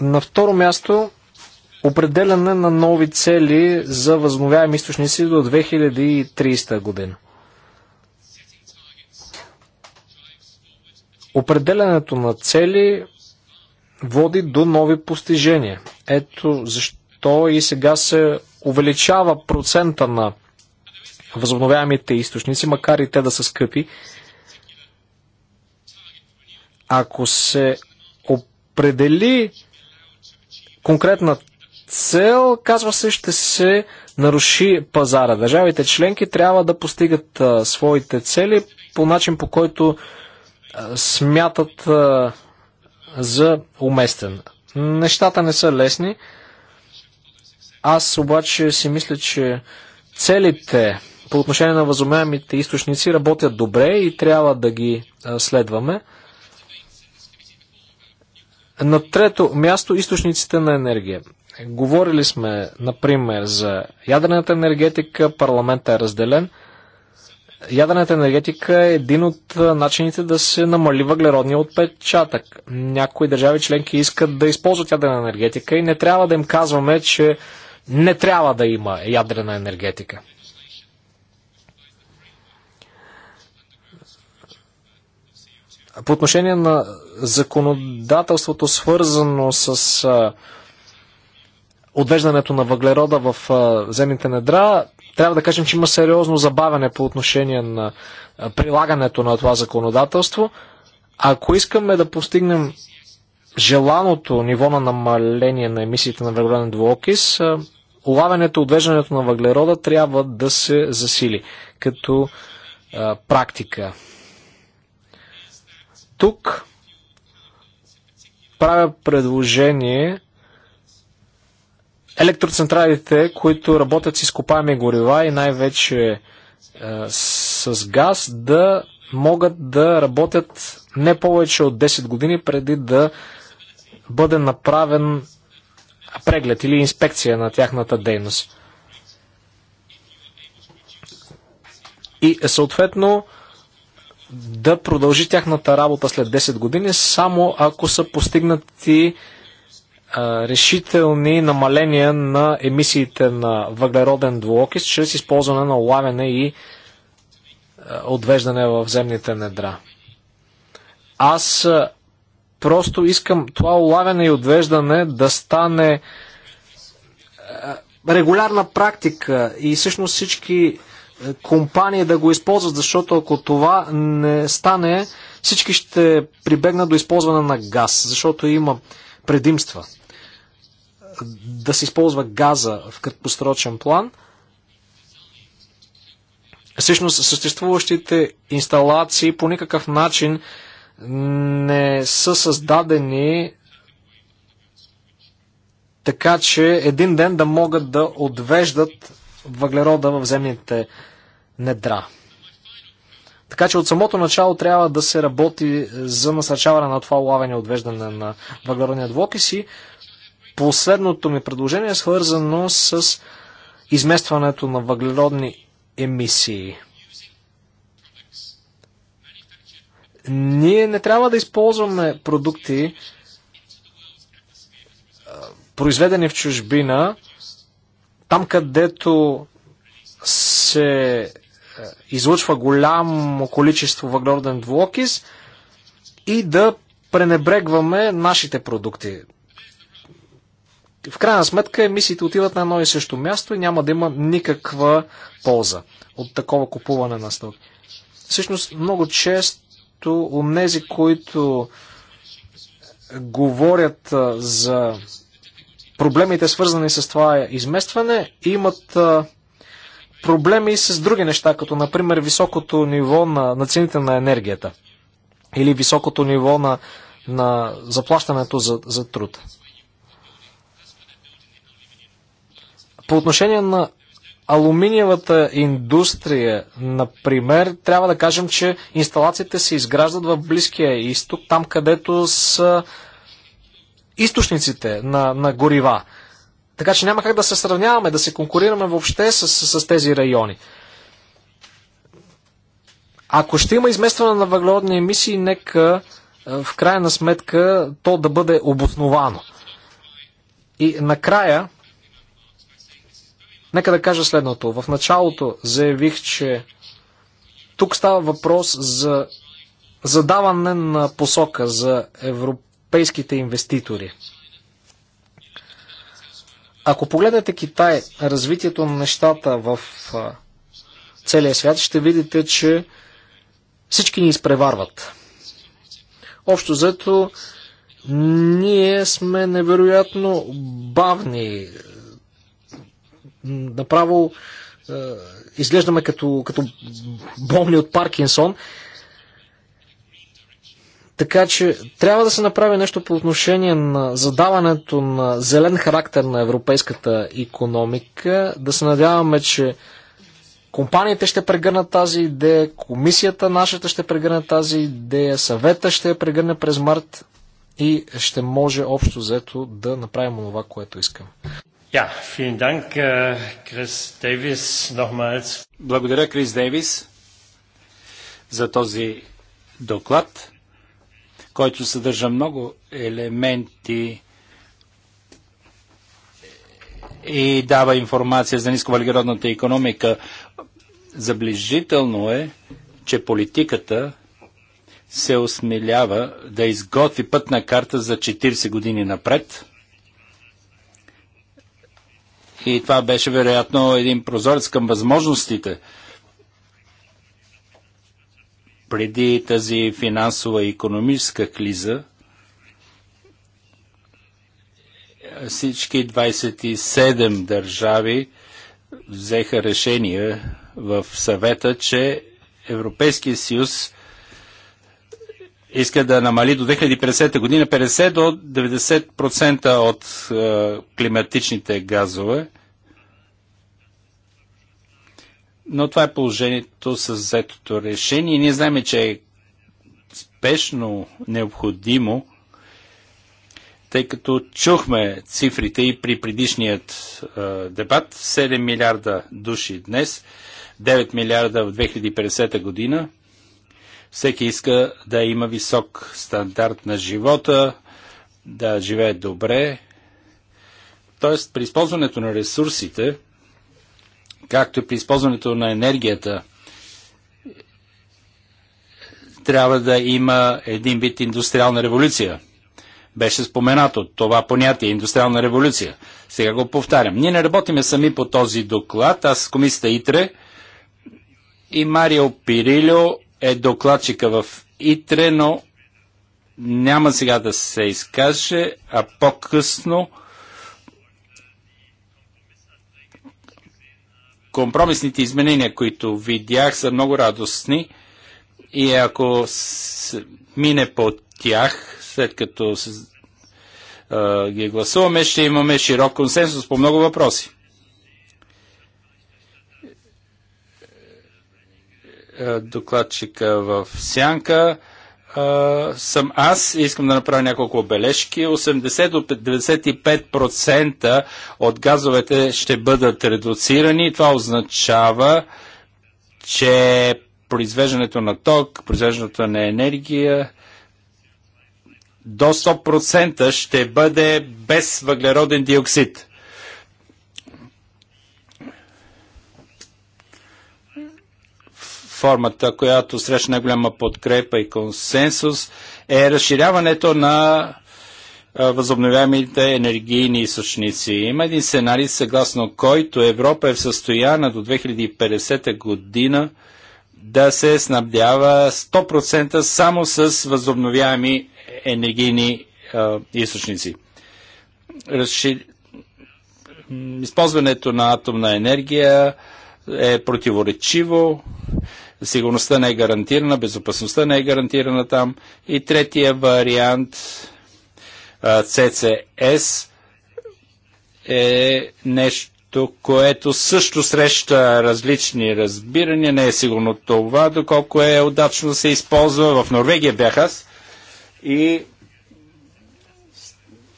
На второ място, определяне на нови цели за възобновяеми източници до 2030 година. Определянето на цели води до нови постижения. Ето защо и сега се увеличава процента на възобновяемите източници, макар и те да са скъпи, ако се определи конкретна цел, казва се, ще се наруши пазара. Държавите членки трябва да постигат а, своите цели по начин, по който а, смятат а, за уместен. Нещата не са лесни. Аз обаче си мисля, че целите по отношение на възобновяемите източници работят добре и трябва да ги следваме. На трето място източниците на енергия. Говорили сме, например, за ядрената енергетика, парламента е разделен. Ядрената енергетика е един от начините да се намали въглеродния отпечатък. Някои държави членки искат да използват ядрена енергетика и не трябва да им казваме, че не трябва да има ядрена енергетика. По отношение на законодателството, свързано с а, отвеждането на въглерода в а, земните недра, трябва да кажем, че има сериозно забавяне по отношение на а, прилагането на това законодателство. Ако искаме да постигнем желаното ниво на намаление на емисиите на въглероден двуокис, улавянето, отвеждането на въглерода трябва да се засили като а, практика. Тук правя предложение електроцентралите, които работят с изкопаеми горива и най-вече е, с газ, да могат да работят не повече от 10 години преди да бъде направен преглед или инспекция на тяхната дейност. И съответно, да продължи тяхната работа след 10 години, само ако са постигнати а, решителни намаления на емисиите на въглероден двуокис чрез използване на лавене и а, отвеждане в земните недра. Аз а, просто искам това улавяне и отвеждане да стане регулярна практика и всъщност всички компании да го използват, защото ако това не стане, всички ще прибегнат до използване на газ, защото има предимства да се използва газа в краткосрочен план. Всъщност съществуващите инсталации по никакъв начин не са създадени така, че един ден да могат да отвеждат въглерода в земните недра. Така че от самото начало трябва да се работи за насърчаване на това улавяне и отвеждане на въглеродния двокис. и последното ми предложение е свързано с изместването на въглеродни емисии. Ние не трябва да използваме продукти, произведени в чужбина, там, където се е, излъчва голямо количество въглероден двуокис и да пренебрегваме нашите продукти. В крайна сметка емисиите отиват на едно и също място и няма да има никаква полза от такова купуване на стоки. Всъщност много често у нези, които говорят за проблемите свързани с това изместване, имат проблеми с други неща, като например високото ниво на, на цените на енергията или високото ниво на, на заплащането за, за труд. По отношение на алуминиевата индустрия, например, трябва да кажем, че инсталациите се изграждат в Близкия изток, там където са източниците на, на горива. Така че няма как да се сравняваме, да се конкурираме въобще с, с, с тези райони. Ако ще има изместване на въглеродни емисии, нека е, в крайна сметка то да бъде обосновано. И накрая, нека да кажа следното. В началото заявих, че тук става въпрос за задаване на посока за Европа европейските инвеститори. Ако погледнете Китай, развитието на нещата в целия свят, ще видите, че всички ни изпреварват. Общо зато, ние сме невероятно бавни. Направо изглеждаме като, като болни от Паркинсон. Така че трябва да се направи нещо по отношение на задаването на зелен характер на европейската економика. Да се надяваме, че компаниите ще прегърнат тази идея, комисията нашата ще прегърне тази идея, съвета ще я прегърне през март и ще може общо взето да направим това, което искам. Ja, vielen Dank, äh, Chris Davis, nochmals. Благодаря, Крис Дейвис, за този доклад който съдържа много елементи и дава информация за нисковалигородната економика. Заближително е, че политиката се осмелява да изготви пътна карта за 40 години напред. И това беше вероятно един прозорец към възможностите преди тази финансова и економическа криза, всички 27 държави взеха решение в съвета, че Европейския съюз иска да намали до 2050 година 50 до 90% от е, климатичните газове Но това е положението с взетото решение. Ние знаем, че е спешно необходимо, тъй като чухме цифрите и при предишният е, дебат 7 милиарда души днес, 9 милиарда в 2050 година. Всеки иска да има висок стандарт на живота, да живее добре. Тоест, при използването на ресурсите, както и при използването на енергията, трябва да има един вид индустриална революция. Беше споменато това понятие индустриална революция. Сега го повтарям. Ние не работиме сами по този доклад. Аз с комисията ИТРЕ и Марио Пирилио е докладчика в ИТРЕ, но няма сега да се изкаже, а по-късно компромисните изменения, които видях, са много радостни и ако с, мине по тях, след като с, а, ги гласуваме, ще имаме широк консенсус по много въпроси. Е, докладчика в сянка а, съм аз и искам да направя няколко бележки. 80 до 95% от газовете ще бъдат редуцирани. Това означава, че произвеждането на ток, произвеждането на енергия до 100% ще бъде без въглероден диоксид. Формата, която срещна голяма подкрепа и консенсус е разширяването на възобновяемите енергийни източници. Има един сценарий, съгласно който Европа е в състояние до 2050 година да се снабдява 100% само с възобновяеми енергийни а, източници. Разшир... Използването на атомна енергия е противоречиво. Сигурността не е гарантирана, безопасността не е гарантирана там. И третия вариант CCS е нещо, което също среща различни разбирания. Не е сигурно това, доколко е удачно да се използва. В Норвегия бях аз и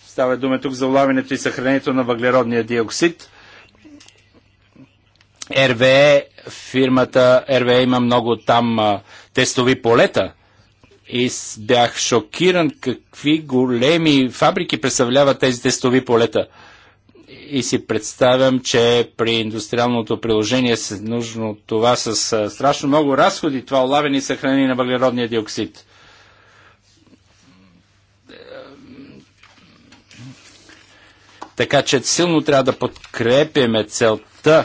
става дума тук за улавянето и съхранението на въглеродния диоксид – РВЕ, фирмата РВЕ има много там а, тестови полета и бях шокиран какви големи фабрики представляват тези тестови полета. И си представям, че при индустриалното приложение се нужно това с а, страшно много разходи, това олавени съхранение на въглеродния диоксид. Така че силно трябва да подкрепяме целта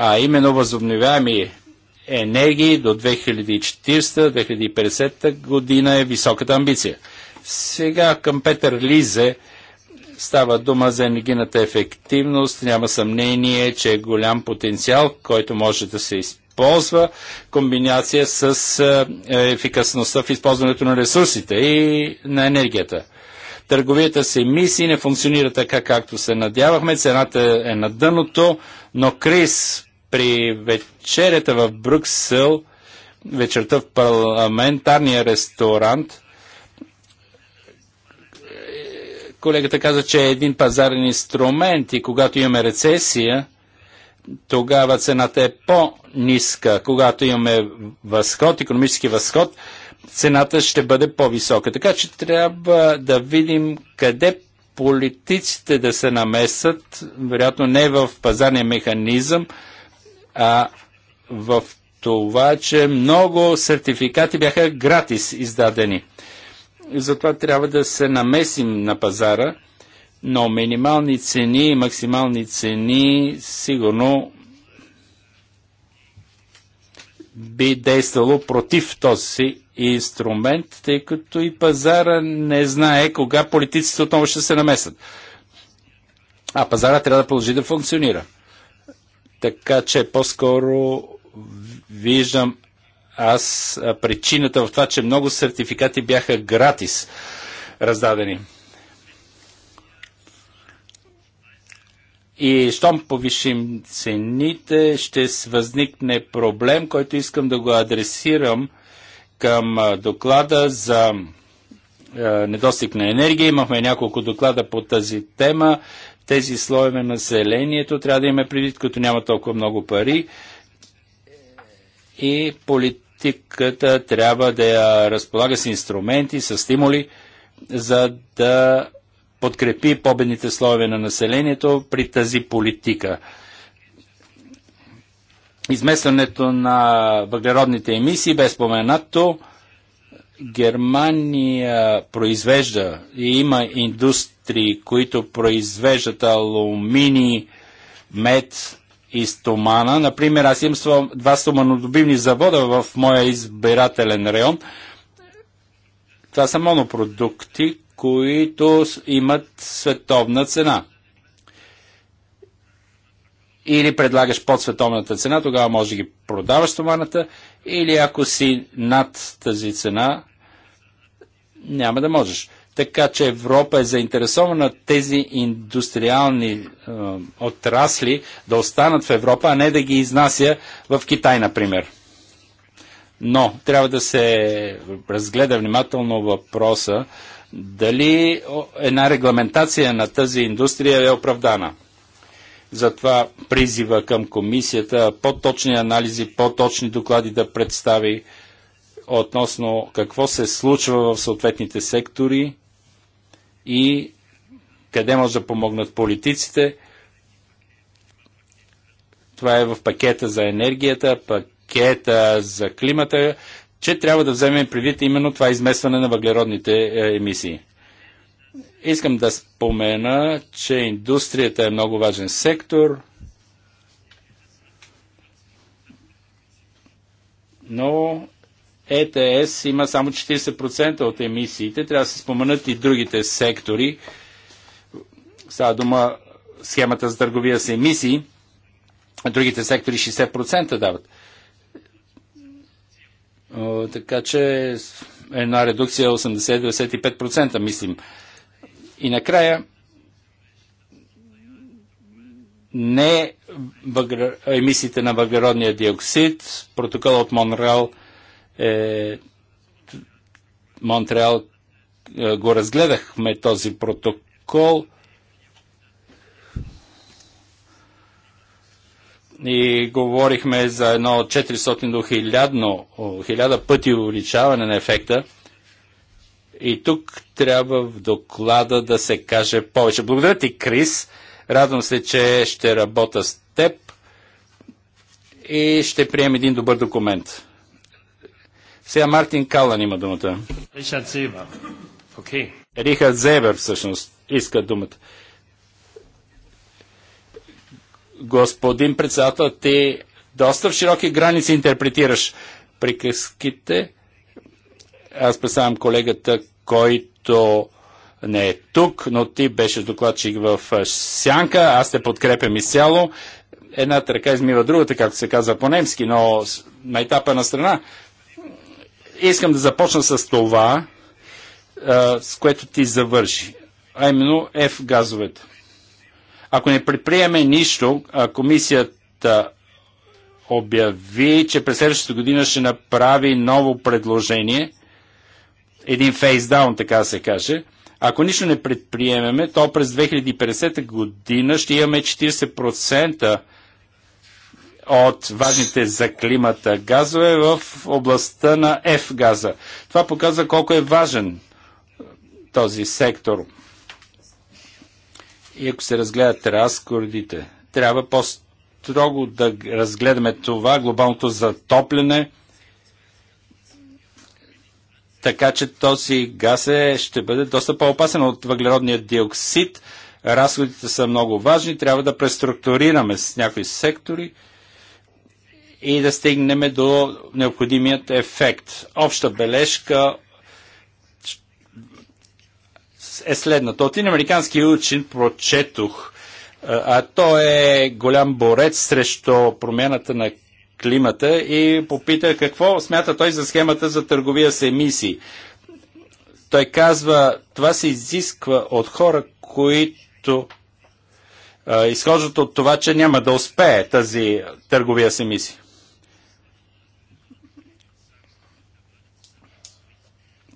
а именно възобновяеми енергии до 2040-2050 година е високата амбиция. Сега към Петър Лизе става дума за енергийната ефективност. Няма съмнение, че е голям потенциал, който може да се използва комбинация с ефикасността в използването на ресурсите и на енергията. Търговията с емисии не функционира така, както се надявахме. Цената е на дъното, но Крис при вечерята в Брюксел, вечерта в парламентарния ресторант, колегата каза, че е един пазарен инструмент и когато имаме рецесия, тогава цената е по-ниска. Когато имаме възход, економически възход, цената ще бъде по-висока. Така че трябва да видим къде политиците да се намесат, вероятно не в пазарния механизъм, а, в това, че много сертификати бяха гратис издадени. затова трябва да се намесим на пазара, но минимални цени и максимални цени сигурно би действало против този инструмент, тъй като и пазара не знае кога политиците отново ще се намесат. А пазара трябва да продължи да функционира. Така че по-скоро виждам аз причината в това, че много сертификати бяха гратис раздадени. И щом повишим цените, ще възникне проблем, който искам да го адресирам към доклада за недостиг на енергия. Имахме няколко доклада по тази тема тези слоеве населението трябва да има предвид, като няма толкова много пари и политиката трябва да я разполага с инструменти, с стимули, за да подкрепи победните слоеве на населението при тази политика. Изместването на въглеродните емисии бе споменато. Германия произвежда и има индустрии, които произвеждат алумини, мед и стомана. Например, аз имам два стоманодобивни завода в моя избирателен район. Това са монопродукти, които имат световна цена. Или предлагаш под световната цена, тогава може да ги продаваш стоманата, или ако си над тази цена, няма да можеш. Така че Европа е заинтересована тези индустриални е, отрасли да останат в Европа, а не да ги изнася в Китай, например. Но трябва да се разгледа внимателно въпроса дали една регламентация на тази индустрия е оправдана. Затова призива към комисията по-точни анализи, по-точни доклади да представи относно какво се случва в съответните сектори и къде може да помогнат политиците. Това е в пакета за енергията, пакета за климата, че трябва да вземем предвид именно това изместване на въглеродните е, емисии. Искам да спомена, че индустрията е много важен сектор, но ЕТС има само 40% от емисиите. Трябва да се споменат и другите сектори. Става дума схемата за търговия с емисии. Другите сектори 60% дават. Така че една редукция 80-95% е мислим. И накрая не въгр... емисиите на въглеродния диоксид, протокол от Монреал – е, Монтреал е, го разгледахме този протокол и говорихме за едно от 400 до 1000, 1000 пъти увеличаване на ефекта. И тук трябва в доклада да се каже повече. Благодаря ти, Крис. Радвам се, че ще работя с теб и ще прием един добър документ. Сега Мартин Калан има думата. Рихард Зебер. Okay. Рихард Зебер всъщност иска думата. Господин председател, ти доста в широки граници интерпретираш приказките. Аз представям колегата, който не е тук, но ти беше докладчик в Сянка. Аз те подкрепям изцяло. Едната ръка измива другата, както се казва по-немски, но на етапа на страна искам да започна с това, с което ти завърши, а именно F газовете. Ако не предприеме нищо, комисията обяви, че през следващата година ще направи ново предложение, един фейсдаун, така се каже. Ако нищо не предприемеме, то през 2050 година ще имаме 40% от важните за климата газове в областта на F газа. Това показва колко е важен този сектор. И ако се разгледат разходите, трябва по-строго да разгледаме това, глобалното затопляне, така че този газ е, ще бъде доста по-опасен от въглеродния диоксид. Разходите са много важни, трябва да преструктурираме с някои сектори и да стигнем до необходимият ефект. Обща бележка е следната. От един американски учин прочетох, а той е голям борец срещу промяната на климата и попита какво смята той за схемата за търговия с емисии. Той казва, това се изисква от хора, които а, изхождат от това, че няма да успее тази търговия с емисии.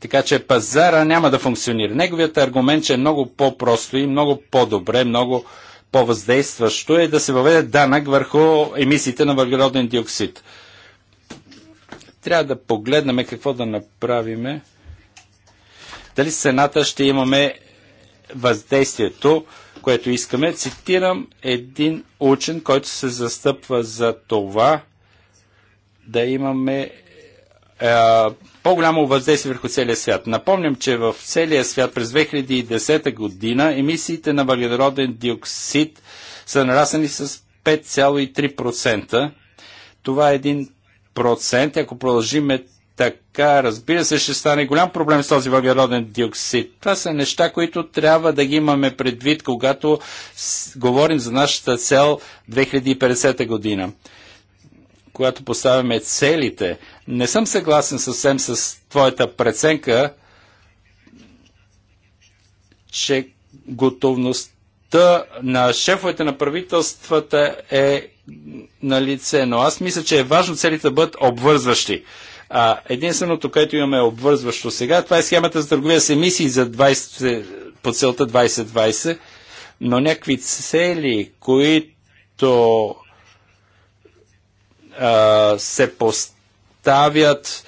Така че пазара няма да функционира. Неговият аргумент, че е много по-просто и много по-добре, много по-въздействащо е да се въведе данък върху емисиите на въглероден диоксид. Трябва да погледнем какво да направиме. Дали сената ще имаме въздействието, което искаме. Цитирам един учен, който се застъпва за това да имаме по-голямо въздействие върху целия свят. Напомням, че в целия свят през 2010 година емисиите на въглероден диоксид са нараснали с 5,3%. Това е един процент. Ако продължиме така, разбира се, ще стане голям проблем с този въглероден диоксид. Това са неща, които трябва да ги имаме предвид, когато говорим за нашата цел 2050 година когато поставяме целите. Не съм съгласен съвсем с твоята преценка, че готовността на шефовете на правителствата е на лице. Но аз мисля, че е важно целите да бъдат обвързващи. А единственото, което имаме е обвързващо сега, това е схемата за търговия с емисии за 20, по целта 2020, но някакви цели, които се поставят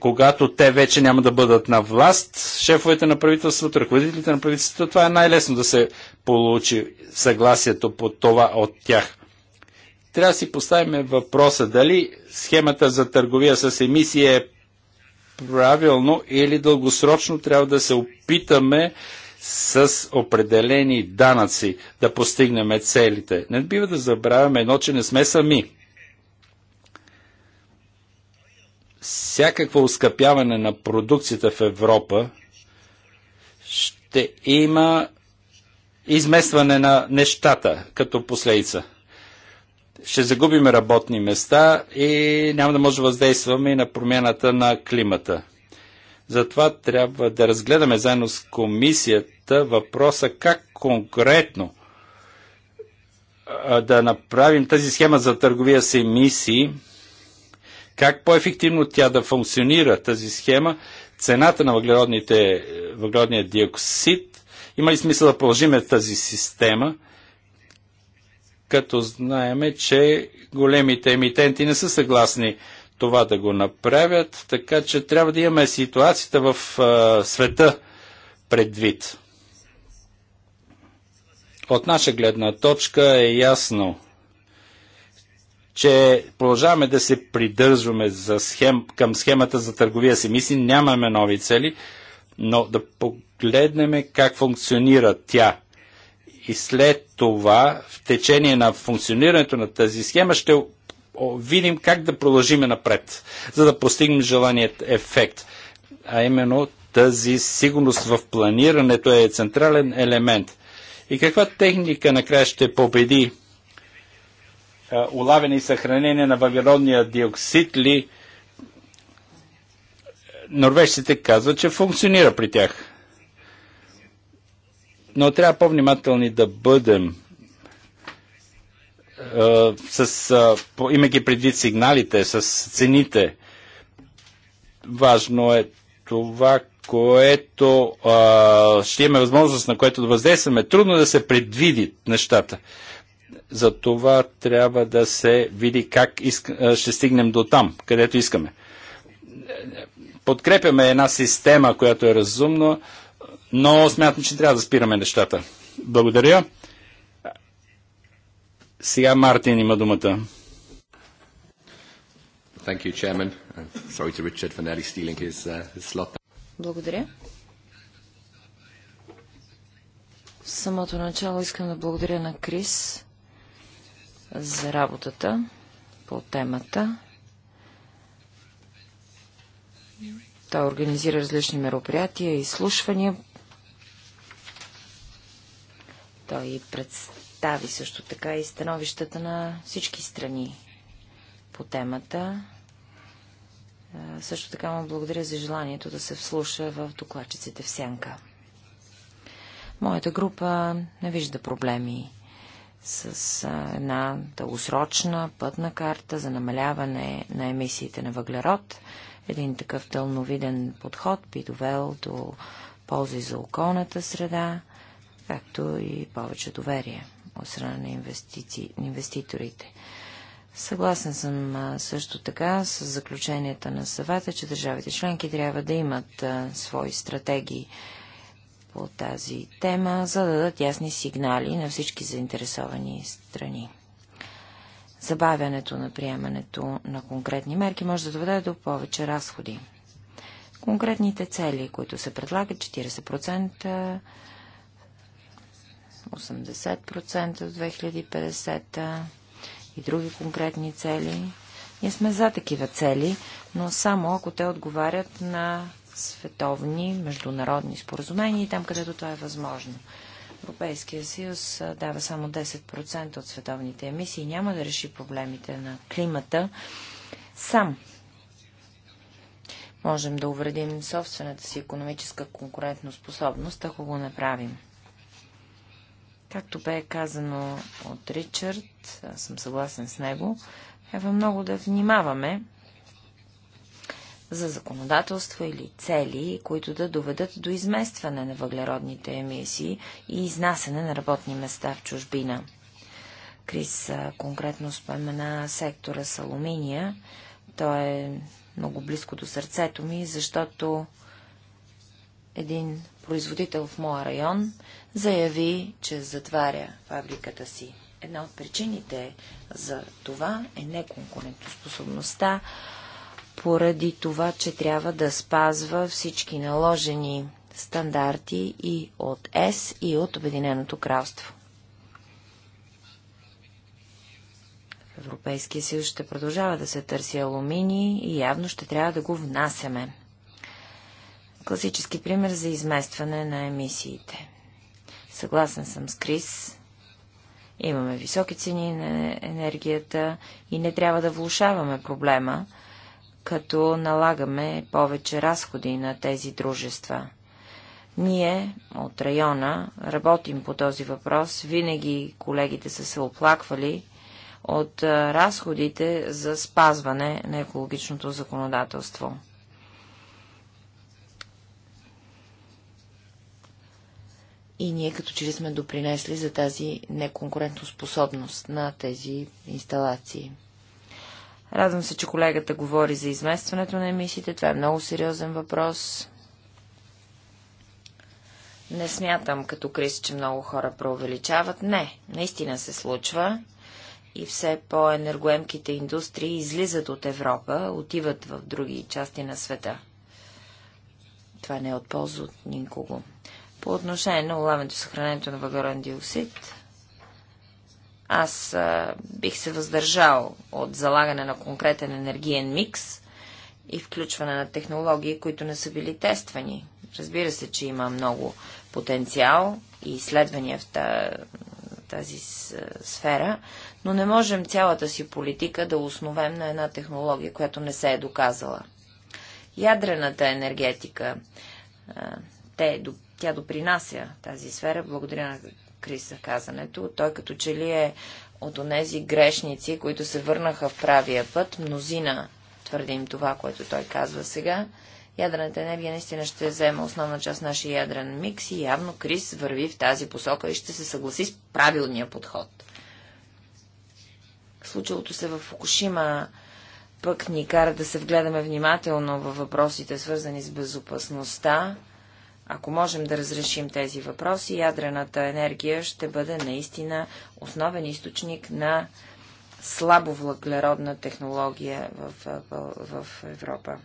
когато те вече няма да бъдат на власт, шефовете на правителството, ръководителите на правителството, това е най-лесно да се получи съгласието по това от тях. Трябва да си поставим въпроса дали схемата за търговия с емисии е правилно или дългосрочно трябва да се опитаме с определени данъци да постигнем целите. Не бива да забравяме едно, че не сме сами всякакво ускъпяване на продукцията в Европа ще има изместване на нещата като последица. Ще загубим работни места и няма да може да въздействаме и на промяната на климата. Затова трябва да разгледаме заедно с комисията въпроса как конкретно да направим тази схема за търговия с емисии – как по-ефективно тя да функционира тази схема? Цената на е, въглеродния диоксид. Има ли смисъл да положиме тази система? Като знаеме, че големите емитенти не са съгласни това да го направят, така че трябва да имаме ситуацията в а, света предвид. От наша гледна точка е ясно, че продължаваме да се придържаме за схем, към схемата за търговия с емисии, нямаме нови цели, но да погледнем как функционира тя. И след това, в течение на функционирането на тази схема, ще видим как да продължиме напред, за да постигнем желаният ефект. А именно тази сигурност в планирането е централен елемент. И каква техника накрая ще победи е, улавяне и съхранение на въглеродния диоксид ли норвежците казват, че функционира при тях. Но трябва по-внимателни да бъдем а, е, с, а, е, по, имайки предвид сигналите, с цените. Важно е това, което а, ще имаме възможност, на което да въздействаме. Трудно да се предвиди нещата. За това трябва да се види как ще стигнем до там, където искаме. Подкрепяме една система, която е разумна, но смятам, че трябва да спираме нещата. Благодаря. Сега Мартин има думата. Uh, благодаря. В самото начало искам да благодаря на Крис за работата по темата. Той организира различни мероприятия и слушвания. Той представи също така и становищата на всички страни по темата. Също така му благодаря за желанието да се вслуша в докладчиците в сянка. Моята група не вижда проблеми с една дългосрочна пътна карта за намаляване на емисиите на въглерод. Един такъв дълновиден подход би довел до ползи за околната среда, както и повече доверие от страна на инвестици... инвеститорите. Съгласен съм също така с заключенията на съвета, че държавите членки трябва да имат а, свои стратегии по тази тема, за да дадат ясни сигнали на всички заинтересовани страни. Забавянето на приемането на конкретни мерки може да доведе до повече разходи. Конкретните цели, които се предлагат, 40%, 80% до 2050 и други конкретни цели. Ние сме за такива цели, но само ако те отговарят на световни, международни споразумения и там, където това е възможно. Европейския съюз дава само 10% от световните емисии и няма да реши проблемите на климата сам. Можем да увредим собствената си економическа способност, ако го направим. Както бе казано от Ричард, аз съм съгласен с него, е много да внимаваме за законодателство или цели, които да доведат до изместване на въглеродните емисии и изнасяне на работни места в чужбина. Крис конкретно спомена сектора с алуминия. Той е много близко до сърцето ми, защото един производител в моя район заяви, че затваря фабриката си. Една от причините за това е неконкурентоспособността поради това, че трябва да спазва всички наложени стандарти и от ЕС, и от Обединеното кралство. В Европейския съюз ще продължава да се търси алуминий и явно ще трябва да го внасяме. Класически пример за изместване на емисиите. Съгласен съм с Крис. Имаме високи цени на енергията и не трябва да влушаваме проблема, като налагаме повече разходи на тези дружества. Ние от района работим по този въпрос. Винаги колегите са се оплаквали от разходите за спазване на екологичното законодателство. И ние като че ли сме допринесли за тази неконкурентоспособност на тези инсталации. Радвам се, че колегата говори за изместването на емисиите. Това е много сериозен въпрос. Не смятам като Крис, че много хора преувеличават. Не, наистина се случва. И все по-енергоемките индустрии излизат от Европа, отиват в други части на света. Това не е от полза от никого. По отношение на улавянето съхранението на въглероден диоксид, аз а, бих се въздържал от залагане на конкретен енергиен микс и включване на технологии, които не са били тествани. Разбира се, че има много потенциал и изследвания в тази сфера, но не можем цялата си политика да основем на една технология, която не се е доказала. Ядрената енергетика, те, тя допринася тази сфера, благодаря на Крис казането. Той като че ли е от онези грешници, които се върнаха в правия път, мнозина твърдим това, което той казва сега. Ядрената енергия наистина ще взема основна част нашия ядрен микс и явно Крис върви в тази посока и ще се съгласи с правилния подход. Случилото се в Фукушима пък ни кара да се вгледаме внимателно във въпросите, свързани с безопасността ако можем да разрешим тези въпроси, ядрената енергия ще бъде наистина основен източник на слабовъглеродна технология в, в, в Европа.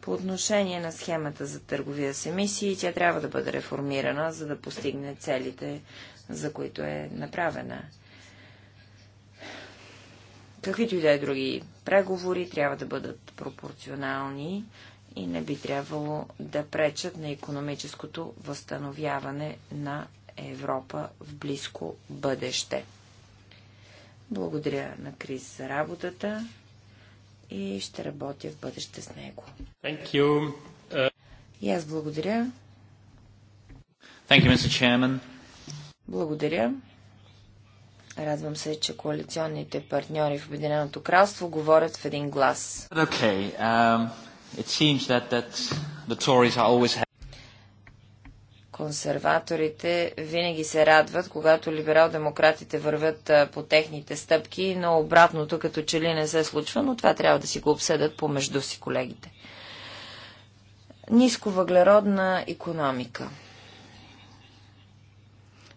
По отношение на схемата за търговия с емисии, тя трябва да бъде реформирана, за да постигне целите, за които е направена. Каквито и да е други преговори, трябва да бъдат пропорционални и не би трябвало да пречат на економическото възстановяване на Европа в близко бъдеще. Благодаря на Крис за работата и ще работя в бъдеще с него. Thank you. Uh... И аз благодаря. Thank you, Mr. Chairman. Благодаря. Радвам се, че коалиционните партньори в Обединеното кралство говорят в един глас. Okay, um... It seems that, that the Tories are always Консерваторите винаги се радват, когато либерал-демократите върват по техните стъпки, но обратното като че ли не се случва, но това трябва да си го обсъдят помежду си колегите. Ниско въглеродна економика.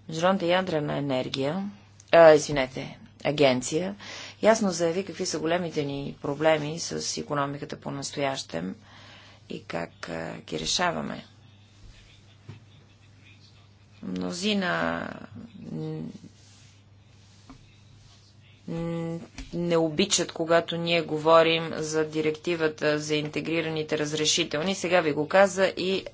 Международната ядрена енергия, а, извинете, агенция ясно заяви какви са големите ни проблеми с економиката по-настоящем и как ги решаваме. Мнозина не обичат, когато ние говорим за директивата за интегрираните разрешителни. Сега ви го каза и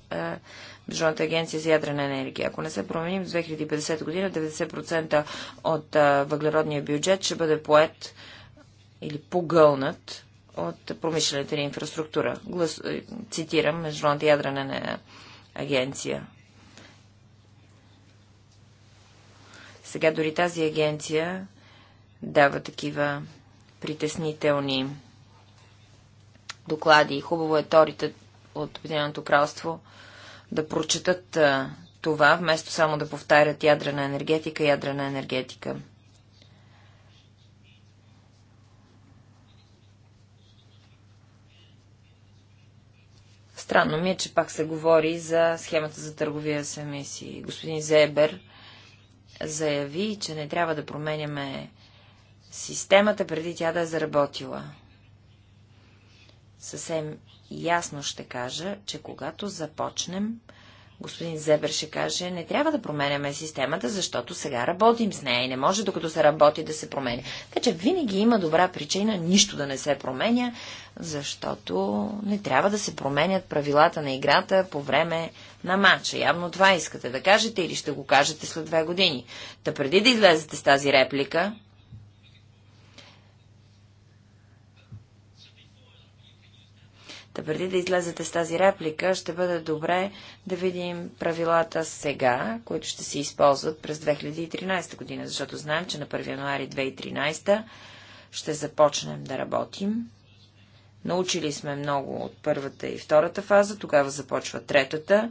Международната агенция за ядрена енергия. Ако не се променим в 2050 година, 90% от въглеродния бюджет ще бъде поет или погълнат от промишлената ни инфраструктура. Глас... Е, цитирам Международната ядрена агенция. Сега дори тази агенция дава такива притеснителни доклади. Хубаво е торите от Обединеното кралство да прочитат това, вместо само да повтарят ядрена енергетика, ядрена енергетика. Странно ми е, че пак се говори за схемата за търговия с емисии. Господин Зебер заяви, че не трябва да променяме системата преди тя да е заработила. Съвсем ясно ще кажа, че когато започнем, господин Зебер ще каже, не трябва да променяме системата, защото сега работим с нея и не може докато се работи да се променя. Така че винаги има добра причина нищо да не се променя, защото не трябва да се променят правилата на играта по време на матча. Явно това искате да кажете или ще го кажете след две години. Та преди да излезете с тази реплика, Та преди да излезете с тази реплика, ще бъде добре да видим правилата сега, които ще се използват през 2013 година, защото знаем, че на 1 януари 2013 ще започнем да работим. Научили сме много от първата и втората фаза, тогава започва третата.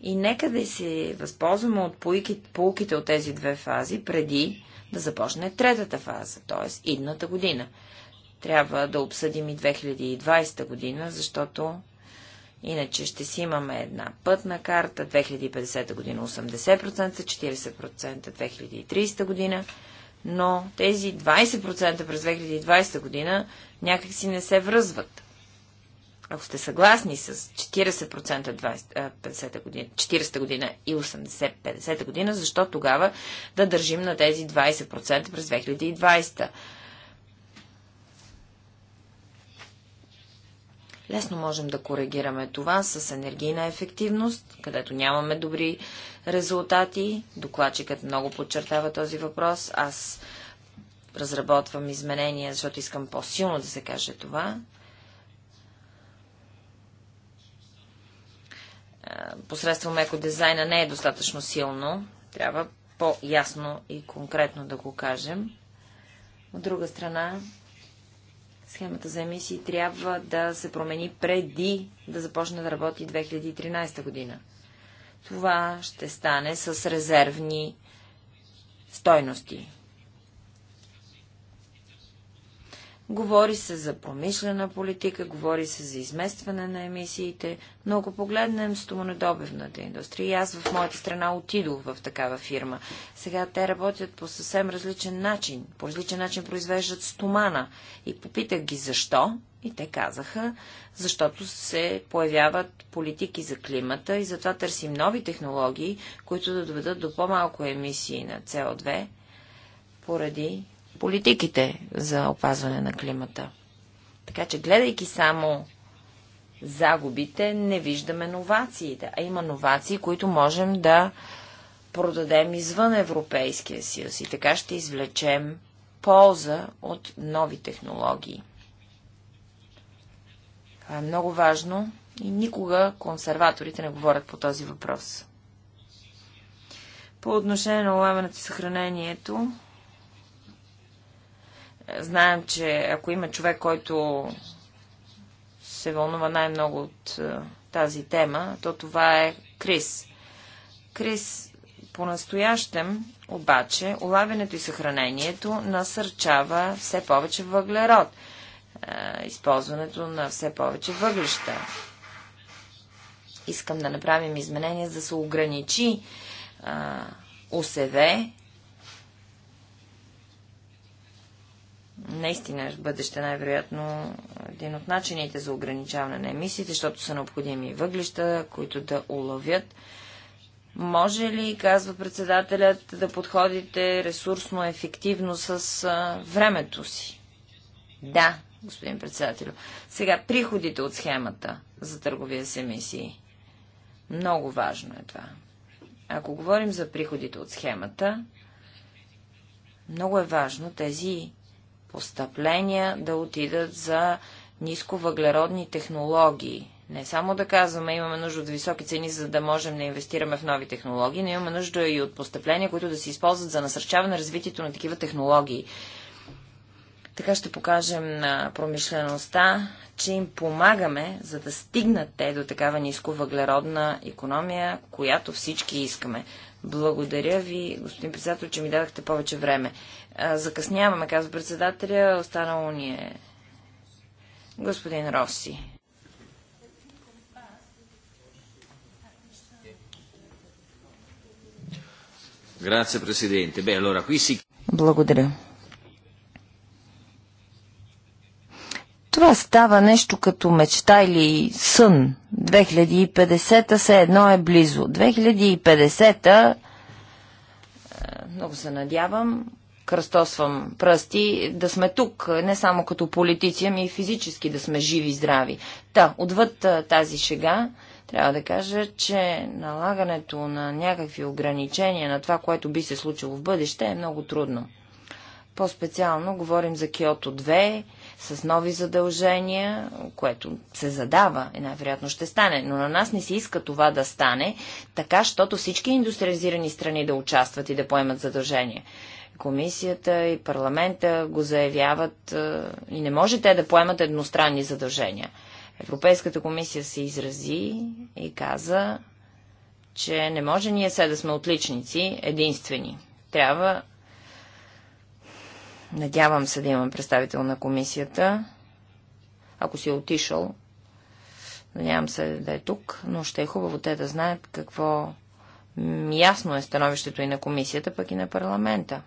И нека да се възползваме от полуките от тези две фази преди да започне третата фаза, т.е. идната година. Трябва да обсъдим и 2020 година, защото иначе ще си имаме една пътна карта, 2050 година 80%, 40% 2030 година, но тези 20% през 2020 година някакси не се връзват. Ако сте съгласни с 40% 20, 50 година, 40 година и 80-50 година, защо тогава да държим на тези 20% през 2020? Лесно можем да коригираме това с енергийна ефективност, където нямаме добри резултати. Докладчикът много подчертава този въпрос. Аз разработвам изменения, защото искам по-силно да се каже това. Е, посредством екодизайна не е достатъчно силно. Трябва по-ясно и конкретно да го кажем. От друга страна, Схемата за емисии трябва да се промени преди да започне да работи 2013 година. Това ще стане с резервни стойности. Говори се за промишлена политика, говори се за изместване на емисиите, но ако погледнем стомонедобивната индустрия, аз в моята страна отидох в такава фирма. Сега те работят по съвсем различен начин, по различен начин произвеждат стомана. И попитах ги защо, и те казаха, защото се появяват политики за климата и затова търсим нови технологии, които да доведат до по-малко емисии на CO2 поради политиките за опазване на климата. Така че, гледайки само загубите, не виждаме новациите. А има новации, които можем да продадем извън Европейския съюз и така ще извлечем полза от нови технологии. Това е много важно и никога консерваторите не говорят по този въпрос. По отношение на улавянето и съхранението, Знаем, че ако има човек, който се вълнува най-много от е, тази тема, то това е Крис. Крис по-настоящем, обаче, улавянето и съхранението насърчава все повече въглерод, е, използването на все повече въглища. Искам да направим изменения, за да се ограничи а, ОСВ наистина бъдеще най-вероятно един от начините за ограничаване на емисиите, защото са необходими въглища, които да уловят. Може ли, казва председателят, да подходите ресурсно ефективно с а, времето си? Да, господин председател. Сега, приходите от схемата за търговия с емисии. Много важно е това. Ако говорим за приходите от схемата, много е важно тези постъпления да отидат за нисковъглеродни технологии. Не само да казваме, имаме нужда от високи цени, за да можем да инвестираме в нови технологии, но имаме нужда и от постъпления, които да се използват за насърчаване на развитието на такива технологии. Така ще покажем на промишлеността, че им помагаме, за да стигнат те до такава ниско въглеродна економия, която всички искаме. Благодаря ви, господин председател, че ми дадахте повече време. Закъсняваме, казва председателя, останало ни е господин Роси. Благодаря. Това става нещо като мечта или сън. 2050-та се едно е близо. 2050-та, е, много се надявам, кръстосвам пръсти, да сме тук, не само като политици, ами и физически да сме живи и здрави. Та, отвъд е, тази шега, трябва да кажа, че налагането на някакви ограничения на това, което би се случило в бъдеще, е много трудно. По-специално говорим за Киото 2, с нови задължения, което се задава и най-вероятно ще стане. Но на нас не се иска това да стане, така, щото всички индустриализирани страни да участват и да поемат задължения. Комисията и парламента го заявяват е, и не може те да поемат едностранни задължения. Европейската комисия се изрази и каза, че не може ние се да сме отличници единствени. Трябва Надявам се да имам представител на комисията. Ако си е отишъл, надявам се да е тук, но ще е хубаво те да знаят какво ясно е становището и на комисията, пък и на парламента.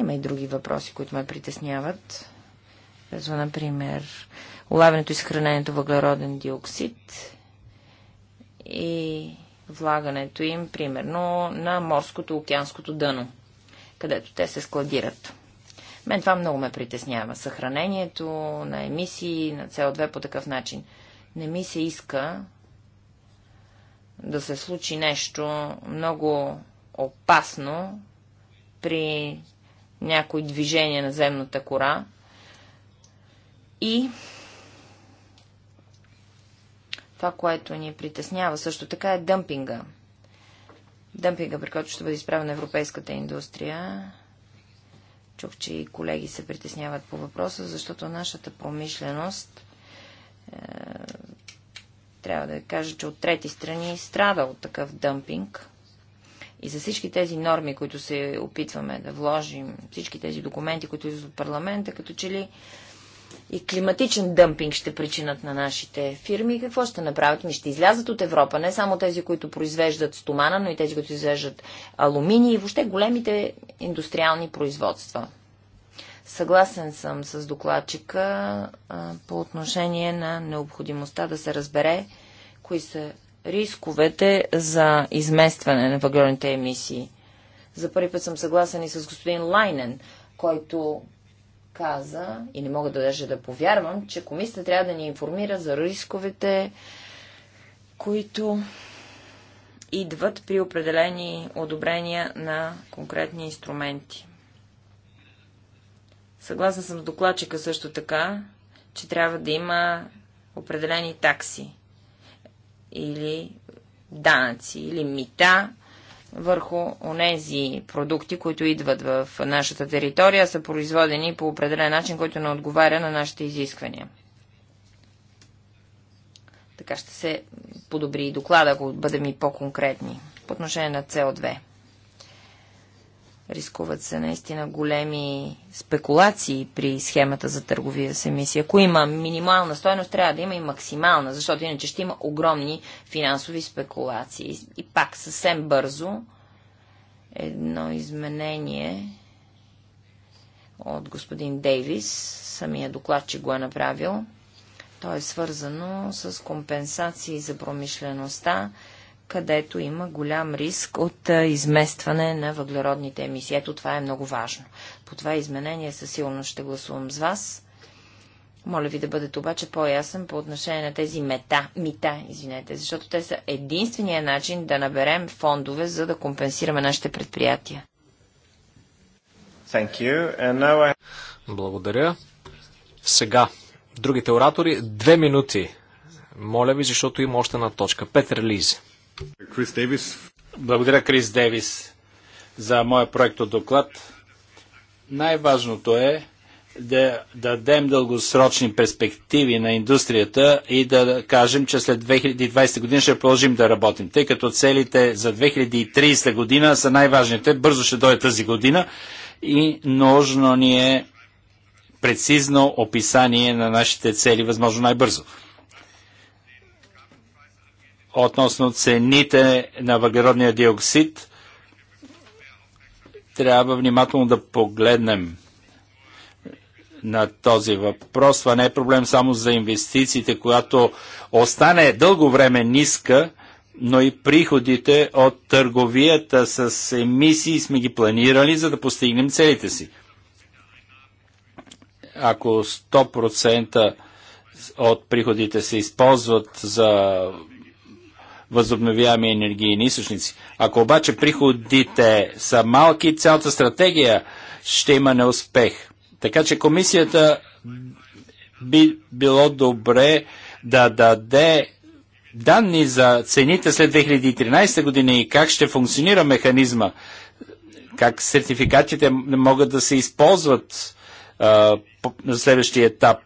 Има и други въпроси, които ме притесняват. Като, например, улавянето и съхранението въглероден диоксид и влагането им, примерно, на морското океанското дъно където те се складират. Мен това много ме притеснява. Съхранението на емисии, на CO2 по такъв начин. Не ми се иска да се случи нещо много опасно при някои движение на земната кора и това, което ни притеснява също така е дъмпинга – дъмпинга, при който ще бъде изправена европейската индустрия. Чух, че и колеги се притесняват по въпроса, защото нашата промишленост е, трябва да кажа, че от трети страни страда от такъв дъмпинг. И за всички тези норми, които се опитваме да вложим, всички тези документи, които идват от парламента, като че ли и климатичен дъмпинг ще причинат на нашите фирми. Какво ще направят? Ми ще излязат от Европа, не само тези, които произвеждат стомана, но и тези, които произвеждат алумини и въобще големите индустриални производства. Съгласен съм с докладчика а, по отношение на необходимостта да се разбере кои са рисковете за изместване на въглерните емисии. За първи път съм съгласен и с господин Лайнен, който каза, и не мога да даже да повярвам, че комисията трябва да ни информира за рисковете, които идват при определени одобрения на конкретни инструменти. Съгласна съм с докладчика също така, че трябва да има определени такси или данъци или мита върху онези продукти, които идват в нашата територия, са производени по определен начин, който не отговаря на нашите изисквания. Така ще се подобри и доклада, ако бъдем и по-конкретни по отношение на CO2. Рискуват се наистина големи спекулации при схемата за търговия с емисии. Ако има минимална стоеност, трябва да има и максимална, защото иначе ще има огромни финансови спекулации. И пак съвсем бързо едно изменение от господин Дейвис, самия доклад, че го е направил. То е свързано с компенсации за промишлеността където има голям риск от изместване на въглеродните емисии. Ето това е много важно. По това изменение със силно ще гласувам с вас. Моля ви да бъдете обаче по-ясен по отношение на тези мета, мита, извинете, защото те са единствения начин да наберем фондове, за да компенсираме нашите предприятия. I... Благодаря. Сега, другите оратори, две минути. Моля ви, защото има още една точка. Петър Лизе. Благодаря, Крис Дейвис, за моя проект от доклад. Най-важното е да дадем дългосрочни перспективи на индустрията и да кажем, че след 2020 година ще продължим да работим, тъй като целите за 2030 година са най-важните. Бързо ще дойде тази година и нужно ни е прецизно описание на нашите цели, възможно най-бързо относно цените на въглеродния диоксид, трябва внимателно да погледнем на този въпрос. Това не е проблем само за инвестициите, която остане дълго време ниска, но и приходите от търговията с емисии сме ги планирали, за да постигнем целите си. Ако 100% от приходите се използват за възобновяеми енергийни източници. Ако обаче приходите са малки, цялата стратегия ще има неуспех. Така че комисията би било добре да даде данни за цените след 2013 година и как ще функционира механизма, как сертификатите могат да се използват на следващия етап.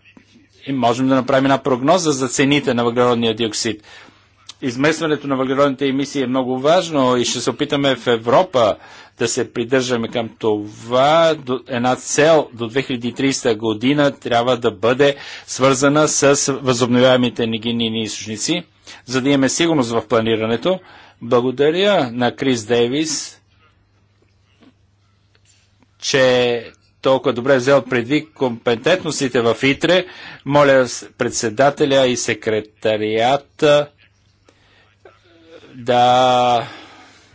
И можем да направим една прогноза за цените на въглеродния диоксид изместването на въглеродните емисии е много важно и ще се опитаме в Европа да се придържаме към това. Една цел до 2030 година трябва да бъде свързана с възобновяемите енергийни източници, за да имаме сигурност в планирането. Благодаря на Крис Дейвис, че толкова добре е взел предвид компетентностите в ИТРЕ. Моля председателя и секретарията да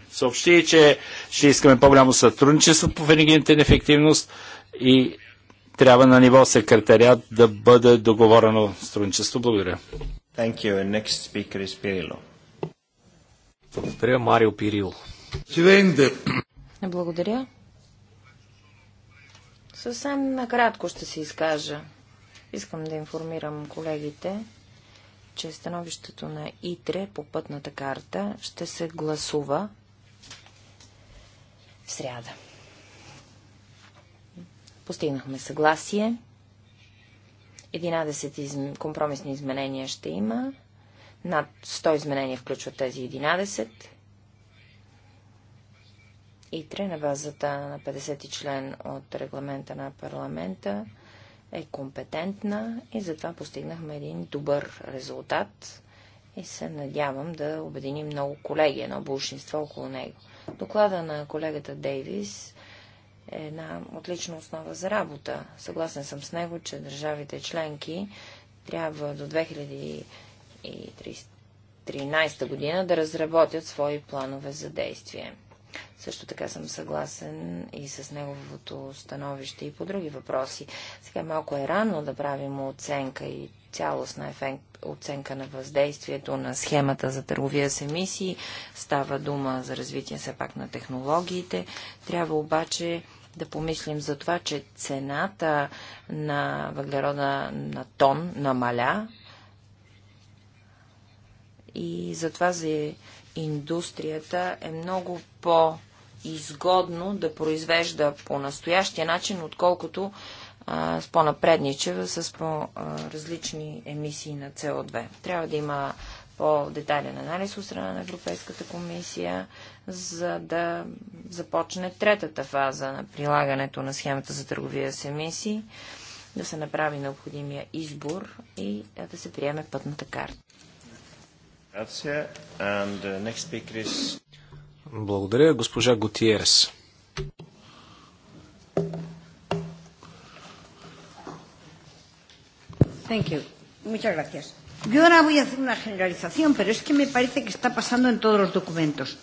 съобщи, че ще искаме по-голямо сътрудничество по енергийната ефективност и трябва на ниво секретариат да бъде договорено сътрудничество. Благодаря. Thank you. And next speaker is Pirillo. Благодаря, Марио Пирил. Благодаря. Съвсем накратко ще се изкажа. Искам да информирам колегите, че становището на ИТРЕ по пътната карта ще се гласува в сряда. Постигнахме съгласие. 11 изм... компромисни изменения ще има. Над 100 изменения включват тези 11. ИТРЕ на базата на 50 член от регламента на парламента е компетентна и затова постигнахме един добър резултат и се надявам да обединим много колеги, едно булшинство около него. Доклада на колегата Дейвис е една отлична основа за работа. Съгласен съм с него, че държавите членки трябва до 2013 година да разработят свои планове за действие. Също така съм съгласен и с неговото становище и по други въпроси. Сега малко е рано да правим оценка и цялостна ефект, оценка на въздействието на схемата за търговия с емисии. Става дума за развитие все пак на технологиите. Трябва обаче да помислим за това, че цената на въглерода на тон намаля и затова за индустрията е много по-изгодно да произвежда по настоящия начин, отколкото а, с по-напредничева, с по-различни емисии на СО2. Трябва да има по-детайлен анализ от страна на Европейската комисия, за да започне третата фаза на прилагането на схемата за търговия с емисии, да се направи необходимия избор и да се приеме пътната карта. Благодаря, госпожа Готиерес. Thank you. Muchas gracias. Yo ahora voy a hacer una generalización, pero es que me parece que está pasando en todos los documentos.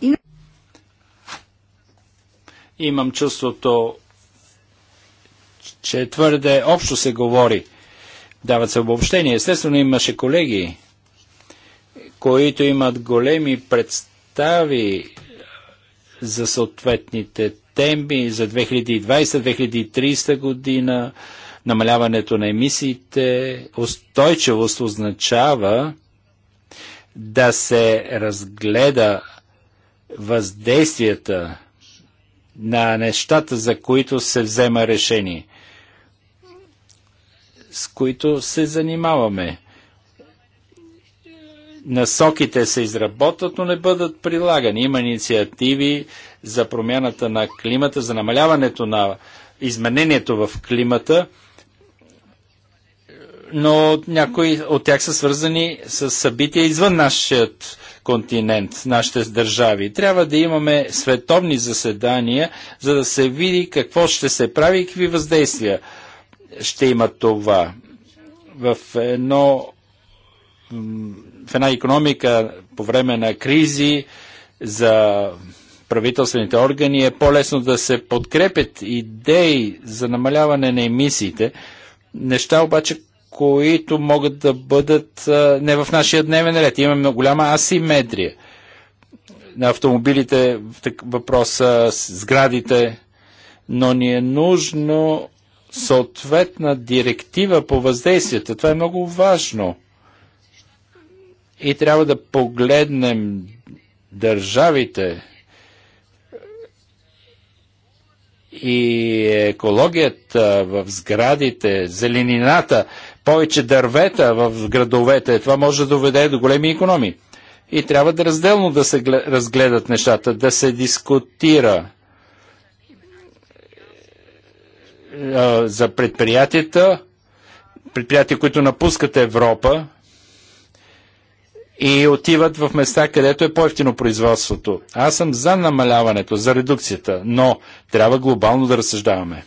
Y no... Имам чувството, че твърде общо се говори. Дават се обобщения. Естествено имаше колеги, които имат големи представи за съответните теми за 2020-2030 година, намаляването на емисиите, устойчивост означава да се разгледа въздействията на нещата, за които се взема решение, с които се занимаваме насоките се изработват, но не бъдат прилагани. Има инициативи за промяната на климата, за намаляването на изменението в климата, но някои от тях са свързани с събития извън нашият континент, нашите държави. Трябва да имаме световни заседания, за да се види какво ще се прави и какви въздействия ще има това. В едно в една економика по време на кризи за правителствените органи е по-лесно да се подкрепят идеи за намаляване на емисиите, неща обаче, които могат да бъдат не в нашия дневен ред. Имаме голяма асиметрия на автомобилите, въпроса, сградите, но ни е нужно съответна директива по въздействията. Това е много важно. И трябва да погледнем държавите и екологията в сградите, зеленината, повече дървета в градовете. Това може да доведе до големи економии. И трябва да разделно да се разгледат нещата, да се дискутира за предприятията, предприятия, които напускат Европа, и отиват в места, където е по-ефтино производството. Аз съм за намаляването, за редукцията, но трябва глобално да разсъждаваме.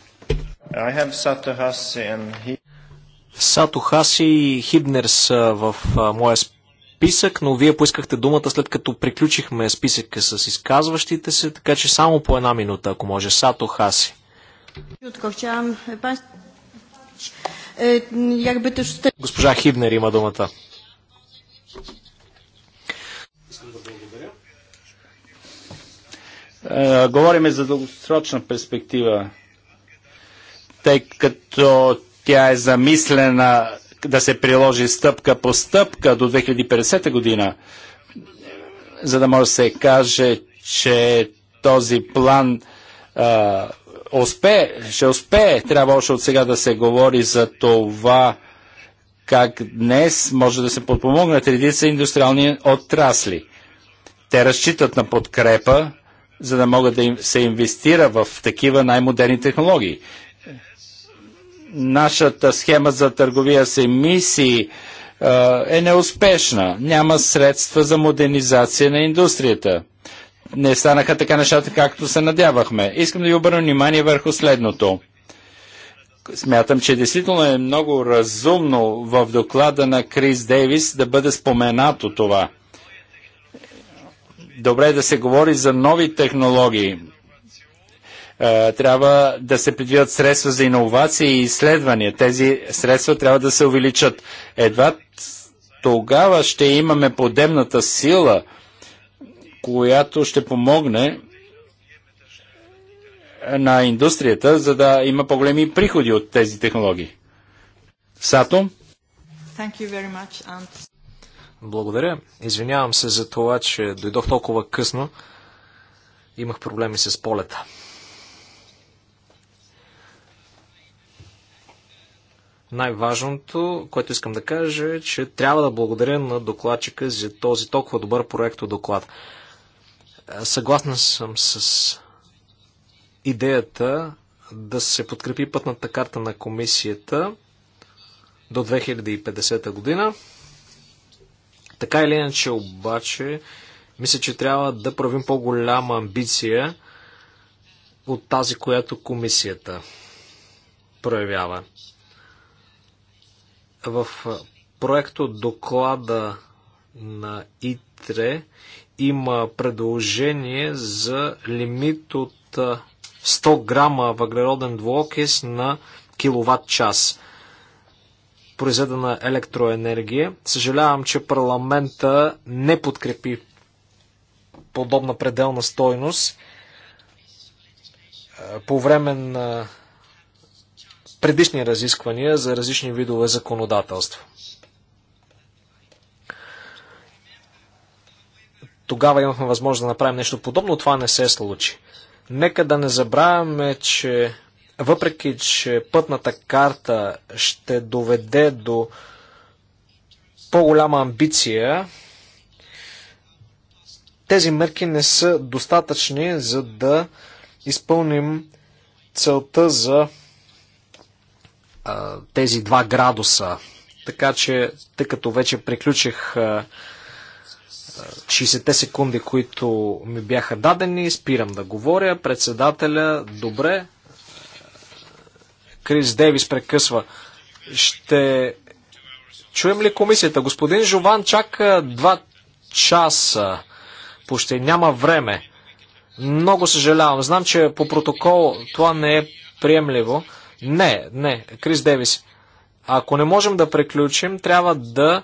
Сато Хаси и Хибнер са в а, моя списък, но вие поискахте думата след като приключихме списъка с изказващите се, така че само по една минута, ако може. Сато Хаси. Е, Госпожа Хибнер има думата. Е, говориме за дългосрочна перспектива, тъй като тя е замислена да се приложи стъпка по стъпка до 2050 година, за да може да се каже, че този план а, успе, ще успее. Трябва още от сега да се говори за това как днес може да се подпомогнат редица индустриални отрасли. Те разчитат на подкрепа за да могат да им, се инвестира в такива най-модерни технологии. Нашата схема за търговия с емисии е неуспешна. Няма средства за модернизация на индустрията. Не станаха така нещата, както се надявахме. Искам да ви обърна внимание върху следното. Смятам, че действително е много разумно в доклада на Крис Дейвис да бъде споменато това – добре е да се говори за нови технологии. Е, трябва да се предвидят средства за иновации и изследвания. Тези средства трябва да се увеличат. Едва тогава ще имаме подемната сила, която ще помогне на индустрията, за да има по-големи приходи от тези технологии. Сато? Благодаря. Извинявам се за това, че дойдох толкова късно. Имах проблеми с полета. Най-важното, което искам да кажа е, че трябва да благодаря на докладчика за този толкова добър проект от доклад. Съгласна съм с идеята да се подкрепи пътната карта на комисията до 2050 година. Така или иначе обаче, мисля, че трябва да правим по-голяма амбиция от тази, която комисията проявява. В проекто доклада на ИТРЕ има предложение за лимит от 100 грама въглероден двуокис на киловатт час произведена електроенергия. Съжалявам, че парламента не подкрепи подобна пределна стойност е, по време на предишни разисквания за различни видове законодателство. Тогава имахме възможност да направим нещо подобно, това не се случи. Нека да не забравяме, че въпреки че пътната карта ще доведе до по-голяма амбиция, тези мерки не са достатъчни, за да изпълним целта за а, тези 2 градуса. Така че, тъй като вече приключих а, 60 секунди, които ми бяха дадени, спирам да говоря. Председателя, добре, Крис Девис прекъсва. Ще чуем ли комисията? Господин Жован чака два часа. Почти няма време. Много съжалявам. Знам, че по протокол това не е приемливо. Не, не, Крис Девис. Ако не можем да преключим, трябва да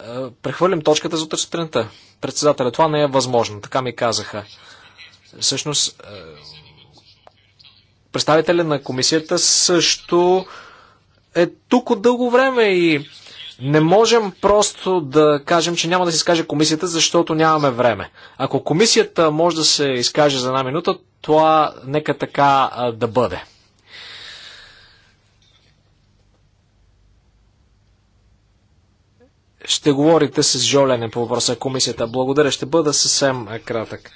е, прехвърлим точката за утре сутринта. Председателя, това не е възможно, така ми казаха. Всъщност, е, представителя на комисията също е тук от дълго време и не можем просто да кажем, че няма да се изкаже комисията, защото нямаме време. Ако комисията може да се изкаже за една минута, това нека така да бъде. Ще говорите с Жолене по въпроса комисията. Благодаря, ще бъда съвсем кратък.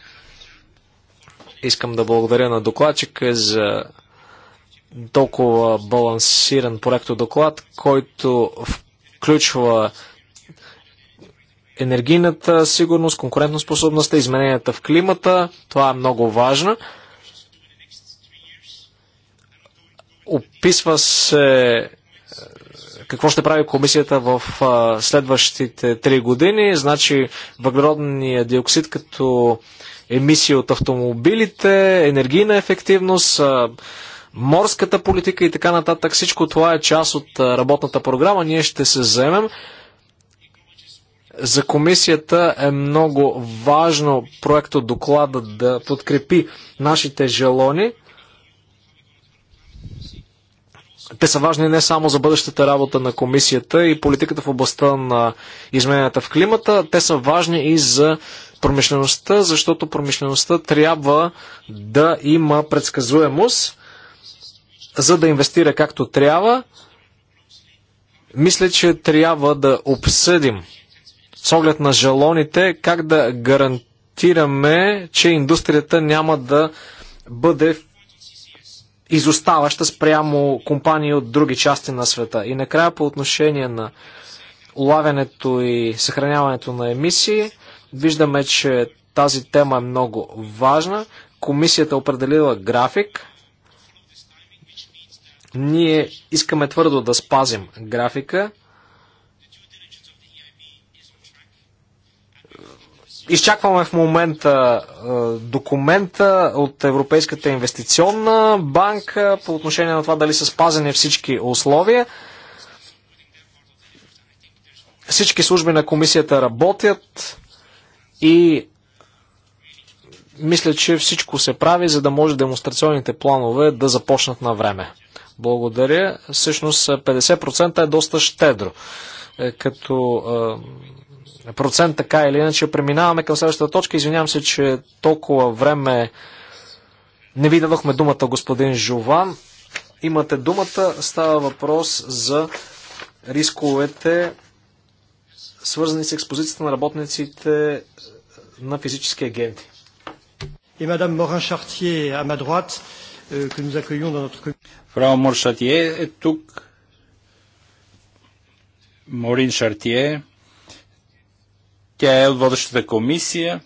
Искам да благодаря на докладчика за толкова балансиран проекто доклад, който включва енергийната сигурност, конкурентоспособността, измененията в климата. Това е много важно. Описва се е, какво ще прави комисията в е, следващите три години. Значи въглеродния диоксид като емисии от автомобилите, енергийна ефективност, морската политика и така нататък. Всичко това е част от работната програма. Ние ще се заемем. За комисията е много важно проекто доклада да подкрепи нашите желони. Те са важни не само за бъдещата работа на комисията и политиката в областта на измененията в климата, те са важни и за промишлеността, защото промишлеността трябва да има предсказуемост, за да инвестира както трябва. Мисля, че трябва да обсъдим с оглед на жалоните как да гарантираме, че индустрията няма да бъде изоставаща спрямо компании от други части на света. И накрая по отношение на улавянето и съхраняването на емисии, Виждаме, че тази тема е много важна. Комисията е определила график. Ние искаме твърдо да спазим графика. Изчакваме в момента документа от Европейската инвестиционна банка по отношение на това дали са спазени всички условия. Всички служби на комисията работят. И мисля, че всичко се прави, за да може демонстрационните планове да започнат на време. Благодаря. Всъщност 50% е, е доста щедро. Е, като е, процент така или иначе преминаваме към следващата точка. Извинявам се, че толкова време не ви дадохме думата, господин Жован. Имате думата. Става въпрос за рисковете свързани с експозицията на работниците е, на физически агенти. И мадам Морин Шартие, à ma droite, euh, que nous accueillons dans notre Фрау Мор Шартие е тук. Морин Шартие. Тя е от водещата комисия.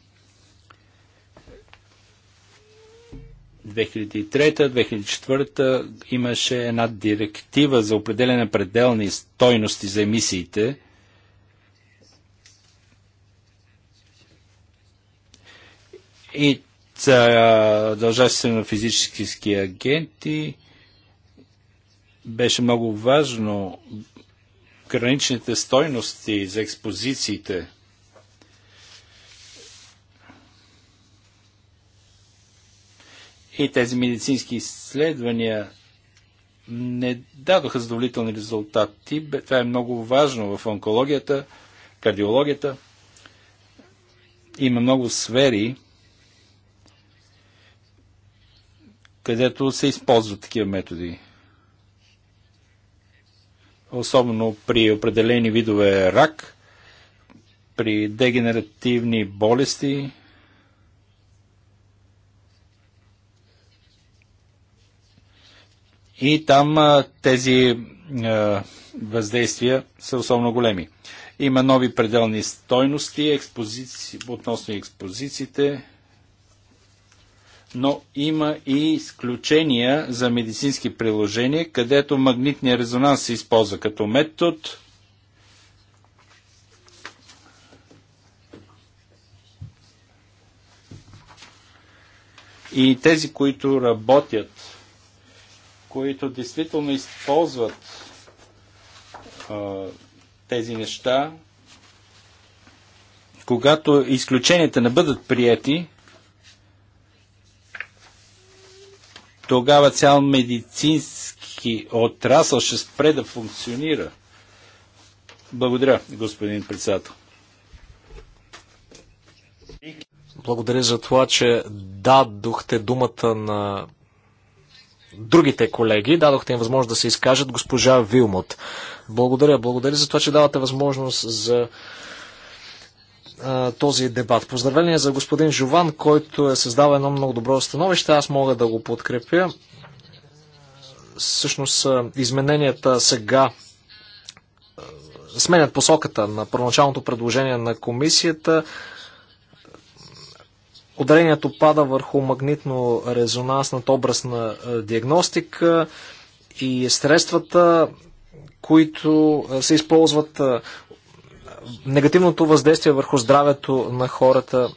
2003-2004 имаше една директива за определене пределни стойности за емисиите и дължащи се на физически агенти. Беше много важно граничните стойности за експозициите. И тези медицински изследвания не дадоха задоволителни резултати. Това е много важно в онкологията, кардиологията. Има много сфери, където се използват такива методи. Особено при определени видове рак, при дегенеративни болести, И там а, тези а, въздействия са особено големи. Има нови пределни стойности експозици, относно експозициите но има и изключения за медицински приложения, където магнитния резонанс се използва като метод. И тези, които работят, които действително използват а, тези неща, когато изключенията не бъдат приети, тогава цял медицински отрасъл ще спре да функционира. Благодаря, господин председател. Благодаря за това, че дадохте думата на другите колеги, дадохте им възможност да се изкажат госпожа Вилмот. Благодаря, благодаря за това, че давате възможност за този дебат. Поздравление за господин Жован, който е създал едно много добро становище. Аз мога да го подкрепя. Всъщност измененията сега сменят посоката на първоначалното предложение на комисията. Ударението пада върху магнитно-резонансната образна диагностика и средствата, които се използват негативното въздействие върху здравето на хората.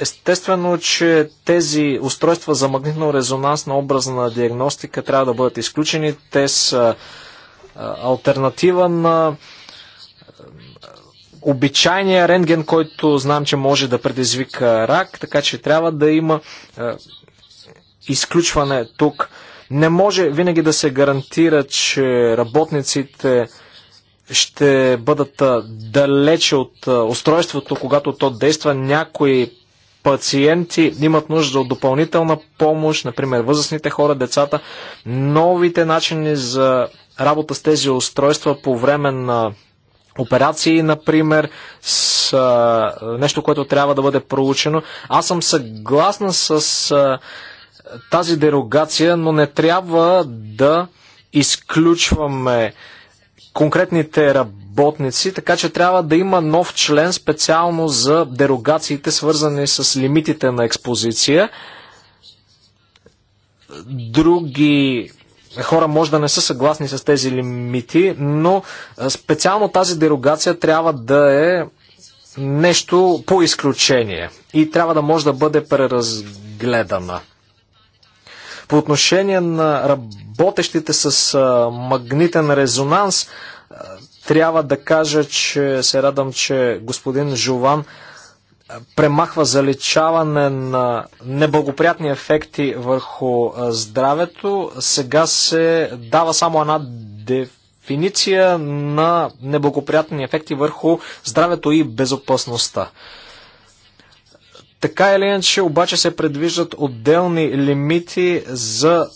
Естествено, че тези устройства за магнитно-резонансна образна диагностика трябва да бъдат изключени. Те са альтернатива на обичайния рентген, който знам, че може да предизвика рак, така че трябва да има изключване тук. Не може винаги да се гарантира, че работниците ще бъдат далече от устройството, когато то действа. Някои пациенти имат нужда от допълнителна помощ, например възрастните хора, децата. Новите начини за работа с тези устройства по време на операции, например, с а, нещо, което трябва да бъде проучено. Аз съм съгласна с а, тази дерогация, но не трябва да изключваме а, конкретните работници, така че трябва да има нов член специално за дерогациите, свързани с лимитите на експозиция. Други хора може да не са съгласни с тези лимити, но специално тази дерогация трябва да е нещо по изключение и трябва да може да бъде преразгледана. По отношение на работещите с магнитен резонанс, трябва да кажа, че се радвам, че господин Жован премахва заличаване на неблагоприятни ефекти върху здравето. Сега се дава само една дефиниция на неблагоприятни ефекти върху здравето и безопасността. Така или иначе, обаче се предвиждат отделни лимити за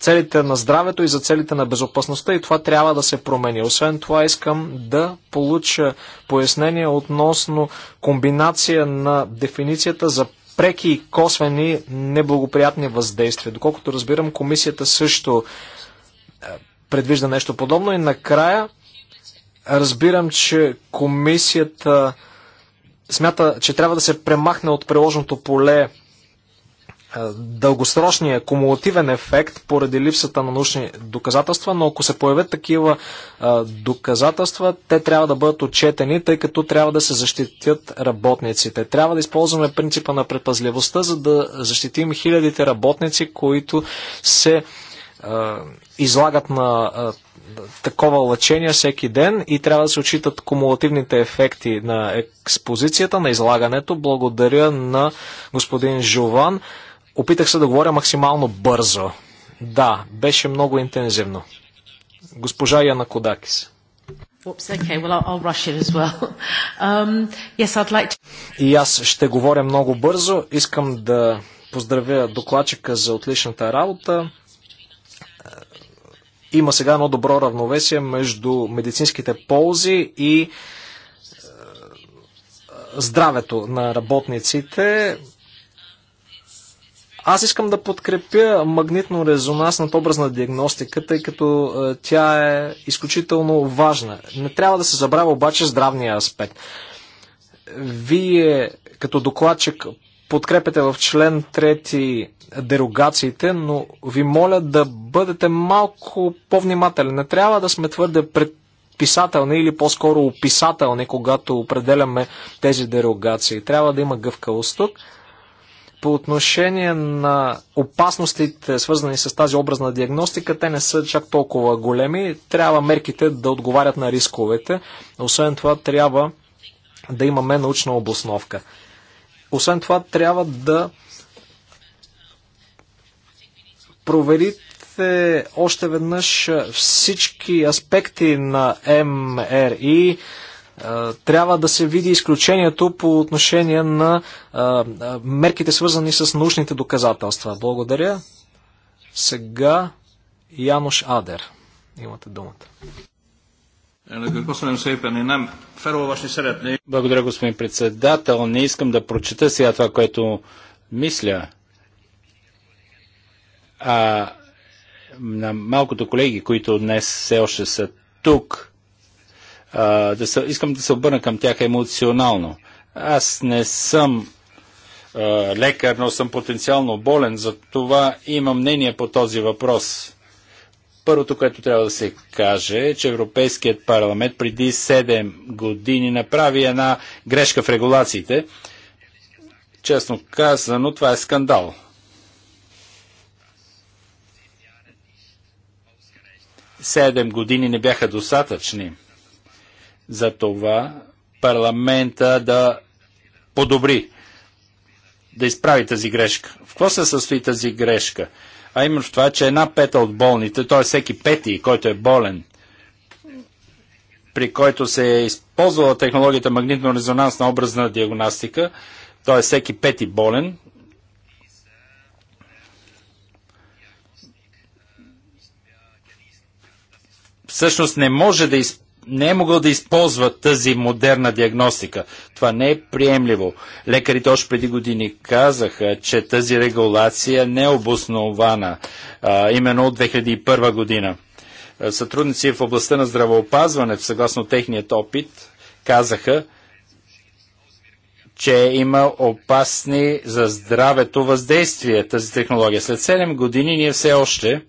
целите на здравето и за целите на безопасността и това трябва да се промени. Освен това искам да получа пояснение относно комбинация на дефиницията за преки и косвени неблагоприятни въздействия. Доколкото разбирам, комисията също е, предвижда нещо подобно и накрая разбирам, че комисията смята, че трябва да се премахне от приложното поле е, дългосрочния кумулативен ефект поради липсата на научни доказателства, но ако се появят такива а, е, доказателства, те трябва да бъдат отчетени, тъй като трябва да се защитят работниците. Трябва да използваме принципа на предпазливостта, за да защитим хилядите работници, които се а, е, излагат на а, такова лъчение всеки ден и трябва да се отчитат кумулативните ефекти на експозицията, на излагането. Благодаря на господин Жован. Опитах се да говоря максимално бързо. Да, беше много интензивно. Госпожа Яна Кодакис. Um, и аз ще говоря много бързо. Искам да поздравя докладчика за отличната работа. Има сега едно добро равновесие между медицинските ползи и е, здравето на работниците. Аз искам да подкрепя магнитно-резонансната образна диагностика, тъй като е, тя е изключително важна. Не трябва да се забравя обаче здравния аспект. Вие като докладчик подкрепяте в член 3 дерогациите, но ви моля да бъдете малко по-внимателни. Не трябва да сме твърде предписателни или по-скоро описателни, когато определяме тези дерогации. Трябва да има гъвкавост тук. По отношение на опасностите, свързани с тази образна диагностика, те не са чак толкова големи. Трябва мерките да отговарят на рисковете. Освен това, трябва да имаме научна обосновка. Освен това, трябва да проверите още веднъж всички аспекти на МРИ. Е, трябва да се види изключението по отношение на е, мерките, свързани с научните доказателства. Благодаря. Сега Януш Адер. Имате думата. Благодаря, господин председател. Не искам да прочета сега това, което мисля. А на малкото колеги, които днес все още са тук, а, да са, искам да се обърна към тях емоционално. Аз не съм а, лекар, но съм потенциално болен, за това имам мнение по този въпрос. Първото, което трябва да се каже е, че Европейският парламент преди 7 години направи една грешка в регулациите. Честно казано, това е скандал. Седем години не бяха достатъчни за това парламента да подобри, да изправи тази грешка. В какво се състои тази грешка? а именно в това, че една пета от болните, т.е. всеки пети, който е болен, при който се е използвала технологията магнитно-резонансна образна диагностика, т.е. всеки пети болен, всъщност не може да използва не е могъл да използва тази модерна диагностика. Това не е приемливо. Лекарите още преди години казаха, че тази регулация не е обоснована, а, именно от 2001 година. Сътрудници в областта на здравеопазването, съгласно техният опит, казаха, че има опасни за здравето въздействия тази технология. След 7 години ние все още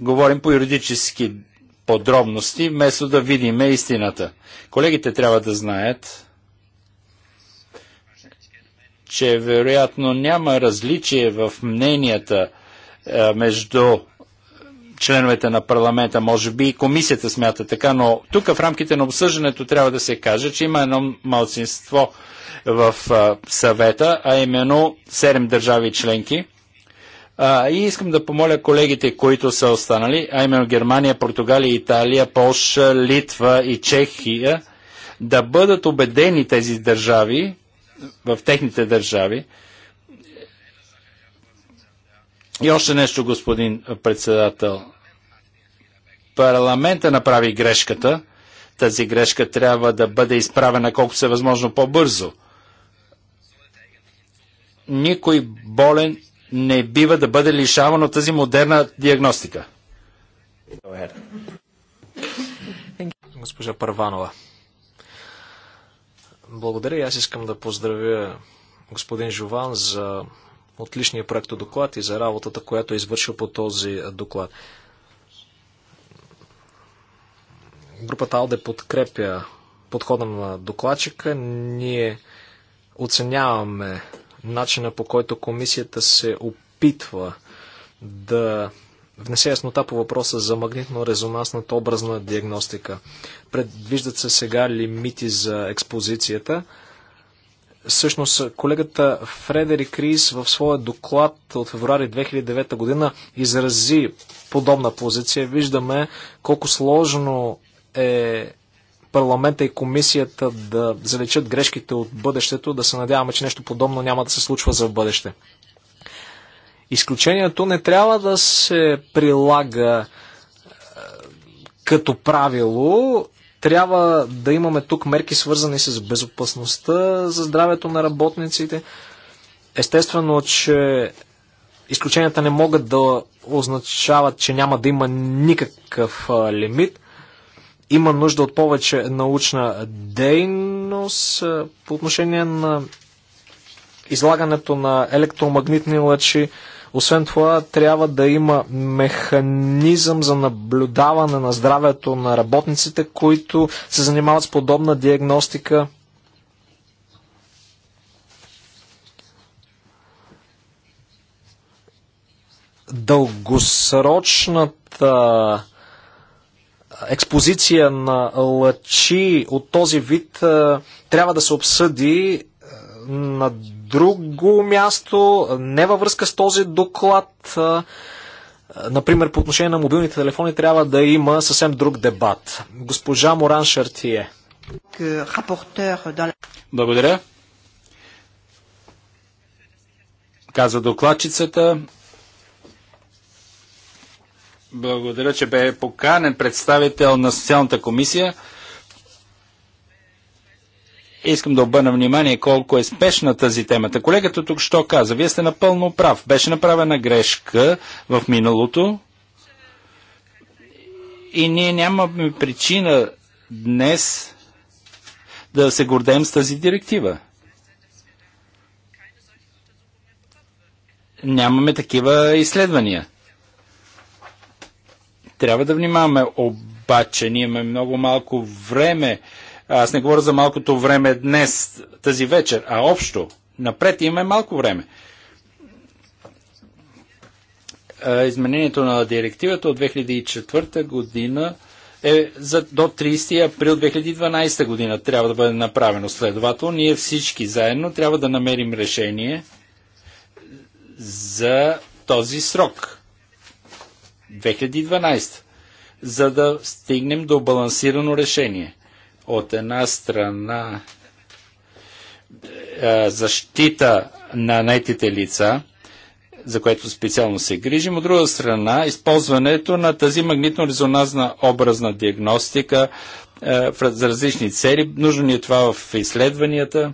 говорим по юридически подробности, вместо да видим истината. Колегите трябва да знаят, че вероятно няма различие в мненията е, между членовете на парламента. Може би и комисията смята така, но тук в рамките на обсъждането трябва да се каже, че има едно малцинство в е, съвета, а именно 7 държави членки, а, и искам да помоля колегите, които са останали, а именно Германия, Португалия, Италия, Полша, Литва и Чехия, да бъдат убедени тези държави, в техните държави. И още нещо, господин председател. Парламента направи грешката. Тази грешка трябва да бъде изправена колкото се е възможно по-бързо. Никой болен не бива да бъде лишавано тази модерна диагностика. Госпожа Първанова. Благодаря и аз искам да поздравя господин Жован за отличния доклад и за работата, която е извършил по този доклад. Групата АЛДЕ подкрепя подхода на докладчика. Ние оценяваме начина по който комисията се опитва да внесе яснота по въпроса за магнитно-резонансната образна диагностика. Предвиждат се сега лимити за експозицията. Същност, колегата Фредерик Крис в своя доклад от феврари 2009 година изрази подобна позиция. Виждаме колко сложно е парламента и комисията да залечат грешките от бъдещето, да се надяваме, че нещо подобно няма да се случва за бъдеще. Изключението не трябва да се прилага е, като правило, трябва да имаме тук мерки свързани с безопасността за здравето на работниците. Естествено, че изключенията не могат да означават, че няма да има никакъв е, лимит. Има нужда от повече научна дейност по отношение на излагането на електромагнитни лъчи. Освен това, трябва да има механизъм за наблюдаване на здравето на работниците, които се занимават с подобна диагностика. Дългосрочната експозиция на лъчи от този вид трябва да се обсъди на друго място, не във връзка с този доклад. Например, по отношение на мобилните телефони трябва да има съвсем друг дебат. Госпожа Моран Шартие. Благодаря. Каза докладчицата. Благодаря, че бе поканен представител на социалната комисия. Искам да обърна внимание колко е спешна тази темата. Колегата тук що каза? Вие сте напълно прав. Беше направена грешка в миналото и ние нямаме причина днес да се гордеем с тази директива. Нямаме такива изследвания. Трябва да внимаваме, обаче ние имаме много малко време. Аз не говоря за малкото време днес, тази вечер, а общо. Напред имаме малко време. Е, изменението на директивата от 2004 година е за до 30 април 2012 година трябва да бъде направено. Следователно, ние всички заедно трябва да намерим решение за този срок. 2012, за да стигнем до балансирано решение. От една страна е, защита на найтите лица, за което специално се грижим. От друга страна, използването на тази магнитно-резонансна образна диагностика е, за различни цели. Нужно ни е това в изследванията,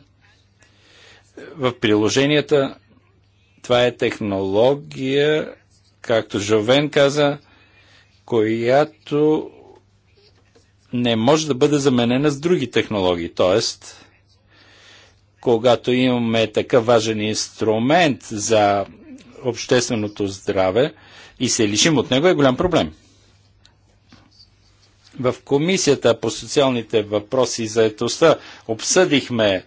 в приложенията. Това е технология, както Жовен каза, която не може да бъде заменена с други технологии. Тоест, когато имаме такъв важен инструмент за общественото здраве и се лишим от него, е голям проблем. В Комисията по социалните въпроси и заетостта обсъдихме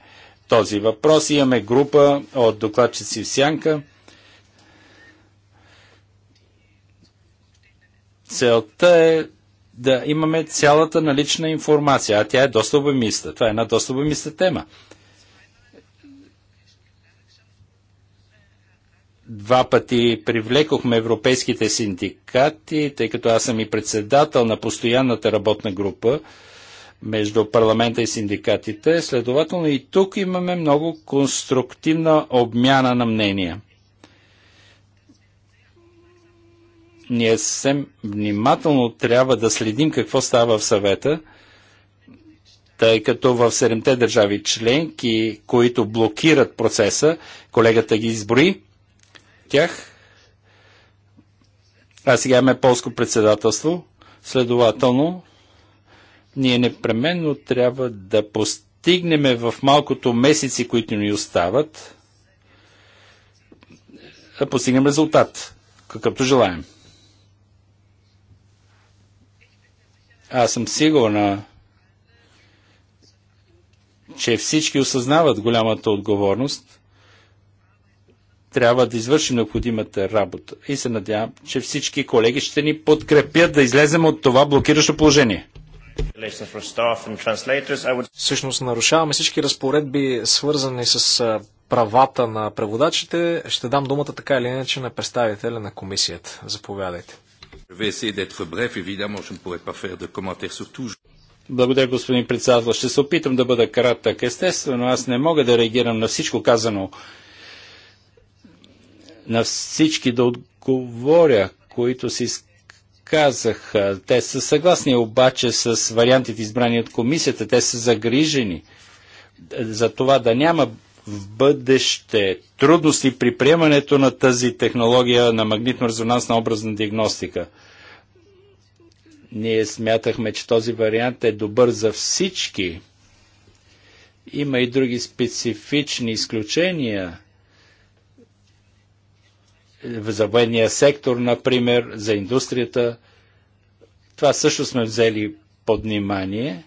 този въпрос. Имаме група от докладчици в Сянка. целта е да имаме цялата налична информация, а тя е доста обемиста. Това е една доста обемиста тема. Два пъти привлекохме европейските синдикати, тъй като аз съм и председател на постоянната работна група между парламента и синдикатите. Следователно и тук имаме много конструктивна обмяна на мнения. ние съвсем внимателно трябва да следим какво става в съвета, тъй като в седемте държави членки, които блокират процеса, колегата ги изброи, тях, а сега имаме полско председателство, следователно, ние непременно трябва да постигнем в малкото месеци, които ни остават, да постигнем резултат, какъвто желаем. Аз съм сигурна, че всички осъзнават голямата отговорност. Трябва да извършим необходимата работа. И се надявам, че всички колеги ще ни подкрепят да излезем от това блокиращо положение. Всъщност нарушаваме всички разпоредби, свързани с правата на преводачите. Ще дам думата така или иначе на представителя на комисията. Заповядайте. Благодаря, господин председател. Ще се опитам да бъда кратък. Естествено, аз не мога да реагирам на всичко казано, на всички да отговоря, които си казах. Те са съгласни обаче с вариантите избрани от комисията. Те са загрижени за това да няма в бъдеще трудности при приемането на тази технология на магнитно-резонансна образна диагностика. Ние смятахме, че този вариант е добър за всички. Има и други специфични изключения за военния сектор, например, за индустрията. Това също сме взели под внимание,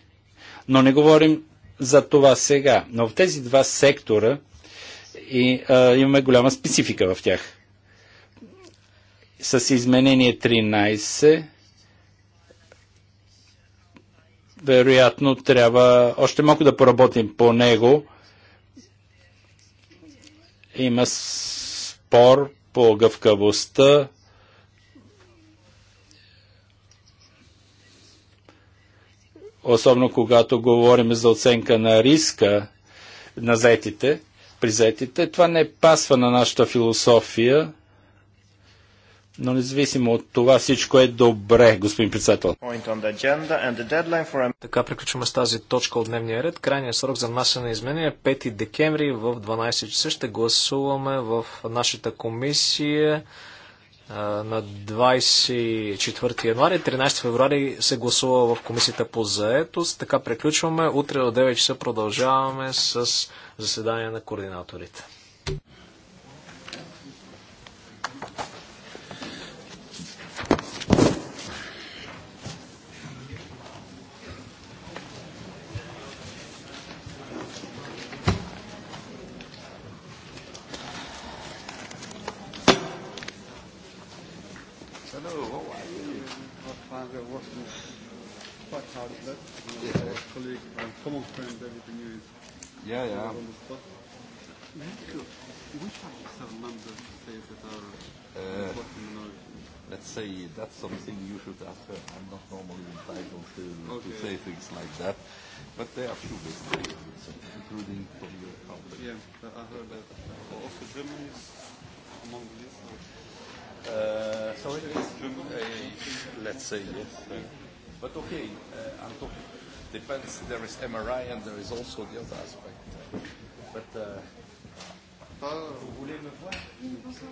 но не говорим за това сега. Но в тези два сектора и, а, имаме голяма специфика в тях. С изменение 13 вероятно трябва още малко да поработим по него. Има спор по гъвкавостта, особено когато говорим за оценка на риска на заетите, при заетите, това не пасва на нашата философия, но независимо от това всичко е добре, господин председател. Така приключваме с тази точка от дневния ред. Крайният срок за внасяне на изменения е 5 декември в 12 часа. Ще гласуваме в нашата комисия на 24 януари, 13 февруари се гласува в комисията по заетост. Така приключваме. Утре от 9 часа продължаваме с заседание на координаторите. there was this quite hard left with our colleague and common friend David Newey. Yeah, yeah. On the spot. Which are some numbers say that are uh, Let's say that's something you should ask her. I'm not normally entitled to, okay. to say things like that, but there are a few mistakes, including from your company. Yeah, I heard that. Also, Germany is among the Uh, sorry? Uh, let's say yes. But okay, uh, I'm talking. Depends, there is MRI and there is also the other aspect. But, uh, vous voulez me voir Oui, mais bonsoir,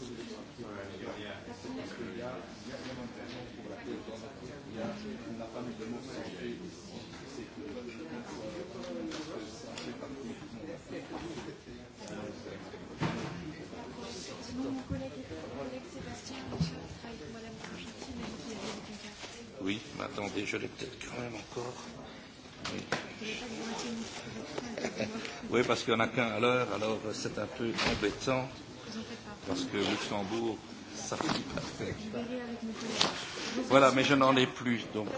je Oui, mais attendez, je l'ai peut-être quand même encore. Oui, parce qu'il n'y en a qu'un à l'heure, alors c'est un peu embêtant parce que Luxembourg, ça fait pas. Voilà, mais je n'en ai plus, donc.